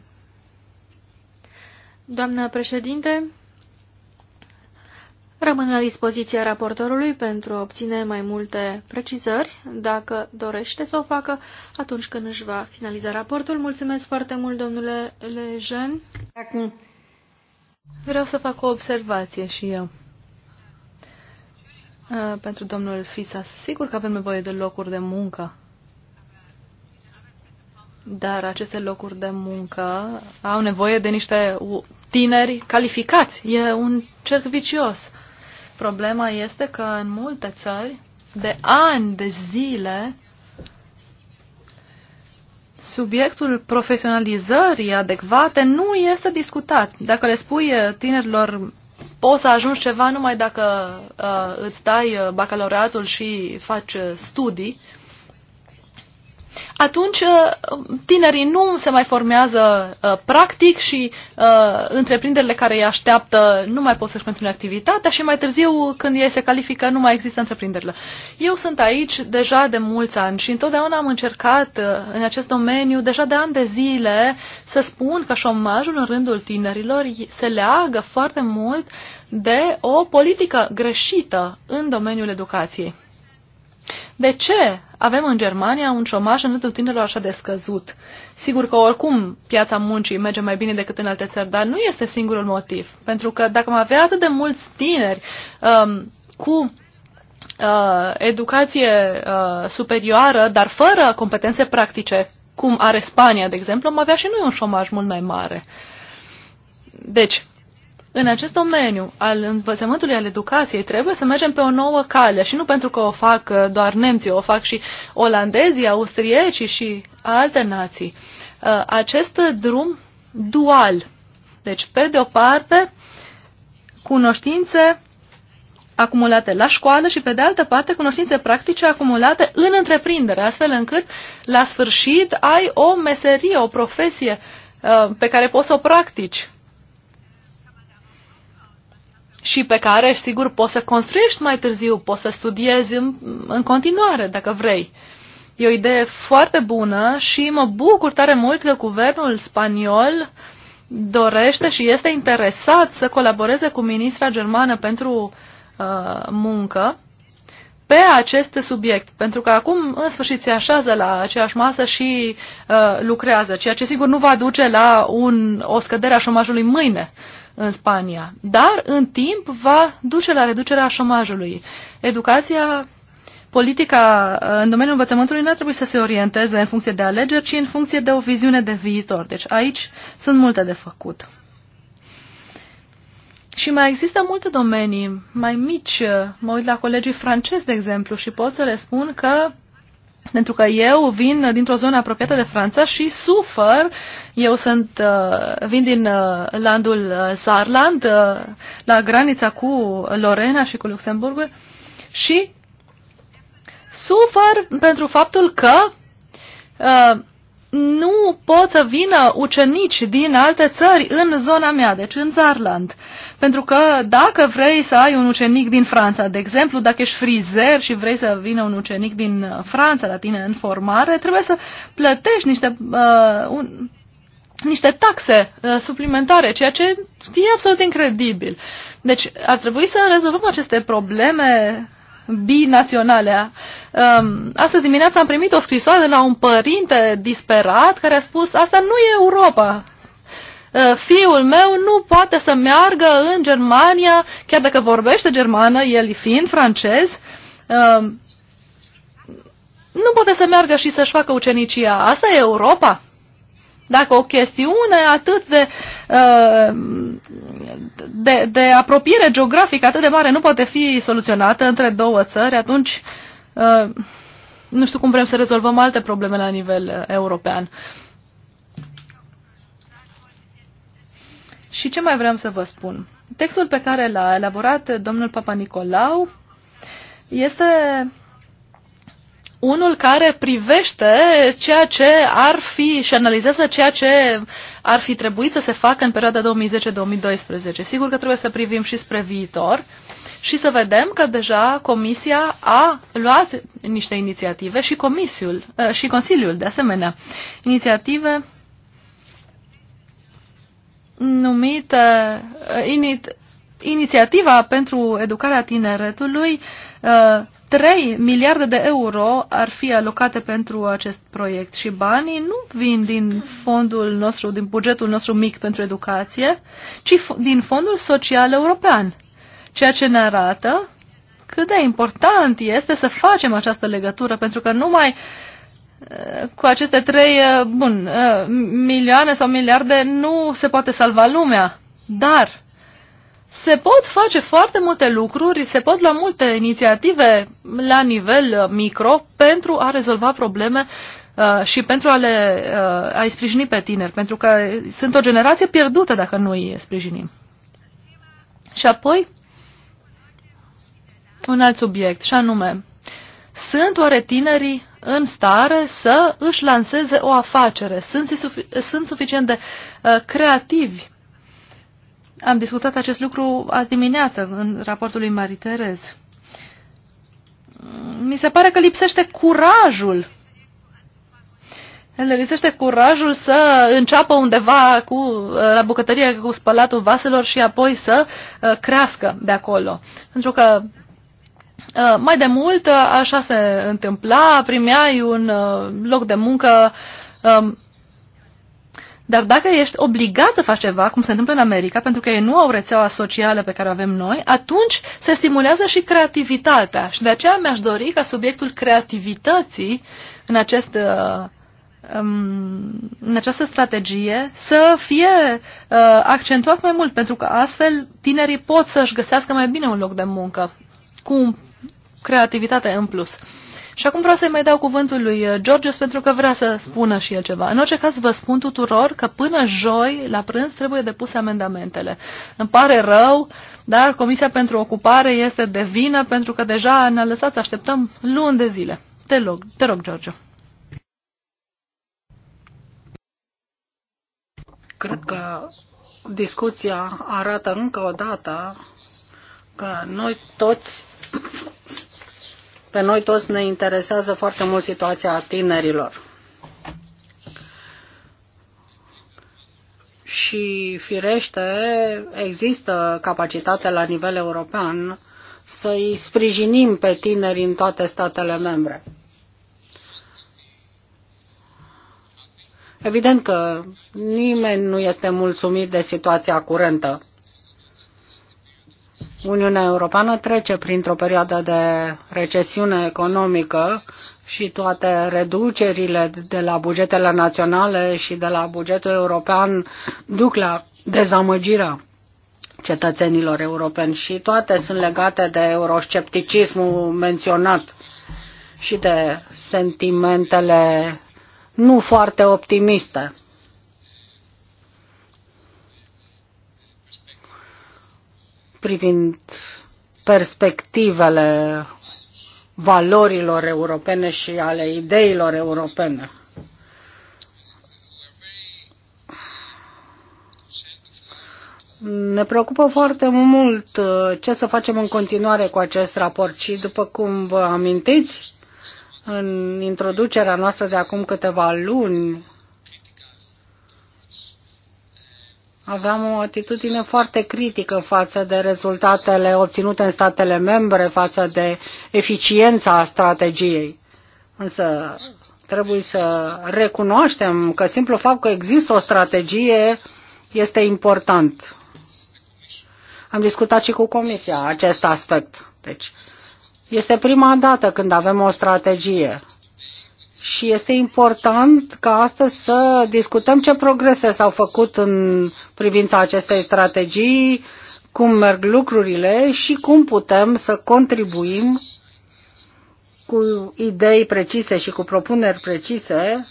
Doamnă președinte, rămân la dispoziția raportorului pentru a obține mai multe precizări, dacă dorește să o facă atunci când își va finaliza raportul. Mulțumesc foarte mult, domnule Lejean. Vreau să fac o observație și eu. Pentru domnul Fisas, sigur că avem nevoie de locuri de muncă dar aceste locuri de muncă au nevoie de niște tineri calificați. E un cerc vicios. Problema este că în multe țări, de ani, de zile, subiectul profesionalizării adecvate nu este discutat. Dacă le spui eh, tinerilor poți să ajungi ceva numai dacă uh, îți dai eh, bacalaureatul și faci studii, atunci uh, tinerii nu se mai formează uh, practic și uh, întreprinderile care îi așteaptă nu mai pot să-și menține activitatea și mai târziu când ei se califică nu mai există întreprinderile. Eu sunt aici deja de mulți ani și întotdeauna am încercat uh, în acest domeniu deja de ani de zile să spun că șomajul în rândul tinerilor se leagă foarte mult de o politică greșită în domeniul educației. De ce avem în Germania un șomaj în rândul tinerilor așa de scăzut? Sigur că oricum piața muncii merge mai bine decât în alte țări, dar nu este singurul motiv. Pentru că dacă am avea atât de mulți tineri um, cu uh, educație uh, superioară, dar fără competențe practice, cum are Spania, de exemplu, am avea și noi un șomaj mult mai mare. Deci, în acest domeniu al învățământului, al educației, trebuie să mergem pe o nouă cale și nu pentru că o fac uh, doar nemții, o fac și olandezii, austriecii și alte nații. Uh, acest drum dual. Deci, pe de o parte, cunoștințe acumulate la școală și, pe de altă parte, cunoștințe practice acumulate în întreprindere, astfel încât, la sfârșit, ai o meserie, o profesie uh, pe care poți să o practici și pe care, sigur, poți să construiești mai târziu, poți să studiezi în, în continuare, dacă vrei. E o idee foarte bună și mă bucur tare mult că guvernul spaniol dorește și este interesat să colaboreze cu ministra germană pentru uh, muncă pe acest subiect, pentru că acum în sfârșit se așează la aceeași masă și uh, lucrează, ceea ce sigur nu va duce la un, o scădere a șomajului mâine. Uh, în Spania, dar în timp va duce la reducerea șomajului. Educația, politica în domeniul învățământului nu trebuie să se orienteze în funcție de alegeri, ci în funcție de o viziune de viitor. Deci aici sunt multe de făcut. Și mai există multe domenii mai mici. Mă uit la colegii francezi, de exemplu, și pot să le spun că pentru că eu vin dintr-o zonă apropiată de Franța și sufăr. Eu sunt, uh, vin din uh, landul uh, Saarland, la granița cu Lorena și cu Luxemburgul și sufăr pentru faptul că nu pot să vină ucenici din alte țări în zona mea, deci în Saarland. Pentru că dacă vrei să ai un ucenic din Franța, de exemplu, dacă ești frizer și vrei să vină un ucenic din uh, Franța la tine în formare, trebuie să plătești niște, uh, un, niște taxe uh, suplimentare, ceea ce e absolut incredibil. Deci ar trebui să rezolvăm aceste probleme binaționale. Um, astăzi dimineața am primit o scrisoare de la un părinte disperat care a spus asta nu e Europa. Uh, fiul meu nu poate să meargă în Germania, chiar dacă vorbește germană, el fiind francez, uh, nu poate să meargă și să-și facă ucenicia. Asta e Europa. Dacă o chestiune atât de, uh, de, de apropiere geografică atât de mare nu poate fi soluționată între două țări, atunci nu știu cum vrem să rezolvăm alte probleme la nivel european. Și ce mai vreau să vă spun? Textul pe care l-a elaborat domnul Papa Nicolau este unul care privește ceea ce ar fi și analizează ceea ce ar fi trebuit să se facă în perioada 2010-2012. Sigur că trebuie să privim și spre viitor și să vedem că deja Comisia a luat niște inițiative și, comisiul, eh, și Consiliul de asemenea. Inițiative numită uh, Inițiativa pentru Educarea Tineretului, 3 uh, miliarde de euro ar fi alocate pentru acest proiect și banii nu vin din fondul nostru, din bugetul nostru mic pentru educație, ci din Fondul Social European, ceea ce ne arată cât de important este să facem această legătură, pentru că numai uh, Eh, cu aceste trei eh, bun, eh, milioane sau miliarde nu se poate salva lumea, dar se pot face foarte multe lucruri, se pot lua multe inițiative la nivel micro pentru a rezolva probleme și pentru a le a sprijini pe tineri, pentru că sunt o generație pierdută dacă nu îi sprijinim. Și apoi, un alt subiect, și anume, sunt oare tinerii în stare să își lanseze o afacere. Sunt, sunt suficient de uh, creativi. Am discutat acest lucru azi dimineață în raportul lui Marie Terez. Mi se pare că lipsește curajul le lipsește curajul să înceapă undeva cu, uh, la bucătărie cu spălatul vaselor și apoi să uh, crească de acolo. Pentru că Uh, mai de mult, uh, așa se întâmpla, primeai un uh, loc de muncă, um, dar dacă ești obligat să faci ceva, cum se întâmplă în America, pentru că ei nu au rețeaua socială pe care o avem noi, atunci se stimulează și creativitatea. Și de aceea mi-aș dori ca subiectul creativității în acest um, în această strategie să fie accentuat mai mult, pentru că astfel tinerii pot să-și găsească mai bine un loc de muncă. Cu un creativitate în plus. Și acum vreau să-i mai dau cuvântul lui uh, Georges pentru că vrea să spună și el ceva. În orice caz vă spun tuturor că până joi la prânz trebuie depuse amendamentele. Îmi pare rău, dar Comisia pentru Ocupare este de vină pentru că deja ne-a lăsat să așteptăm luni de zile. Te rog, te rog Giorgio. Cred că discuția arată încă o dată că noi toți pe noi toți ne interesează foarte mult situația tinerilor. Și firește, există capacitate la nivel european să-i sprijinim pe tineri în toate statele membre. Evident că nimeni nu este mulțumit de situația curentă. Uniunea Europeană trece printr-o perioadă de recesiune economică și toate reducerile de la bugetele naționale și de la bugetul european duc la dezamăgirea cetățenilor europeni și toate sunt legate de euroscepticismul menționat și de sentimentele nu foarte optimiste privind perspectivele valorilor europene și ale ideilor europene. Ne preocupă foarte mult uh, ce să facem în continuare cu acest raport și, după cum vă amintiți, în introducerea noastră de acum câteva luni Aveam o atitudine foarte critică față de rezultatele obținute în statele membre, față de eficiența strategiei. Însă trebuie să recunoaștem că simplu fapt că există o strategie este important. Am discutat și cu Comisia acest aspect. Deci, este prima dată când avem o strategie și este important ca astăzi să discutăm ce progrese s-au făcut în privința acestei strategii, cum merg lucrurile și cum putem să contribuim cu idei precise și cu propuneri precise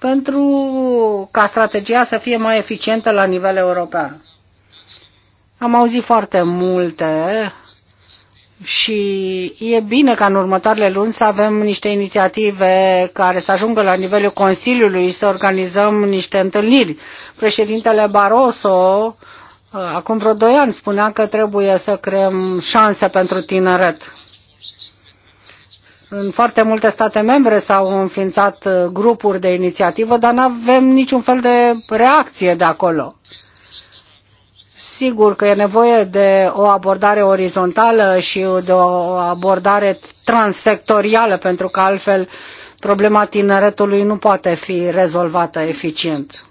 pentru ca strategia să fie mai eficientă la nivel european. Am auzit foarte multe și e bine ca în următoarele luni să avem niște inițiative care să ajungă la nivelul Consiliului, să organizăm niște întâlniri. Președintele Barroso, uh, acum vreo doi ani, spunea că trebuie să creăm șanse pentru tineret. În foarte multe state membre s-au înființat uh, grupuri de inițiativă, dar nu avem niciun fel de reacție de acolo. Sigur că e nevoie de o abordare orizontală și de o abordare transsectorială, pentru că altfel problema tineretului nu poate fi rezolvată eficient.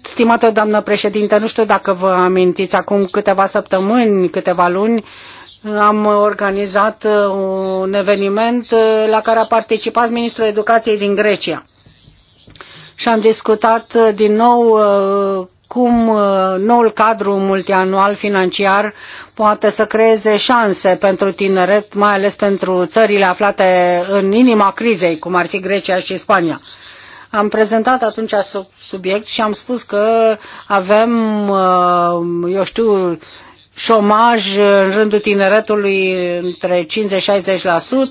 Stimată doamnă președinte, nu știu dacă vă amintiți, acum câteva săptămâni, câteva luni, am organizat uh, un eveniment uh, la care a participat ministrul educației din Grecia. Și am discutat uh, din nou cum noul cadru multianual financiar poate să creeze șanse pentru tineret, mai ales pentru țările aflate în inima crizei, cum ar fi Grecia și Spania. Am prezentat atunci subiect și am spus că avem, eu știu, șomaj în rândul tineretului între 50-60%,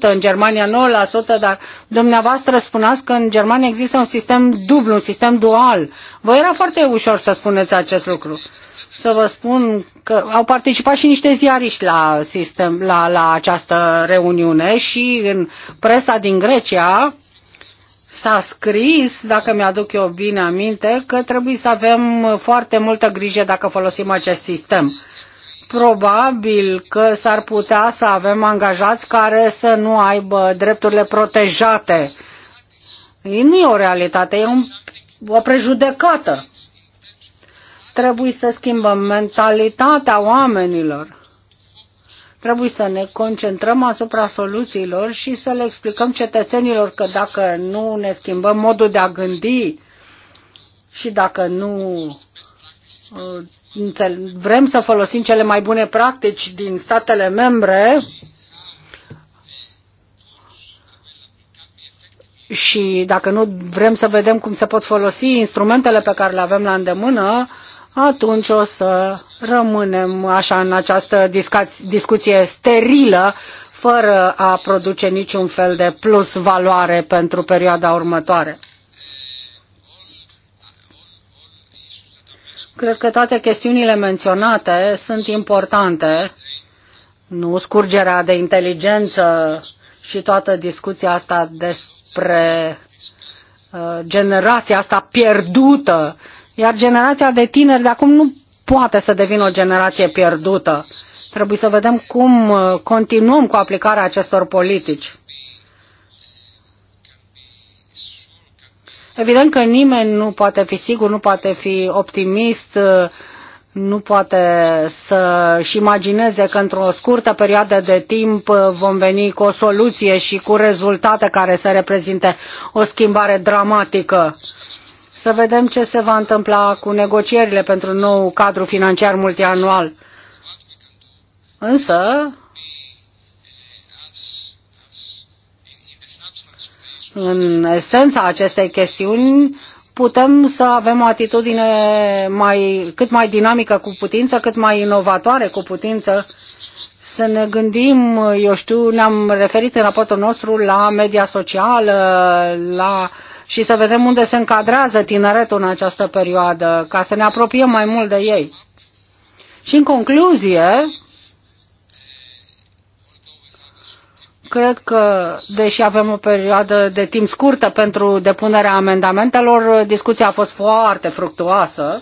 în Germania 9%, dar dumneavoastră spuneați că în Germania există un sistem dublu, un sistem dual. Vă era foarte ușor să spuneți acest lucru. Să vă spun că au participat și niște ziariști la, sistem, la, la această reuniune și în presa din Grecia s-a scris, dacă mi-aduc eu bine aminte, că trebuie să avem foarte multă grijă dacă folosim acest sistem probabil că s-ar putea să avem angajați care să nu aibă drepturile protejate. Nu e o realitate, e un, o prejudecată. Trebuie să schimbăm mentalitatea oamenilor. Trebuie să ne concentrăm asupra soluțiilor și să le explicăm cetățenilor că dacă nu ne schimbăm modul de a gândi și dacă nu uh, vrem să folosim cele mai bune practici din statele membre și dacă nu vrem să vedem cum se pot folosi instrumentele pe care le avem la îndemână, atunci o să rămânem așa în această discuție sterilă, fără a produce niciun fel de plus valoare pentru perioada următoare. Cred că toate chestiunile menționate sunt importante, nu scurgerea de inteligență și toată discuția asta despre uh, generația asta pierdută, iar generația de tineri de acum nu poate să devină o generație pierdută. Trebuie să vedem cum uh, continuăm cu aplicarea acestor politici. Evident că nimeni nu poate fi sigur, nu poate fi optimist, nu poate să-și imagineze că într-o scurtă perioadă de timp vom veni cu o soluție și cu rezultate care să reprezinte o schimbare dramatică. Să vedem ce se va întâmpla cu negocierile pentru nou cadru financiar multianual. Însă, în esența acestei chestiuni putem să avem o atitudine mai, cât mai dinamică cu putință, cât mai inovatoare cu putință, să ne gândim, eu știu, ne-am referit în raportul nostru la media socială, la și să vedem unde se încadrează tineretul în această perioadă, ca să ne apropiem mai mult de ei. Și în concluzie, Cred că, deși avem o perioadă de timp scurtă pentru depunerea amendamentelor, discuția a fost foarte fructuoasă.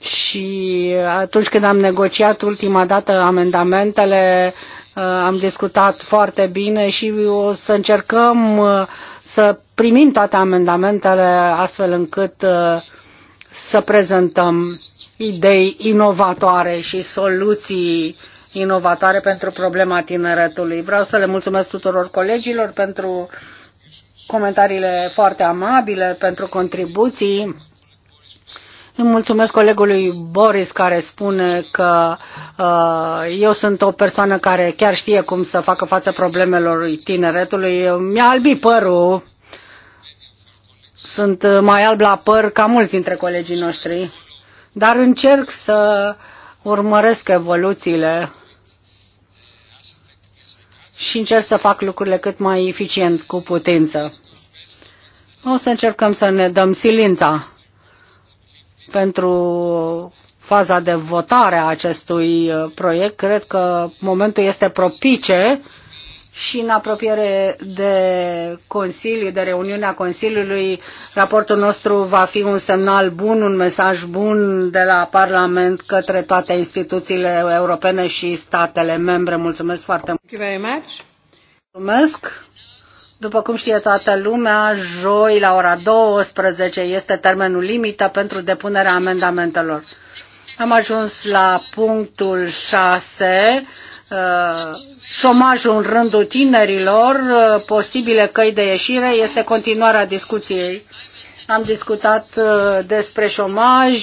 Și atunci când am negociat ultima dată amendamentele, uh, am discutat foarte bine și o să încercăm uh, să primim toate amendamentele astfel încât uh, să prezentăm idei inovatoare și soluții inovatoare pentru problema tineretului. Vreau să le mulțumesc tuturor colegilor pentru comentariile foarte amabile, pentru contribuții. Îi mulțumesc colegului Boris care spune că uh, eu sunt o persoană care chiar știe cum să facă față problemelor tineretului. Mi-a albit părul sunt uh, mai alb la păr ca mulți dintre colegii noștri, dar încerc să urmăresc evoluțiile și încerc să fac lucrurile cât mai eficient cu putință. O să încercăm să ne dăm silința pentru faza de votare a acestui uh, proiect. Cred că momentul este propice și în apropiere de Consiliu, de reuniunea Consiliului, raportul nostru va fi un semnal bun, un mesaj bun de la Parlament către toate instituțiile europene și statele membre. Mulțumesc foarte mult! Mulțumesc! După cum știe toată lumea, joi la ora 12 este termenul limită pentru depunerea amendamentelor. Am ajuns la punctul 6 Uh, șomajul în rândul tinerilor, uh, posibile căi de ieșire, este continuarea discuției. Am discutat uh, despre șomaj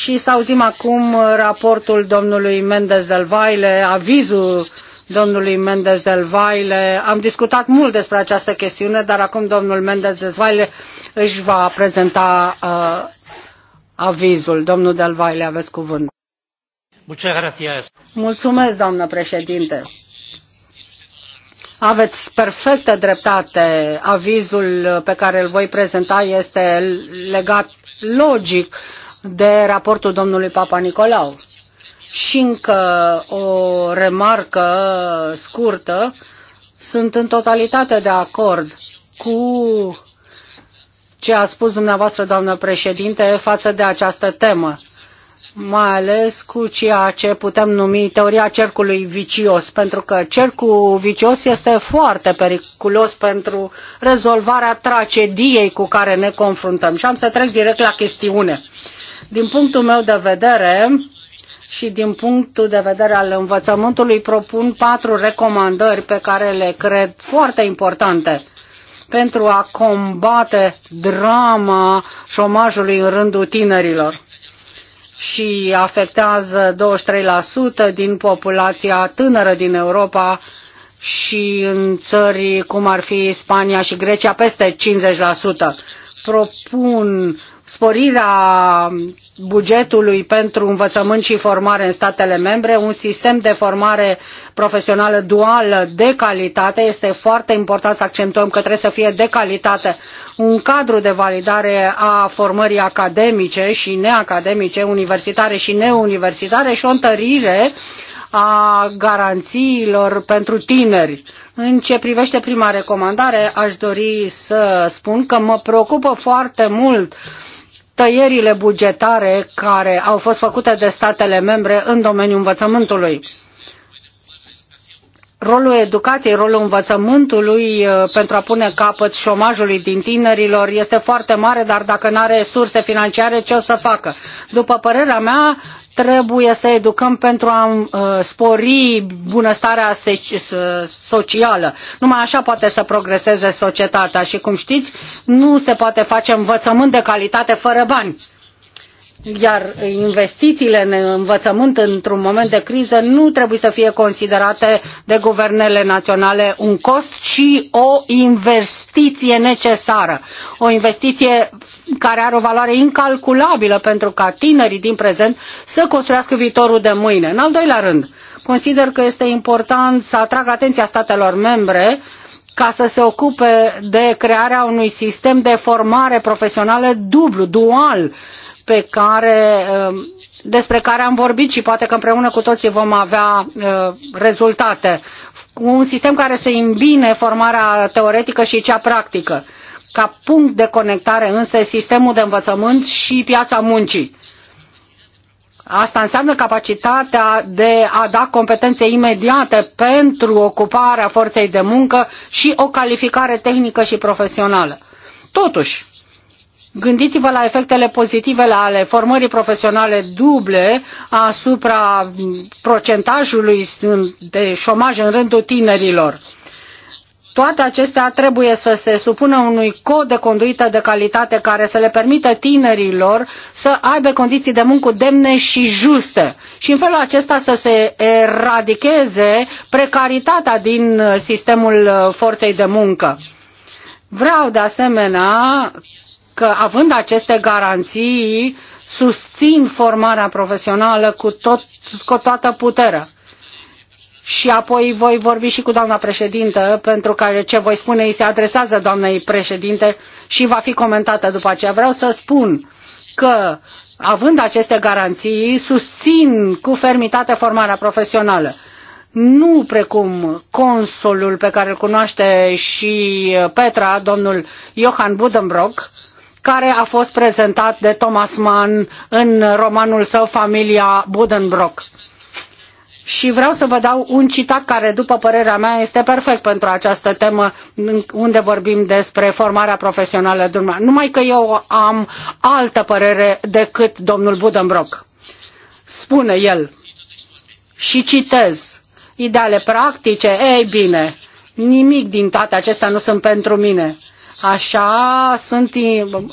și să auzim acum raportul domnului Mendes del Vaile, avizul domnului Mendes del Vaile. Am discutat mult despre această chestiune, dar acum domnul Mendes del Vaile își va prezenta uh, avizul. Domnul del Vaile, aveți cuvânt. Mulțumesc, doamnă președinte. Aveți perfectă dreptate. Avizul pe care îl voi prezenta este legat logic de raportul domnului Papa Nicolau. Și încă o remarcă scurtă. Sunt în totalitate de acord cu ce a spus dumneavoastră, doamnă președinte, față de această temă mai ales cu ceea ce putem numi teoria cercului vicios, pentru că cercul vicios este foarte periculos pentru rezolvarea tragediei cu care ne confruntăm. Și am să trec direct la chestiune. Din punctul meu de vedere și din punctul de vedere al învățământului, propun patru recomandări pe care le cred foarte importante pentru a combate drama șomajului în rândul tinerilor și afectează 23% din populația tânără din Europa și în țări cum ar fi Spania și Grecia peste 50%. Propun sporirea bugetului pentru învățământ și formare în statele membre. Un sistem de formare profesională duală de calitate este foarte important să accentuăm că trebuie să fie de calitate. Un cadru de validare a formării academice și neacademice, universitare și neuniversitare și o întărire a garanțiilor pentru tineri. În ce privește prima recomandare, aș dori să spun că mă preocupă foarte mult uh, tăierile bugetare care au fost făcute de statele membre în domeniul învățământului. Rolul educației, rolul învățământului uh, pentru a pune capăt șomajului din tinerilor este foarte mare, dar dacă nu are resurse financiare, ce o să facă? După părerea mea, trebuie să educăm pentru a uh, spori bunăstarea socială. Numai așa poate să progreseze societatea și, cum știți, nu se poate face învățământ de calitate fără bani. Iar investițiile în învățământ într-un moment de criză nu trebuie să fie considerate de guvernele naționale un cost, ci o investiție necesară. O investiție care are o valoare incalculabilă pentru ca tinerii din prezent să construiască viitorul de mâine. În al doilea rând, consider că este important să atrag atenția statelor membre ca să se ocupe de crearea unui sistem de formare profesională dublu, dual, pe care, um, despre care am vorbit și poate că împreună cu toții vom avea uh, rezultate. Un sistem care să îmbine formarea teoretică și cea practică. Ca punct de conectare însă sistemul de învățământ și piața muncii. Asta înseamnă capacitatea de a da competențe imediate pentru ocuparea forței de muncă și o calificare tehnică și profesională. Totuși, Gândiți-vă la efectele pozitive ale formării profesionale duble asupra procentajului de șomaj în rândul tinerilor. Toate acestea trebuie să se supună unui cod de conduită de calitate care să le permită tinerilor să aibă condiții de muncă demne și juste și în felul acesta să se eradicheze precaritatea din sistemul forței de muncă. Vreau de asemenea că având aceste garanții, susțin formarea profesională cu, tot, cu toată puterea. Și apoi voi vorbi și cu doamna președintă, pentru că ce voi spune îi se adresează doamnei președinte și va fi comentată după aceea. Vreau să spun că, având aceste garanții, susțin cu fermitate formarea profesională nu precum consulul pe care îl cunoaște și Petra, domnul Johan Budenbrock, care a fost prezentat de Thomas Mann în romanul său Familia Buddenbrock. Și vreau să vă dau un citat care, după părerea mea, este perfect pentru această temă unde vorbim despre formarea profesională. Numai că eu am altă părere decât domnul Buddenbrock. Spune el și citez ideale practice, ei bine, nimic din toate acestea nu sunt pentru mine. Așa sunt,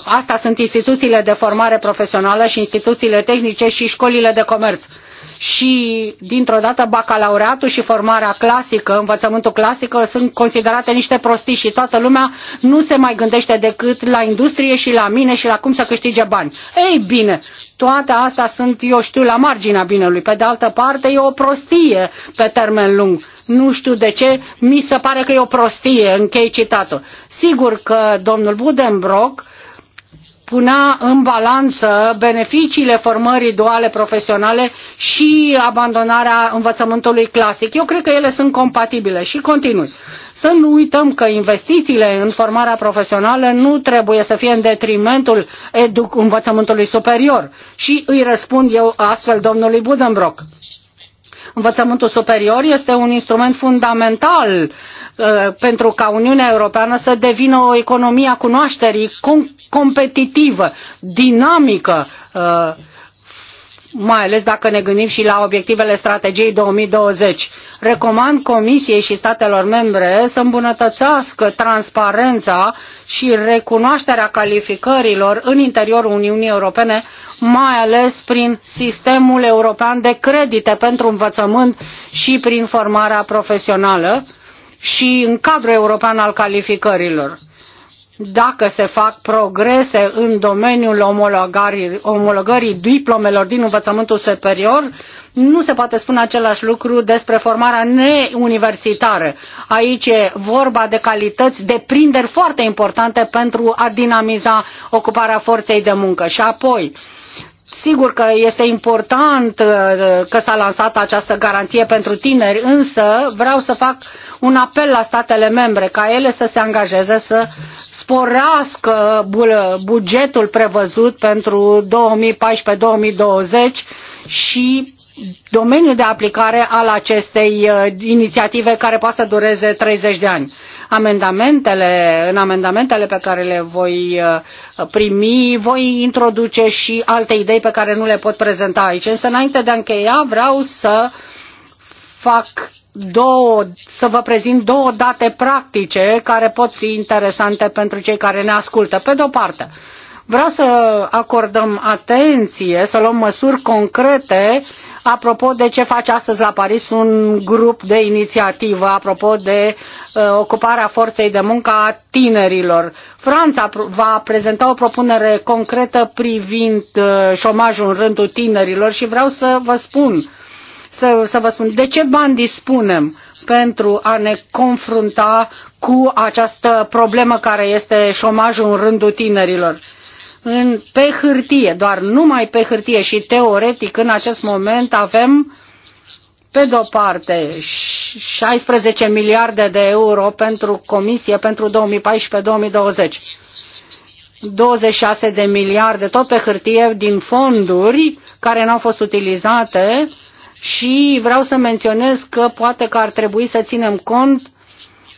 asta sunt instituțiile de formare profesională și instituțiile tehnice și școlile de comerț. Și, dintr-o dată, bacalaureatul și formarea clasică, învățământul clasic, sunt considerate niște prostii și toată lumea nu se mai gândește decât la industrie și la mine și la cum să câștige bani. Ei bine, toate astea sunt, eu știu, la marginea binelui. Pe de altă parte, e o prostie pe termen lung nu știu de ce, mi se pare că e o prostie, închei citatul. Sigur că domnul Budenbrock punea în balanță beneficiile formării duale profesionale și abandonarea învățământului clasic. Eu cred că ele sunt compatibile și continui. Să nu uităm că investițiile în formarea profesională nu trebuie să fie în detrimentul învățământului superior. Și îi răspund eu astfel domnului Budenbrock. Învățământul superior este un instrument fundamental uh, pentru ca Uniunea Europeană să devină o economie a cunoașterii competitivă, dinamică, uh, mai ales dacă ne gândim și la obiectivele strategiei 2020. Recomand Comisiei și statelor membre să îmbunătățească transparența și recunoașterea calificărilor în interiorul Uniunii Europene, mai ales prin sistemul european de credite pentru învățământ și prin formarea profesională și în cadrul european al calificărilor dacă se fac progrese în domeniul omologării, diplomelor din învățământul superior, nu se poate spune același lucru despre formarea neuniversitară. Aici e vorba de calități, de prinderi foarte importante pentru a dinamiza ocuparea forței de muncă. Și apoi, uh, Sigur că este important uh, că s-a lansat această garanție pentru tineri, însă vreau să fac un apel la statele membre ca ele să se angajeze să sporească bugetul prevăzut pentru 2014-2020 și domeniul de aplicare al acestei uh, inițiative care poate să dureze 30 de ani. Amendamentele, în amendamentele pe care le voi uh, primi, voi introduce și alte idei pe care nu le pot prezenta aici. Însă înainte de a încheia vreau să fac două, să vă prezint două date practice care pot fi interesante pentru cei care ne ascultă. Pe de o parte, vreau să acordăm atenție, să luăm măsuri concrete uh, apropo de ce face astăzi la Paris un grup de inițiativă, apropo de uh, ocuparea forței de muncă a tinerilor. Franța va prezenta o propunere concretă privind uh, șomajul în rândul tinerilor și vreau să vă spun, să, să vă spun de ce bani dispunem pentru a ne confrunta cu această problemă care este șomajul în rândul tinerilor în, pe hârtie, doar numai pe hârtie și teoretic în acest moment avem pe de-o parte 16 miliarde de euro pentru comisie pentru 2014-2020. 26 de miliarde tot pe hârtie din fonduri care n-au fost utilizate și vreau să menționez că poate că ar trebui să ținem cont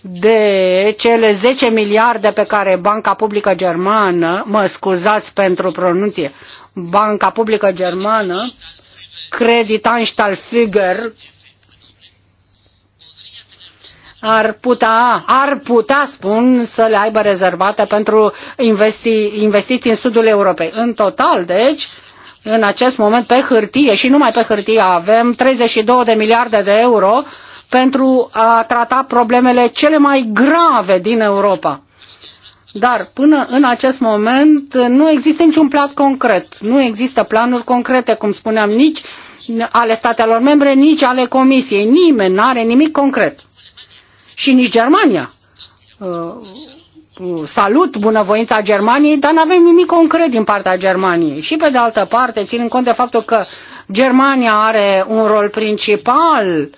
de cele 10 miliarde pe care Banca Publică Germană, mă scuzați pentru pronunție, Banca Publică Germană, Credit Anstalfiger, ar putea, ar putea, spun, să le aibă rezervate pentru investi, investiții în sudul Europei. În total, deci, în acest moment, pe hârtie și numai pe hârtie avem 32 de miliarde de euro pentru a trata problemele cele mai grave din Europa. Dar până în acest moment nu există niciun plan concret, nu există planuri concrete, cum spuneam, nici ale statelor membre, nici ale Comisiei. Nimeni nu are nimic concret. Și nici Germania. Uh, salut bunăvoința Germaniei, dar nu avem nimic concret din partea Germaniei. Și pe de altă parte, ținând cont de faptul că Germania are un rol principal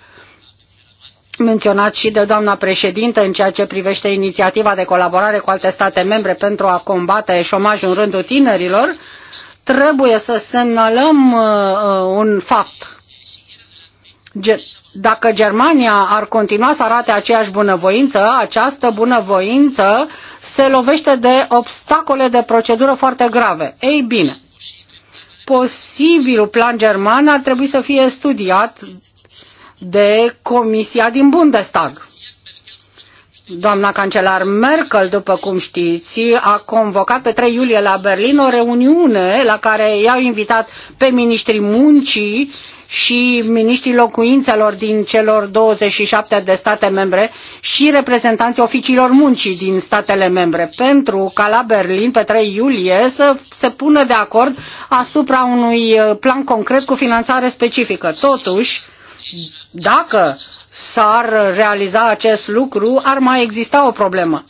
menționat și de doamna președintă în ceea ce privește inițiativa de colaborare cu alte state membre pentru a combate șomajul în rândul tinerilor, trebuie să semnalăm uh, uh, un fapt. Dacă Germania ar continua să arate aceeași bunăvoință, această bunăvoință se lovește de obstacole de procedură foarte grave. Ei bine, posibilul plan german ar trebui să fie studiat de Comisia din Bundestag. Doamna cancelar Merkel, după cum știți, a convocat pe 3 iulie la Berlin o reuniune la care i-au invitat pe ministrii muncii și ministrii locuințelor din celor 27 de state membre și reprezentanții oficiilor muncii din statele membre, pentru ca la Berlin, pe 3 iulie, să se pună de acord asupra unui plan concret cu finanțare specifică. Totuși, dacă s-ar realiza acest lucru, ar mai exista o problemă.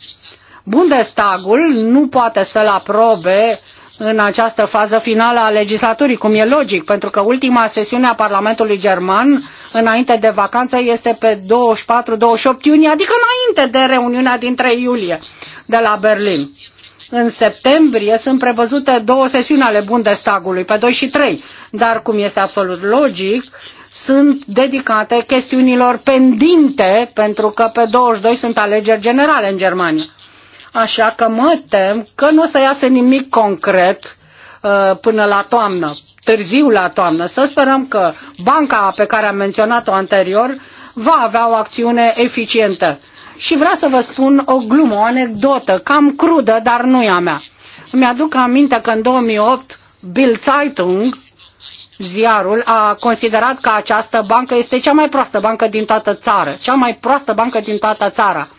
Bundestagul nu poate să-l aprobe în această fază finală a legislaturii, cum e logic, pentru că ultima sesiune a Parlamentului German, înainte de vacanță, este pe 24-28 iunie, adică înainte de reuniunea din 3 iulie de la Berlin. În septembrie sunt prevăzute două sesiuni ale Bundestagului, pe 2 și 3, dar cum este absolut logic, sunt dedicate chestiunilor pendinte, pentru că pe 22 sunt alegeri generale în Germania. Așa că mă tem că nu o să iasă nimic concret uh, până la toamnă, târziu la toamnă. Să sperăm că banca pe care am menționat-o anterior va avea o acțiune eficientă. Și vreau să vă spun o glumă, o anecdotă, cam crudă, dar nu e a mea. Îmi aduc aminte că în 2008 Bill Zeitung, ziarul a considerat că această bancă este cea mai proastă bancă din toată țara, cea mai proastă bancă din toată țara,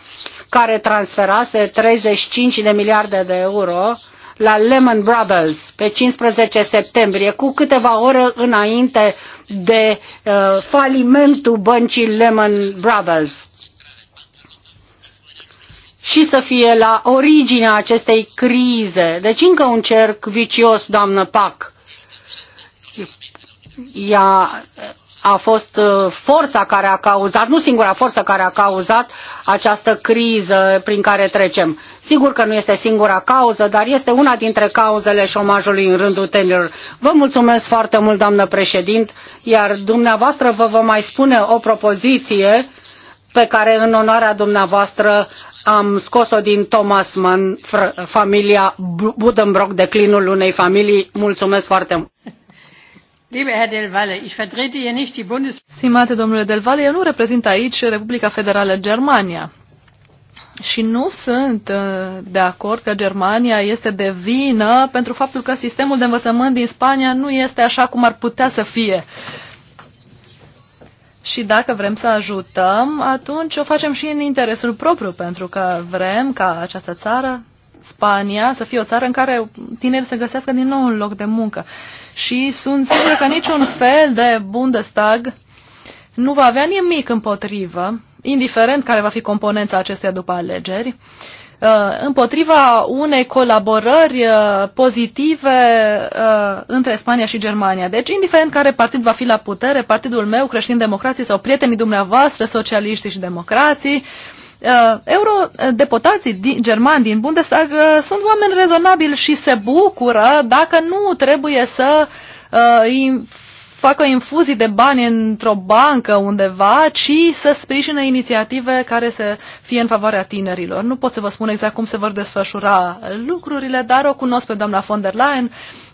care transferase 35 de miliarde de euro la Lehman Brothers pe 15 septembrie, cu câteva ore înainte de uh, falimentul băncii Lehman Brothers și să fie la originea acestei crize. Deci încă un cerc vicios, doamnă Pac ea a fost uh, forța care a cauzat, nu singura forță care a cauzat această criză prin care trecem. Sigur că nu este singura cauză, dar este una dintre cauzele șomajului în rândul tenilor. Vă mulțumesc foarte mult, doamnă președint, iar dumneavoastră vă vă mai spune o propoziție pe care în onoarea dumneavoastră am scos-o din Thomas Mann, familia Budenbrock, declinul unei familii. Mulțumesc foarte mult! Stimate domnule Del Valle, eu nu reprezint aici Republica Federală Germania. Și nu sunt uh, de acord că Germania este de vină pentru faptul că sistemul de învățământ din Spania nu este așa cum ar putea să fie. Și dacă vrem să ajutăm, atunci o facem și în interesul propriu, pentru că vrem ca această țară Spania să fie o țară în care tineri se găsească din nou un loc de muncă. Și sunt sigur că niciun fel de Bundestag nu va avea nimic împotrivă, indiferent care va fi componența acesteia după alegeri, uh, împotriva unei colaborări uh, pozitive uh, între Spania și Germania. Deci, indiferent care partid va fi la putere, partidul meu, creștin-democrații sau prietenii dumneavoastră, socialiștii și democrații, uh, eurodeputații din, germani din Bundestag uh, sunt oameni rezonabili și se bucură dacă nu trebuie să uh, facă infuzii de bani într-o bancă undeva, ci să sprijine inițiative care să fie în favoarea tinerilor. Nu pot să vă spun exact cum se vor desfășura lucrurile, dar o cunosc pe doamna von der Leyen,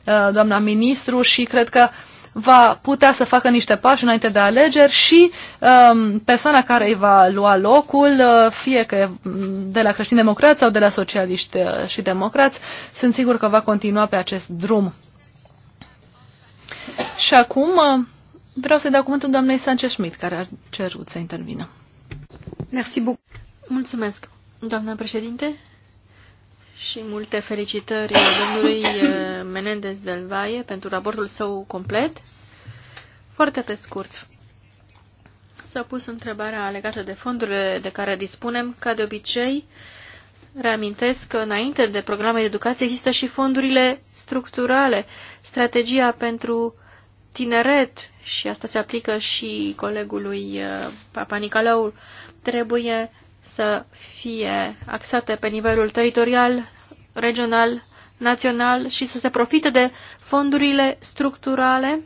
uh, doamna ministru și cred că uh, va putea să facă niște pași înainte de alegeri și um, persoana care îi va lua locul, uh, fie că de la creștini democrați sau de la socialiști uh, și democrați, sunt sigur că va continua pe acest drum. Și acum uh, vreau să-i dau cuvântul doamnei Sanchez-Schmidt, care a cerut să intervină. Merci beaucoup. Mulțumesc, doamna președinte și multe felicitări uh, domnului uh, Menendez del Valle pentru raportul său complet. Foarte pe scurt, s-a pus întrebarea legată de fondurile de care dispunem. Ca de obicei, reamintesc că înainte de programe de educație există și fondurile structurale, strategia pentru tineret și asta se aplică și colegului uh, Papa Nicolaul. Trebuie să fie axate pe nivelul teritorial, regional, național și să se profite de fondurile structurale,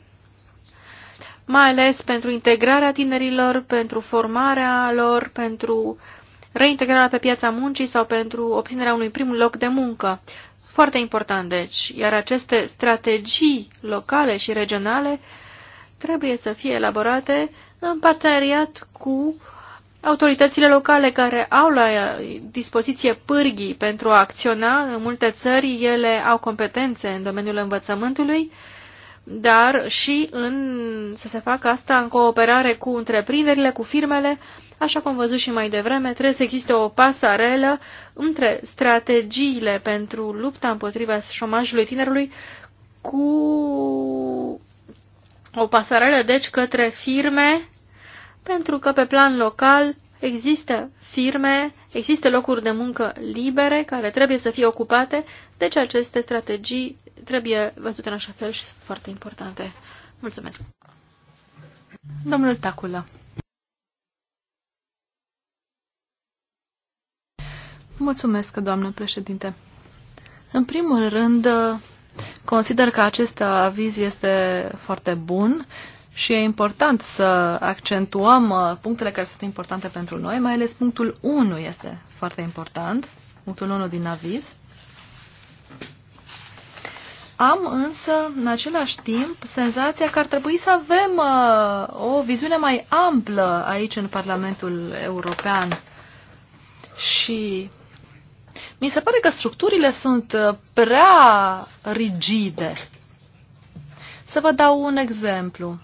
mai ales pentru integrarea tinerilor, pentru formarea lor, pentru reintegrarea pe piața muncii sau pentru obținerea unui prim loc de muncă. Foarte important, deci, iar aceste strategii locale și regionale trebuie să fie elaborate în parteneriat cu uh, autoritățile locale care au la dispoziție pârghii pentru a acționa. În multe țări ele au competențe în domeniul învățământului, dar și în, să se facă asta în cooperare cu întreprinderile, cu firmele, Așa cum văzut și mai devreme, trebuie să existe o pasarelă între strategiile pentru lupta împotriva șomajului tinerului cu o pasarelă, deci, către firme pentru că pe plan local există firme, există locuri de muncă libere care trebuie să fie ocupate, deci aceste strategii trebuie văzute în așa fel și sunt foarte importante. Mulțumesc! Domnul Tacula. Mulțumesc, doamnă președinte. În primul rând, consider că acest aviz este foarte bun și e important să accentuăm uh, punctele care sunt importante pentru noi, mai ales punctul 1 este foarte important, punctul 1 din aviz. Am însă, în același timp, senzația că ar trebui să avem uh, o viziune mai amplă aici în Parlamentul European. Și mi se pare că structurile sunt uh, prea rigide. Să vă dau un exemplu.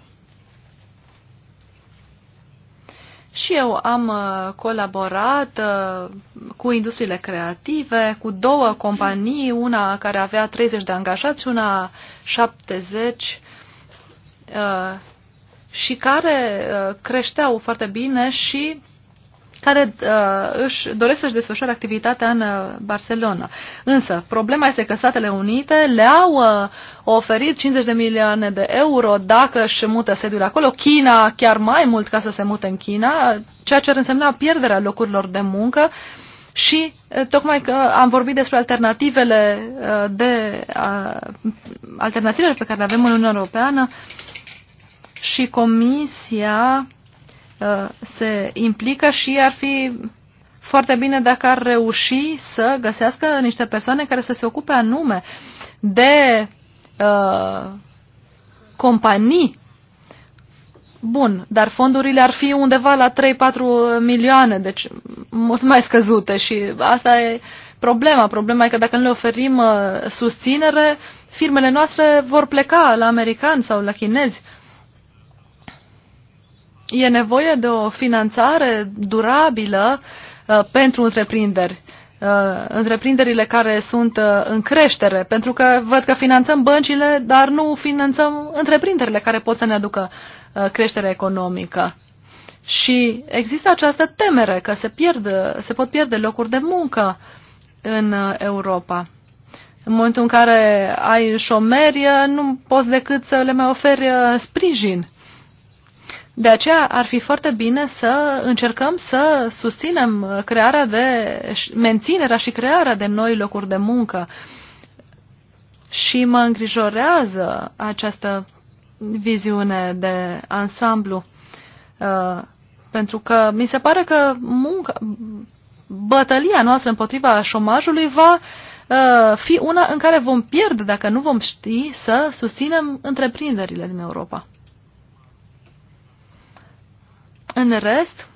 Și eu am uh, colaborat uh, cu industriile creative, cu două companii, una care avea 30 de angajați, una 70 uh, și care creșteau foarte bine și care uh, își doresc să-și desfășoare activitatea în uh, Barcelona. Însă, problema este că Statele Unite le-au uh, oferit 50 de milioane de euro dacă își mută sediul acolo, China chiar mai mult ca să se mute în China, ceea ce ar însemna pierderea locurilor de muncă și uh, tocmai că am vorbit despre alternativele, uh, de, uh, alternativele pe care le avem în Uniunea Europeană și Comisia Uh, se implică și ar fi foarte bine dacă ar reuși să găsească niște persoane care să se ocupe anume de uh, companii. Bun, dar fondurile ar fi undeva la 3-4 milioane, deci mult mai scăzute și asta e problema. Problema e că dacă nu le oferim uh, susținere, firmele noastre vor pleca la americani sau la chinezi. Uh, e nevoie de o finanțare durabilă uh, pentru întreprinderi. Uh, întreprinderile care sunt uh, în creștere, pentru că văd că finanțăm băncile, dar nu finanțăm întreprinderile care pot să ne aducă uh, creștere economică. Și există această temere că se, pierd, se pot pierde locuri de muncă în uh, Europa. În momentul în care ai șomeri, uh, nu poți decât să le mai oferi uh, sprijin. De aceea ar fi foarte bine să încercăm să susținem crearea de, menținerea și crearea de noi locuri de muncă. Și mă îngrijorează această viziune de ansamblu, uh, pentru că mi se pare că munca, bătălia noastră împotriva șomajului va uh, fi una în care vom pierde dacă nu vom ști să susținem întreprinderile din Europa. În rest,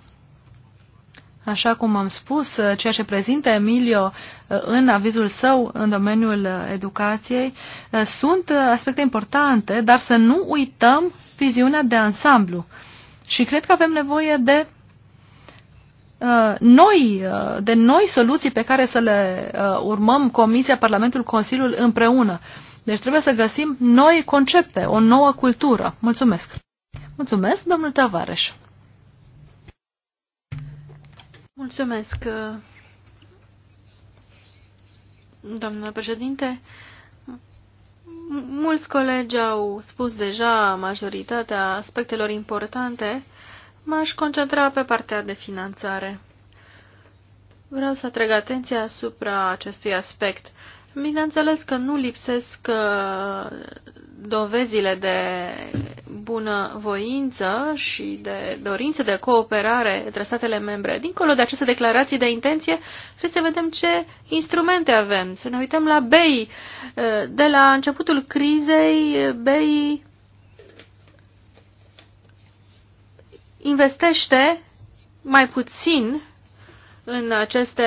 așa cum am spus, uh, ceea ce prezintă Emilio uh, în avizul său în domeniul uh, educației sunt aspecte importante, dar să nu uităm viziunea de ansamblu. Și cred că avem nevoie de noi, de noi soluții pe care să le urmăm Comisia, Parlamentul, Consiliul împreună. Deci trebuie să găsim noi concepte, o nouă cultură. Mulțumesc! Mulțumesc, domnul Tavares! Mulțumesc, uh, doamnă președinte. Mulți colegi au spus deja majoritatea aspectelor importante. M-aș concentra pe partea de finanțare. Vreau să atrag atenția asupra acestui aspect. Bineînțeles că nu lipsesc uh, dovezile de bună voință și de dorință de cooperare între statele membre. Dincolo de aceste declarații de intenție, trebuie să vedem ce instrumente avem. Să ne uităm la BEI. De la începutul crizei, BEI investește mai puțin în aceste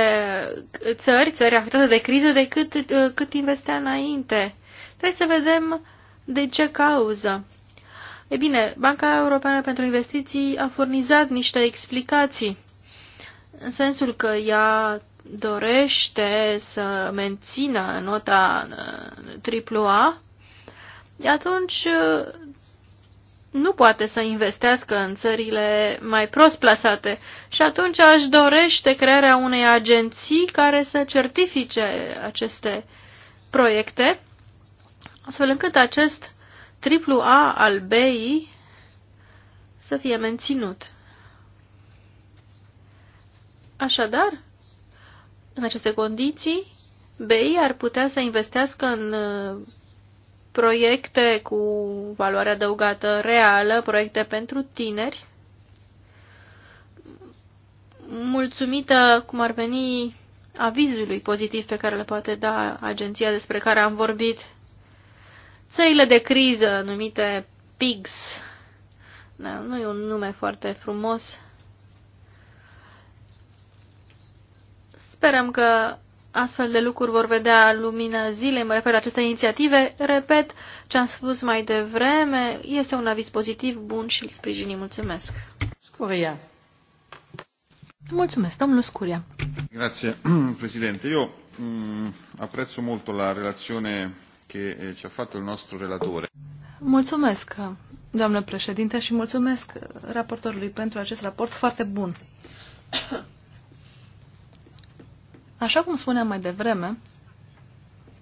țări, țări afectate de criză, decât cât investea înainte. Trebuie să vedem uh, de ce cauză? E bine, Banca Europeană pentru Investiții a furnizat niște explicații, în sensul că ea dorește să mențină nota AAA, atunci uh, nu poate să investească în țările mai prost plasate și atunci aș dorește crearea unei agenții care să certifice aceste proiecte astfel încât acest triplu A al BI să fie menținut. Așadar, în aceste condiții, BI ar putea să investească în uh, proiecte cu valoare adăugată reală, proiecte pentru tineri, mulțumită cum ar veni avizului pozitiv pe care le poate da agenția despre care am vorbit țările de criză numite PIGS. Da, nu e un nume foarte frumos. Sperăm că astfel de lucruri vor vedea lumina zilei, mă refer la aceste inițiative. Repet ce am spus mai devreme, este un aviz pozitiv, bun și îl sprijini. Mulțumesc! Scuria. Mulțumesc, domnul Scuria. Grazie, președinte. Eu mm, apreț apprezzo molto la relazione che eh, ci ha fatto il nostro relatore. Mulțumesc, doamnă președinte, și mulțumesc raportorului pentru acest raport foarte bun. Așa cum spuneam mai devreme,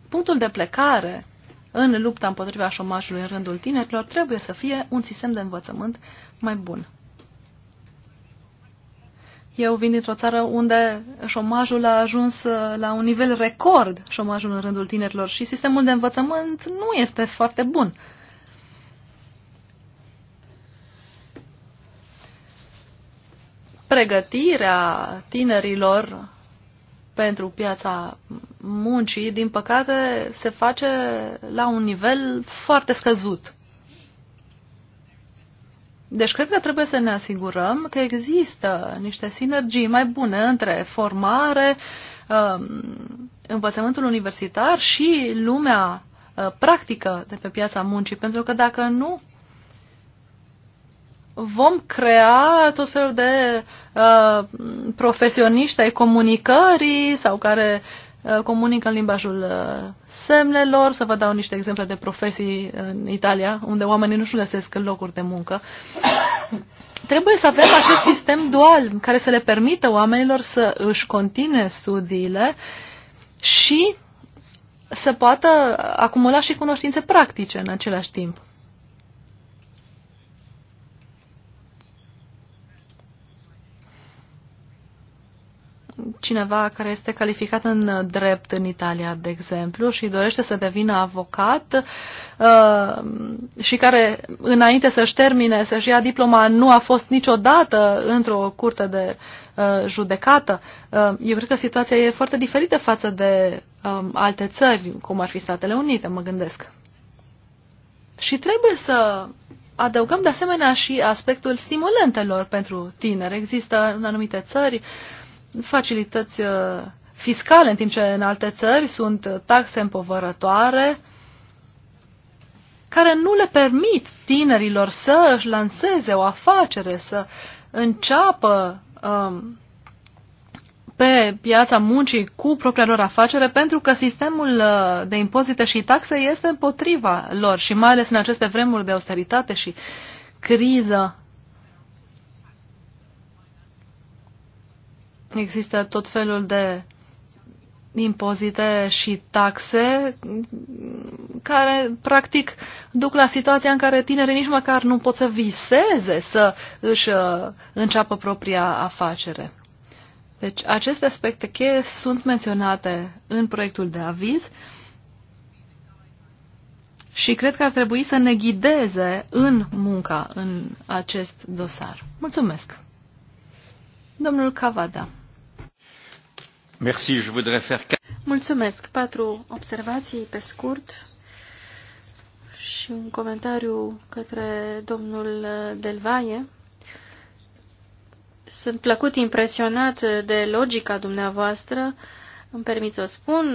punctul de plecare în lupta împotriva șomajului în rândul tinerilor trebuie să fie un sistem de învățământ mai bun. Eu vin dintr-o țară unde șomajul a ajuns uh, la un nivel record, șomajul în rândul tinerilor, și sistemul de învățământ nu este foarte bun. Pregătirea tinerilor pentru piața muncii, din păcate, se face la un nivel foarte scăzut. Deci cred că trebuie să ne asigurăm că există niște sinergii mai bune între formare, um, învățământul universitar și lumea uh, practică de pe piața muncii, pentru că dacă nu vom crea tot felul de uh, profesioniști ai comunicării sau care Uh, comunică în limbajul uh, semnelor, să vă dau niște exemple de profesii în Italia, unde oamenii nu-și găsesc locuri de muncă. Trebuie să avem acest sistem dual care să le permită oamenilor să își continue studiile și să poată acumula și cunoștințe practice în același timp. cineva care este calificat în drept în Italia, de exemplu, și dorește să devină avocat uh, și care înainte să-și termine, să-și ia diploma, nu a fost niciodată într-o curte de uh, judecată. Uh, eu cred că situația e foarte diferită față de um, alte țări, cum ar fi Statele Unite, mă gândesc. Și trebuie să adăugăm de asemenea și aspectul stimulentelor pentru tineri. Există în anumite țări uh, facilități uh, fiscale, în timp ce în alte țări sunt uh, taxe împovărătoare care nu le permit tinerilor să își lanseze o afacere, să înceapă um, pe piața muncii cu propria lor afacere pentru că sistemul uh, de impozite și taxe este împotriva lor și mai ales în aceste vremuri de austeritate și criză Există tot felul de impozite și taxe care, practic, duc la situația în care tinerii nici măcar nu pot să viseze să își uh, înceapă propria afacere. Deci, aceste aspecte cheie sunt menționate în proiectul de aviz și cred că ar trebui să ne ghideze în munca în acest dosar. Mulțumesc! Domnul Cavada. Mulțumesc. Patru observații pe scurt și un comentariu către domnul Delvaie. Sunt plăcut impresionat de logica dumneavoastră. Îmi permit să o spun,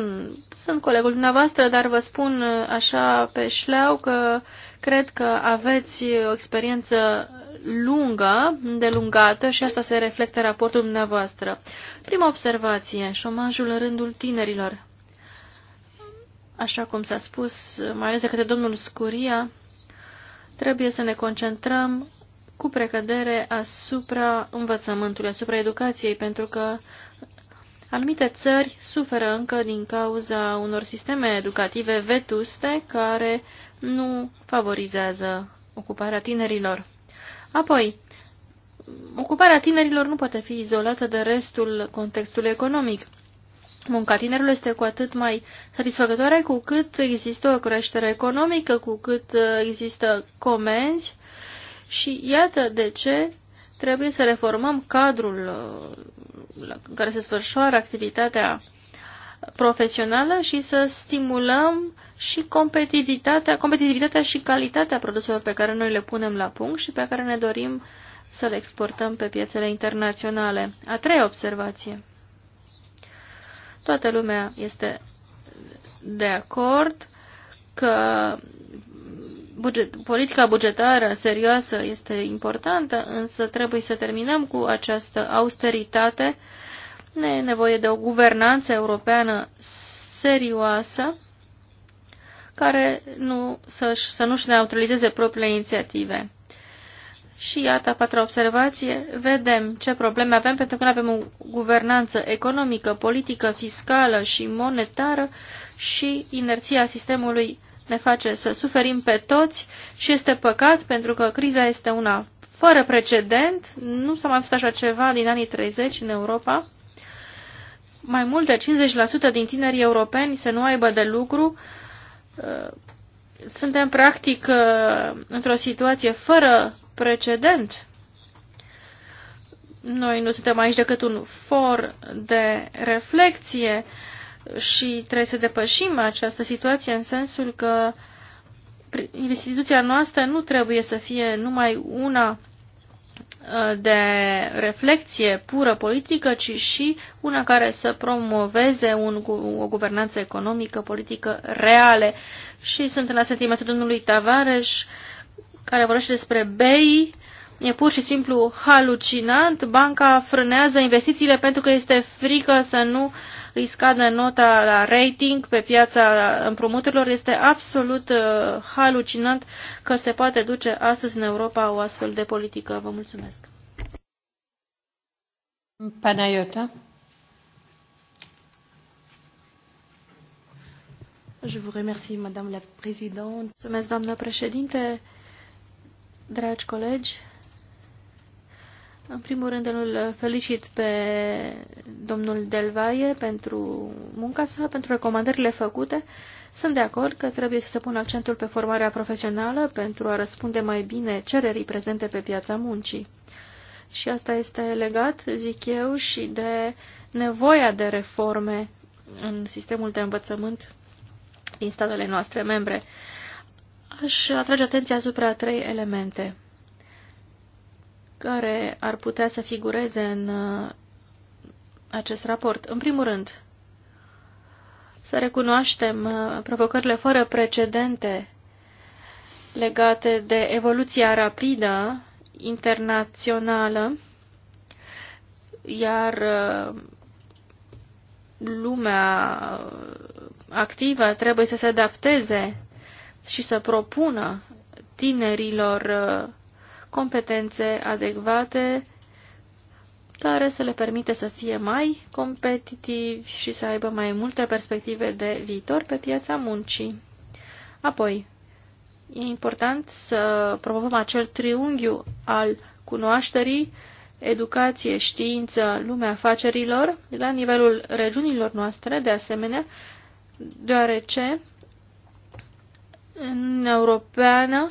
sunt colegul dumneavoastră, dar vă spun așa pe șleau că cred că aveți o experiență lungă, îndelungată și asta se reflectă în raportul dumneavoastră. Prima observație, șomajul în rândul tinerilor. Așa cum s-a spus, mai ales de către domnul Scuria, trebuie să ne concentrăm cu precădere asupra învățământului, asupra educației, pentru că anumite țări suferă încă din cauza unor sisteme educative vetuste care nu favorizează ocuparea tinerilor. Apoi, ocuparea tinerilor nu poate fi izolată de restul contextului economic. Munca tinerilor este cu atât mai satisfăcătoare cu cât există o creștere economică, cu cât uh, există comenzi și iată de ce trebuie să reformăm cadrul uh, în care se sfârșoară activitatea profesională și să stimulăm și competitivitatea, competitivitatea și calitatea produselor pe care noi le punem la punct și pe care ne dorim să le exportăm pe piețele internaționale. A treia observație. Toată lumea este de acord că buget, politica bugetară serioasă este importantă, însă trebuie să terminăm cu această austeritate uh, ne e nevoie de o guvernanță europeană serioasă care nu, să, să nu-și neutralizeze propriile inițiative. Și iată, a patra observație, vedem ce probleme avem pentru că nu avem o guvernanță economică, politică, fiscală și monetară și inerția sistemului ne face să suferim pe toți și este păcat pentru că criza este una fără precedent, nu s-a mai văzut așa ceva din anii 30 în Europa mai mult de 50% din tinerii europeni să nu aibă de lucru, uh, suntem practic uh, într-o situație fără precedent. Noi nu suntem aici decât un for de reflexie și trebuie să depășim această situație în sensul că instituția noastră nu trebuie să fie numai una de reflexie pură politică, ci și una care să promoveze un, o guvernanță economică, politică reale. Și sunt în asentimentul domnului Tavares, care vorbește despre BEI, e pur și simplu halucinant, banca frânează investițiile pentru că este frică să nu uh, îi scade nota la rating pe piața împrumuturilor. Este absolut uh, halucinant că se poate duce astăzi în Europa o astfel de politică. Vă mulțumesc. Panayota. Je vous remercie, Madame la Présidente. Mulțumesc, doamnă președinte, dragi colegi. În primul rând îl felicit pe domnul Delvaie pentru munca sa, pentru recomandările făcute. Sunt de acord că trebuie să se pună accentul pe formarea profesională pentru a răspunde mai bine cererii prezente pe piața muncii. Și asta este legat, zic eu, și de nevoia de reforme în sistemul de învățământ din statele noastre membre. Aș atrage atenția asupra trei elemente care ar putea să figureze în uh, acest raport. În primul rând, să recunoaștem uh, provocările fără precedente legate de evoluția rapidă internațională, iar uh, lumea activă trebuie să se adapteze și să propună tinerilor competențe adecvate care să le permite să fie mai competitivi și să aibă mai multe perspective de viitor pe piața muncii. Apoi, e important să promovăm acel triunghiu al cunoașterii, educație, știință, lumea afacerilor, la nivelul regiunilor noastre, de asemenea, deoarece în europeană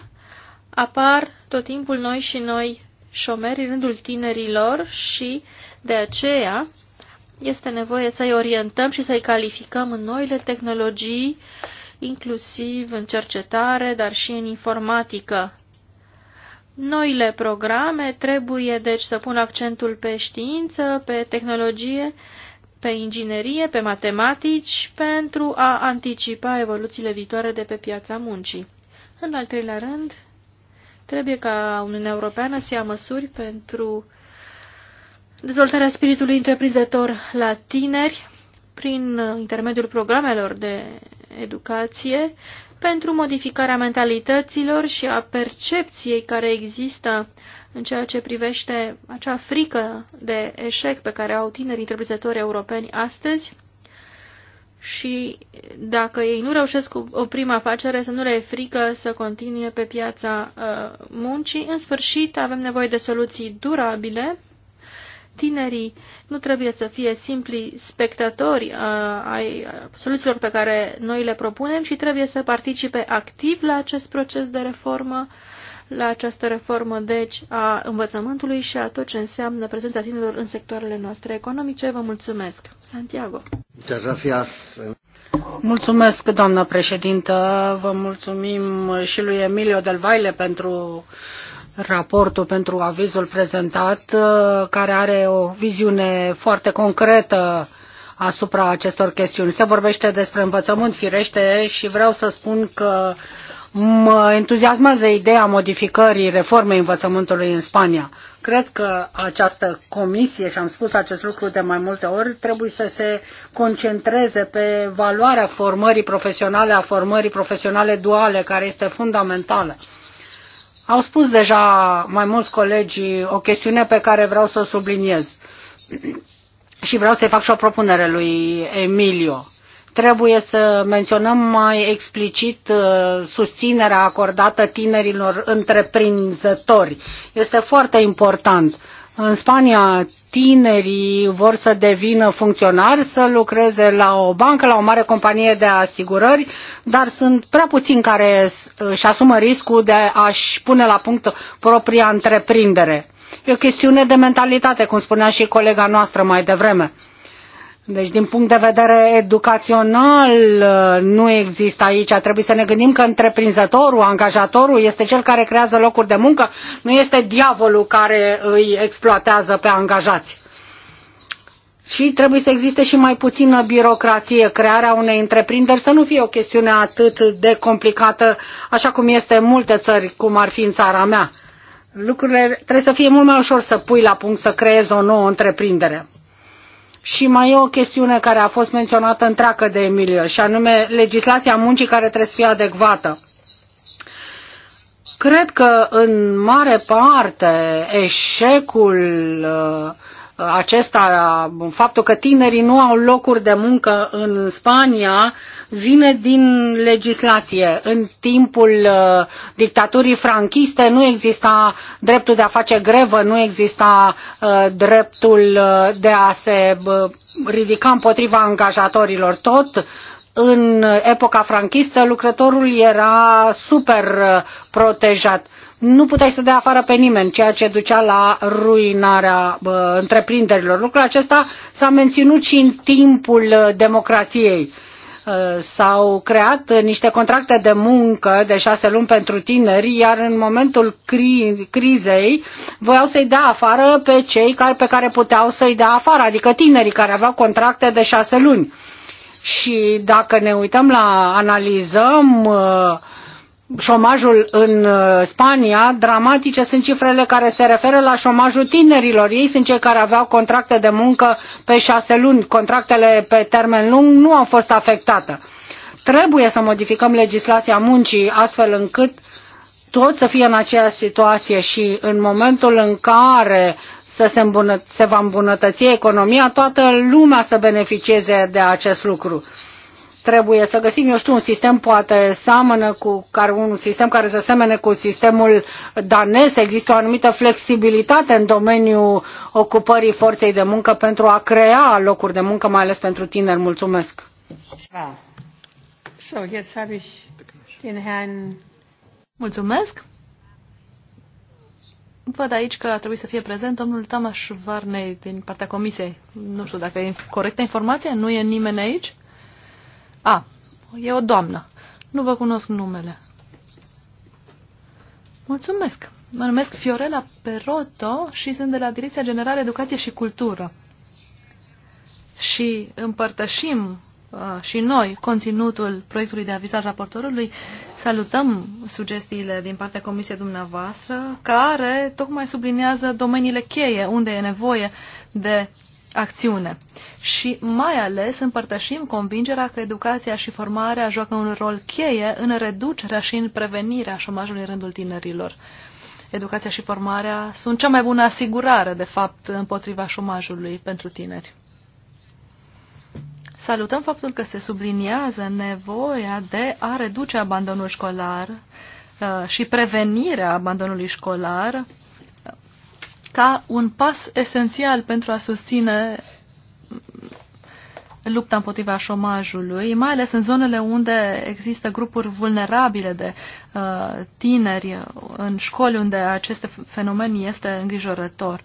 apar tot timpul noi și noi șomeri în rândul tinerilor și de aceea este nevoie să-i orientăm și să-i calificăm în noile tehnologii, inclusiv în cercetare, dar și în informatică. Noile programe trebuie deci să pună accentul pe știință, pe tehnologie, pe inginerie, pe matematici, pentru a anticipa evoluțiile viitoare de pe piața muncii. În al treilea rând, Trebuie ca Uniunea Europeană să ia măsuri pentru dezvoltarea spiritului întreprinzător la tineri prin intermediul programelor de educație, pentru modificarea mentalităților și a percepției care există în ceea ce privește acea frică de eșec pe care au tinerii întreprinzători europeni astăzi, și dacă ei nu reușesc cu o prima afacere, să nu le e frică să continue pe piața uh, muncii. În sfârșit, avem nevoie de soluții durabile. Tinerii nu trebuie să fie simpli spectatori uh, ai uh, soluțiilor pe care noi le propunem și trebuie să participe activ la acest proces de reformă la această reformă, deci, a învățământului și a tot ce înseamnă prezența tinerilor în sectoarele noastre economice. Vă mulțumesc. Santiago. Mulțumesc, doamnă președintă. Vă mulțumim și lui Emilio Del Vaile pentru raportul pentru avizul prezentat, care are o viziune foarte concretă asupra acestor chestiuni. Se vorbește despre învățământ firește și vreau să spun că uh, Mă entuziasmează ideea modificării reformei învățământului în Spania. Cred că această comisie, și am spus acest lucru de mai multe ori, trebuie să se concentreze pe valoarea formării profesionale, a formării profesionale duale, care este fundamentală. Au spus deja mai mulți colegi o chestiune pe care vreau să o subliniez. Și vreau să-i fac și o propunere lui Emilio Trebuie să menționăm mai explicit uh, susținerea acordată tinerilor întreprinzători. Este foarte important. În Spania, tinerii vor să devină funcționari, să lucreze la o bancă, la o mare companie de asigurări, dar sunt prea puțini care își asumă riscul de a-și pune la punct propria întreprindere. E o chestiune de mentalitate, cum spunea și colega noastră mai devreme deci, din punct de vedere educațional, uh, nu există aici. Trebuie să ne gândim că întreprinzătorul, angajatorul, este cel care creează locuri de muncă, nu este diavolul care îi exploatează pe angajați. Și trebuie să existe și mai puțină birocrație. Crearea unei întreprinderi să nu fie o chestiune atât de complicată, așa cum este în multe țări, cum ar fi în țara mea. Lucrurile trebuie să fie mult mai ușor să pui la punct, să creezi o nouă întreprindere. Și mai e o chestiune care a fost menționată întreagă de Emilio, și anume legislația muncii care trebuie să fie adecvată. Cred că în mare parte eșecul uh, acesta, faptul că tinerii nu au locuri de muncă în Spania, vine din legislație. În timpul uh, dictaturii franchiste nu exista dreptul de a face grevă, nu exista uh, dreptul uh, de a se ridica împotriva angajatorilor. Tot în epoca franchistă lucrătorul era super protejat nu puteai să dea afară pe nimeni, ceea ce ducea la ruinarea bă, întreprinderilor. Lucrul acesta s-a menținut și în timpul uh, democrației. Uh, s-au creat uh, niște contracte de muncă de șase luni pentru tineri, iar în momentul cri- crizei voiau să-i dea afară pe cei care, pe care puteau să-i dea afară, adică tinerii care aveau contracte de șase luni. Și dacă ne uităm la analizăm uh, șomajul în uh, Spania, dramatice sunt cifrele care se referă la șomajul tinerilor. Ei sunt cei care aveau contracte de muncă pe șase luni. Contractele pe termen lung nu au fost afectate. Trebuie să modificăm legislația muncii astfel încât tot să fie în aceeași situație și în momentul în care să se, îmbunăt- se va îmbunătăți economia, toată lumea să beneficieze de acest lucru trebuie să găsim, eu știu, un sistem poate seamănă cu care, un sistem care să semene cu sistemul danez, există o anumită flexibilitate în domeniul ocupării forței de muncă pentru a crea locuri de muncă, mai ales pentru tineri. Mulțumesc. So, jetzt habe ich den Herrn... Mulțumesc. Văd aici că a trebuit să fie prezent domnul Tamaș Varnei din partea comisiei. Nu știu dacă e corectă informația, nu e nimeni aici. A, e o doamnă. Nu vă cunosc numele. Mulțumesc. Mă numesc Fiorella Perotto și sunt de la Direcția Generală Educație și Cultură. Și împărtășim uh, și noi conținutul proiectului de aviz al raportorului. Salutăm sugestiile din partea comisiei dumneavoastră, care tocmai subliniază domeniile cheie unde e nevoie de acțiune și mai ales împărtășim convingerea că educația și formarea joacă un rol cheie în reducerea și în prevenirea șomajului în rândul tinerilor. Educația și formarea sunt cea mai bună asigurare, de fapt, împotriva șomajului pentru tineri. Salutăm faptul că se subliniază nevoia de a reduce abandonul școlar uh, și prevenirea abandonului școlar ca un pas esențial pentru a susține lupta împotriva șomajului, mai ales în zonele unde există grupuri vulnerabile de uh, tineri în școli unde acest fenomen este îngrijorător.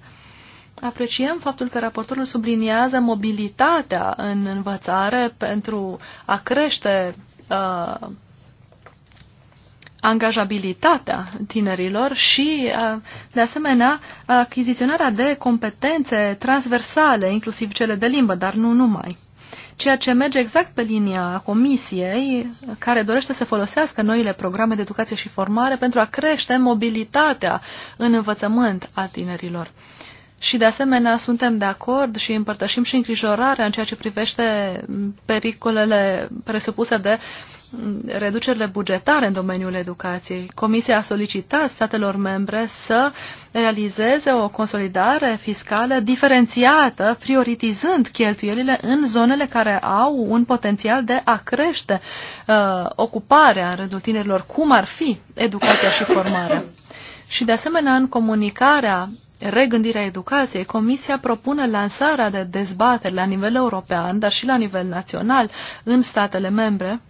Apreciem faptul că raportorul subliniază mobilitatea în învățare pentru a crește uh, angajabilitatea tinerilor și, uh, de asemenea, achiziționarea de competențe transversale, inclusiv cele de limbă, dar nu numai. Ceea ce merge exact pe linia Comisiei, care dorește să folosească noile programe de educație și formare pentru a crește mobilitatea în învățământ a tinerilor. Și de asemenea suntem de acord și împărtășim și îngrijorarea în ceea ce privește pericolele presupuse de uh, reducerile bugetare în domeniul educației. Comisia a solicitat statelor membre să realizeze o consolidare fiscală diferențiată, prioritizând cheltuielile în zonele care au un potențial de a crește uh, ocuparea în rândul tinerilor, cum ar fi educația și formarea. Și de asemenea, în comunicarea regândirea educației, Comisia propune lansarea de dezbateri la nivel european, dar și la nivel național, în statele membre,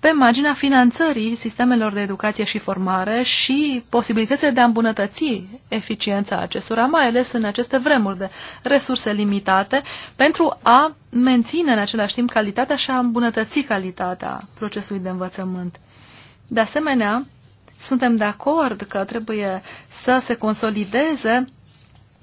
pe marginea finanțării sistemelor de educație și formare și posibilitățile de a îmbunătăți eficiența acestora, mai ales în aceste vremuri de resurse limitate, pentru a menține în același timp calitatea și a îmbunătăți calitatea procesului de învățământ. De asemenea, suntem de acord că trebuie să se consolideze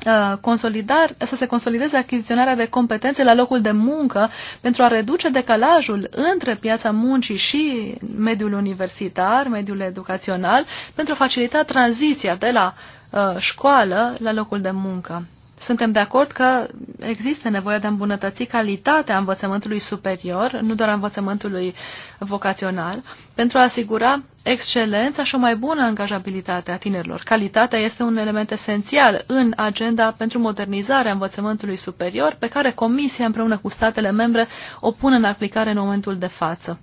Uh, consolidar, să se consolideze achiziționarea de competențe la locul de muncă pentru a reduce decalajul între piața muncii și mediul universitar, mediul educațional, pentru a facilita tranziția de la uh, școală la locul de muncă suntem de acord că există nevoie de a îmbunătăți calitatea învățământului superior, nu doar a învățământului vocațional, pentru a asigura excelența și o mai bună angajabilitate a tinerilor. Calitatea este un element esențial în agenda pentru modernizarea învățământului superior, pe care Comisia împreună cu statele membre o pun în aplicare în momentul de față.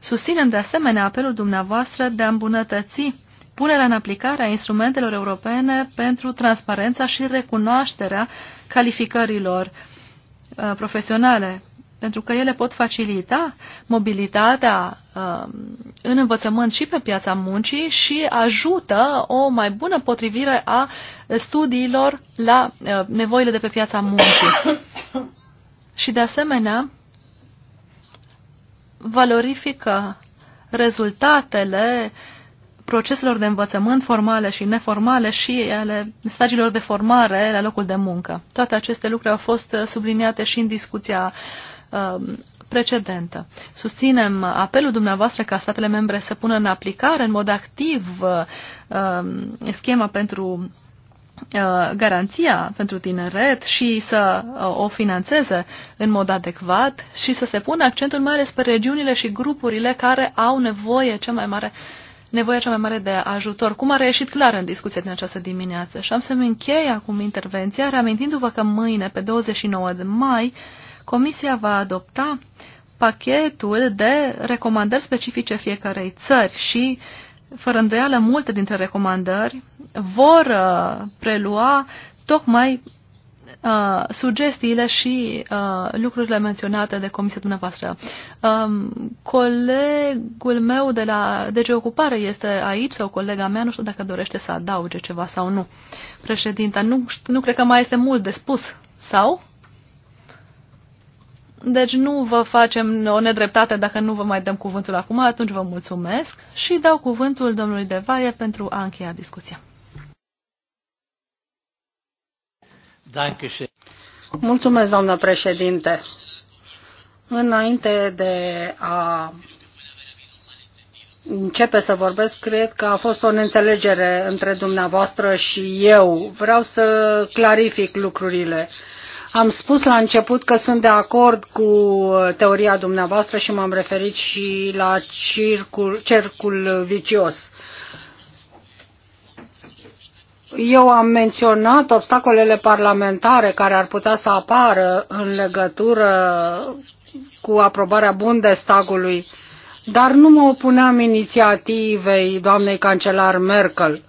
Susținem de asemenea apelul dumneavoastră de a îmbunătăți punerea în aplicare a instrumentelor europene pentru transparența și recunoașterea calificărilor uh, profesionale, pentru că ele pot facilita mobilitatea uh, în învățământ și pe piața muncii și ajută o mai bună potrivire a studiilor la uh, nevoile de pe piața muncii. și de asemenea, valorifică rezultatele uh, proceselor de învățământ formale și neformale și ale stagiilor de formare la locul de muncă. Toate aceste lucruri au fost uh, subliniate și în discuția um, precedentă. Susținem apelul dumneavoastră ca statele membre să pună în aplicare în mod activ uh, um, schema pentru uh, garanția pentru tineret și să o financeze în mod adecvat și să se pună accentul mai ales pe regiunile și grupurile care au nevoie cea mai mare uh, nevoia cea mai mare de ajutor, cum a reieșit clar în discuția din această dimineață. Și am să-mi închei acum intervenția, reamintindu-vă că mâine, pe 29 de mai, Comisia va adopta pachetul de recomandări specifice fiecarei țări și, fără îndoială, multe dintre recomandări vor uh, prelua tocmai Uh, sugestiile și uh, lucrurile menționate de comisia dumneavoastră. Um, colegul meu de la DG deci Ocupare este aici sau colega mea, nu știu dacă dorește să adauge ceva sau nu. Președinta, nu, nu cred că mai este mult de spus, sau? Deci nu vă facem o nedreptate dacă nu vă mai dăm cuvântul acum, atunci vă mulțumesc și dau cuvântul domnului Devaie pentru a încheia discuția. Mulțumesc, doamnă președinte. Înainte de a începe să vorbesc, cred că a fost o neînțelegere între dumneavoastră și eu. Vreau să clarific lucrurile. Am spus la început că sunt de acord cu teoria dumneavoastră și m-am referit și la circul, cercul vicios. Eu am menționat obstacolele parlamentare care ar putea să apară în legătură cu aprobarea Bundestagului, dar nu mă opuneam inițiativei doamnei cancelar Merkel,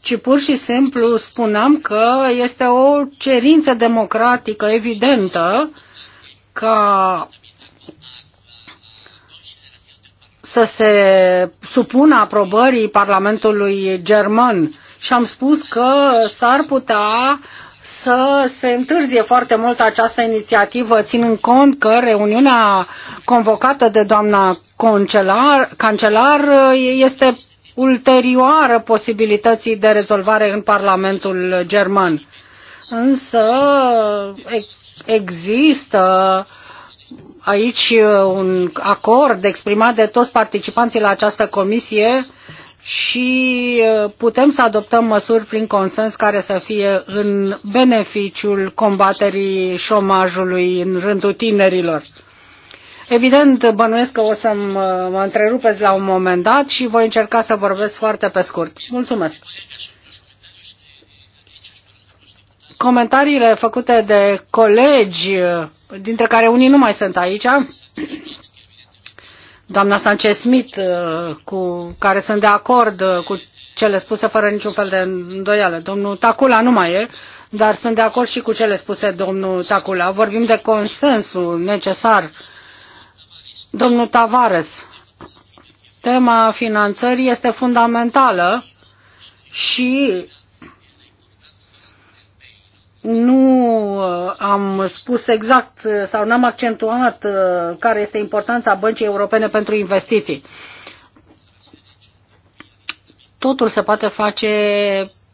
ci pur și simplu spuneam că este o cerință democratică evidentă ca să se supună aprobării Parlamentului German și am spus că s-ar putea să se întârzie foarte mult această inițiativă, ținând cont că reuniunea convocată de doamna cancelar, cancelar este ulterioară posibilității de rezolvare în Parlamentul German. Însă există aici un acord exprimat de toți participanții la această comisie și uh, putem să adoptăm măsuri prin consens care să fie în beneficiul combaterii șomajului în rândul tinerilor. Evident, bănuiesc că o să uh, mă, întrerupeți la un moment dat și voi încerca să vorbesc foarte pe scurt. Mulțumesc! Comentariile făcute de colegi, uh, dintre care unii nu mai sunt aici, doamna Sanchez-Smith, uh, cu care sunt de acord uh, cu cele spuse fără niciun fel de îndoială. Domnul Tacula nu mai e, dar sunt de acord și cu cele spuse domnul Tacula. Vorbim de consensul necesar. Domnul Tavares, tema finanțării este fundamentală și nu uh, am spus exact uh, sau n-am accentuat uh, care este importanța băncii europene pentru investiții. Totul se poate face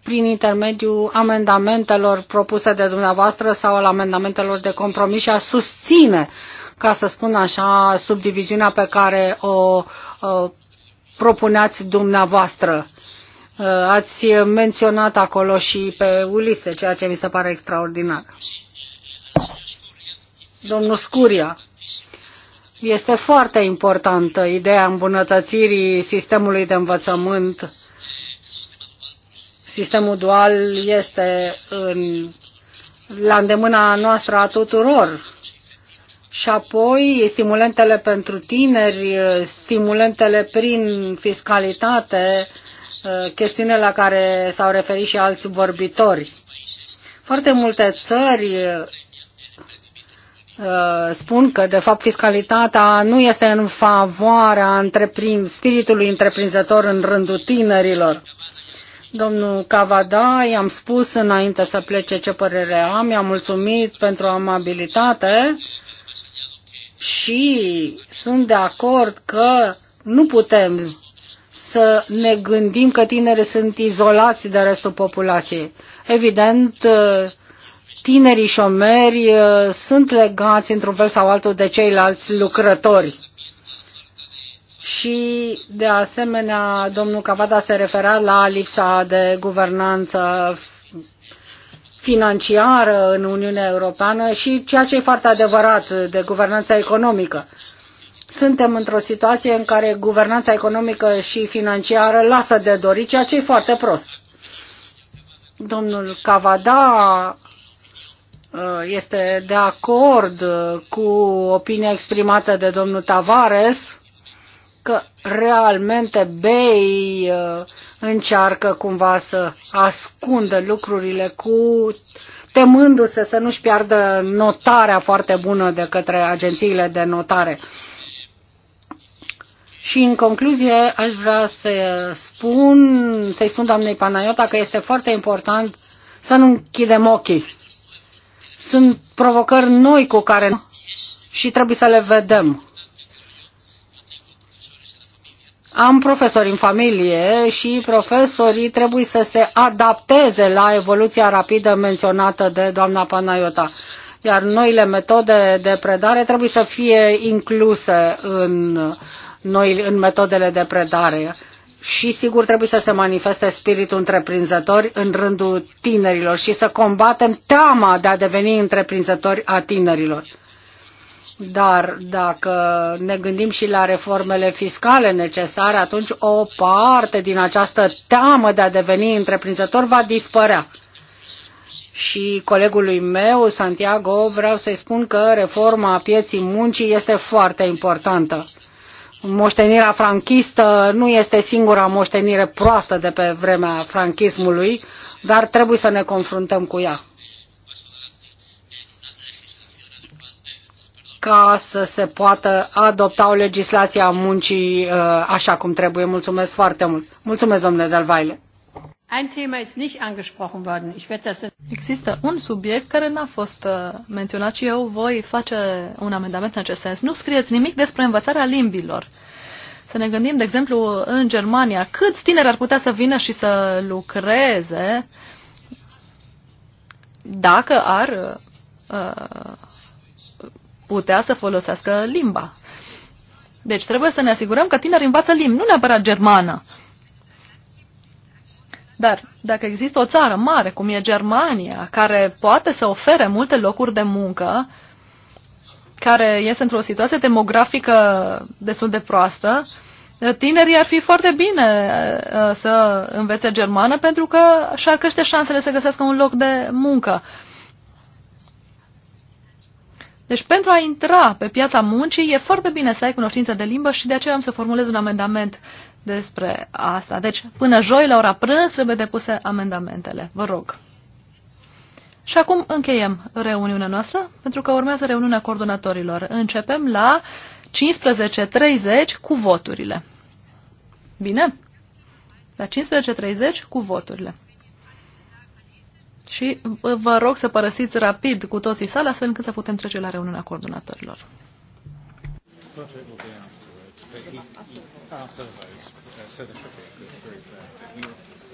prin intermediul amendamentelor propuse de dumneavoastră sau al amendamentelor de compromis și a susține, ca să spun așa, subdiviziunea pe care o, o propuneați dumneavoastră. Uh, Uh, ați menționat acolo și pe Ulise, ceea ce mi se pare extraordinar. Domnul Scuria, este foarte importantă ideea îmbunătățirii sistemului de învățământ. Sistemul dual este în, la îndemâna noastră a tuturor. Și apoi stimulentele pentru tineri, stimulentele prin fiscalitate, uh, Eh, chestiune la care s-au referit și alți vorbitori. Foarte multe țări eh, spun că, de fapt, fiscalitatea nu este în favoarea întreprin, spiritului întreprinzător în rândul tinerilor. Domnul Cavada, i-am spus înainte să plece ce părere am, i-am mulțumit pentru amabilitate și sunt de acord că nu putem să ne gândim că tinerii sunt izolați de restul populației. Evident, tinerii șomeri uh, sunt legați într-un fel sau altul de ceilalți lucrători. Și, de asemenea, domnul Cavada se referea la lipsa de guvernanță financiară în Uniunea Europeană și ceea ce e foarte adevărat de guvernanța economică. Suntem într-o situație în care guvernanța economică și financiară lasă de dorit, ceea ce e foarte prost. Domnul Cavada uh, este de acord uh, cu opinia exprimată de domnul Tavares că realmente Bay uh, încearcă cumva să ascundă lucrurile cu temându-se să nu-și piardă notarea foarte bună de către agențiile de notare. Și în concluzie aș vrea să spun, să-i spun doamnei Panaiota că este foarte important să nu închidem ochii. Sunt provocări noi cu care și trebuie să le vedem. Am profesori în familie și profesorii trebuie să se adapteze la evoluția rapidă menționată de doamna Panaiota. Iar noile metode de predare trebuie să fie incluse în noi în metodele de predare și sigur trebuie să se manifeste spiritul întreprinzător în rândul tinerilor și să combatem teama de a deveni întreprinzători a tinerilor. Dar dacă ne gândim și la reformele fiscale necesare, atunci o parte din această teamă de a deveni întreprinzător va dispărea. Și colegului meu, Santiago, vreau să-i spun că reforma pieții muncii este foarte importantă moștenirea franchistă nu este singura moștenire proastă de pe vremea franchismului, dar trebuie să ne confruntăm cu ea. ca să se poată adopta o legislație a muncii uh, așa cum trebuie. Mulțumesc foarte mult. Mulțumesc, domnule Delvaile. Există un subiect care n-a fost uh, menționat și eu voi face un amendament în acest sens. Nu scrieți nimic despre învățarea limbilor. Să ne gândim, de exemplu, în Germania, câți tineri ar putea să vină și să lucreze dacă ar uh, putea să folosească limba. Deci trebuie să ne asigurăm că tinerii învață limbi, nu neapărat germană. Uh, dar dacă există o țară mare, cum e Germania, care poate să ofere multe locuri de muncă, care este într-o situație demografică destul de proastă, tinerii ar fi foarte bine uh, să învețe germană pentru că și-ar crește șansele să găsească un loc de muncă. Deci pentru a intra pe piața muncii e foarte bine să ai cunoștință de limbă și de aceea am să formulez un amendament despre asta. Deci, până joi, la ora prânz, trebuie depuse amendamentele. Vă rog. Și acum încheiem reuniunea noastră, pentru că urmează reuniunea coordonatorilor. Începem la 15.30 cu voturile. Bine? La 15.30 cu voturile. Și vă rog să părăsiți rapid cu toții sala, astfel încât să putem trece la reuniunea coordonatorilor. Perfect after the vote, uh, so there group uh, uh,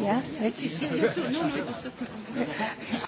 Yeah, it's, it's, it's, no, no, it's just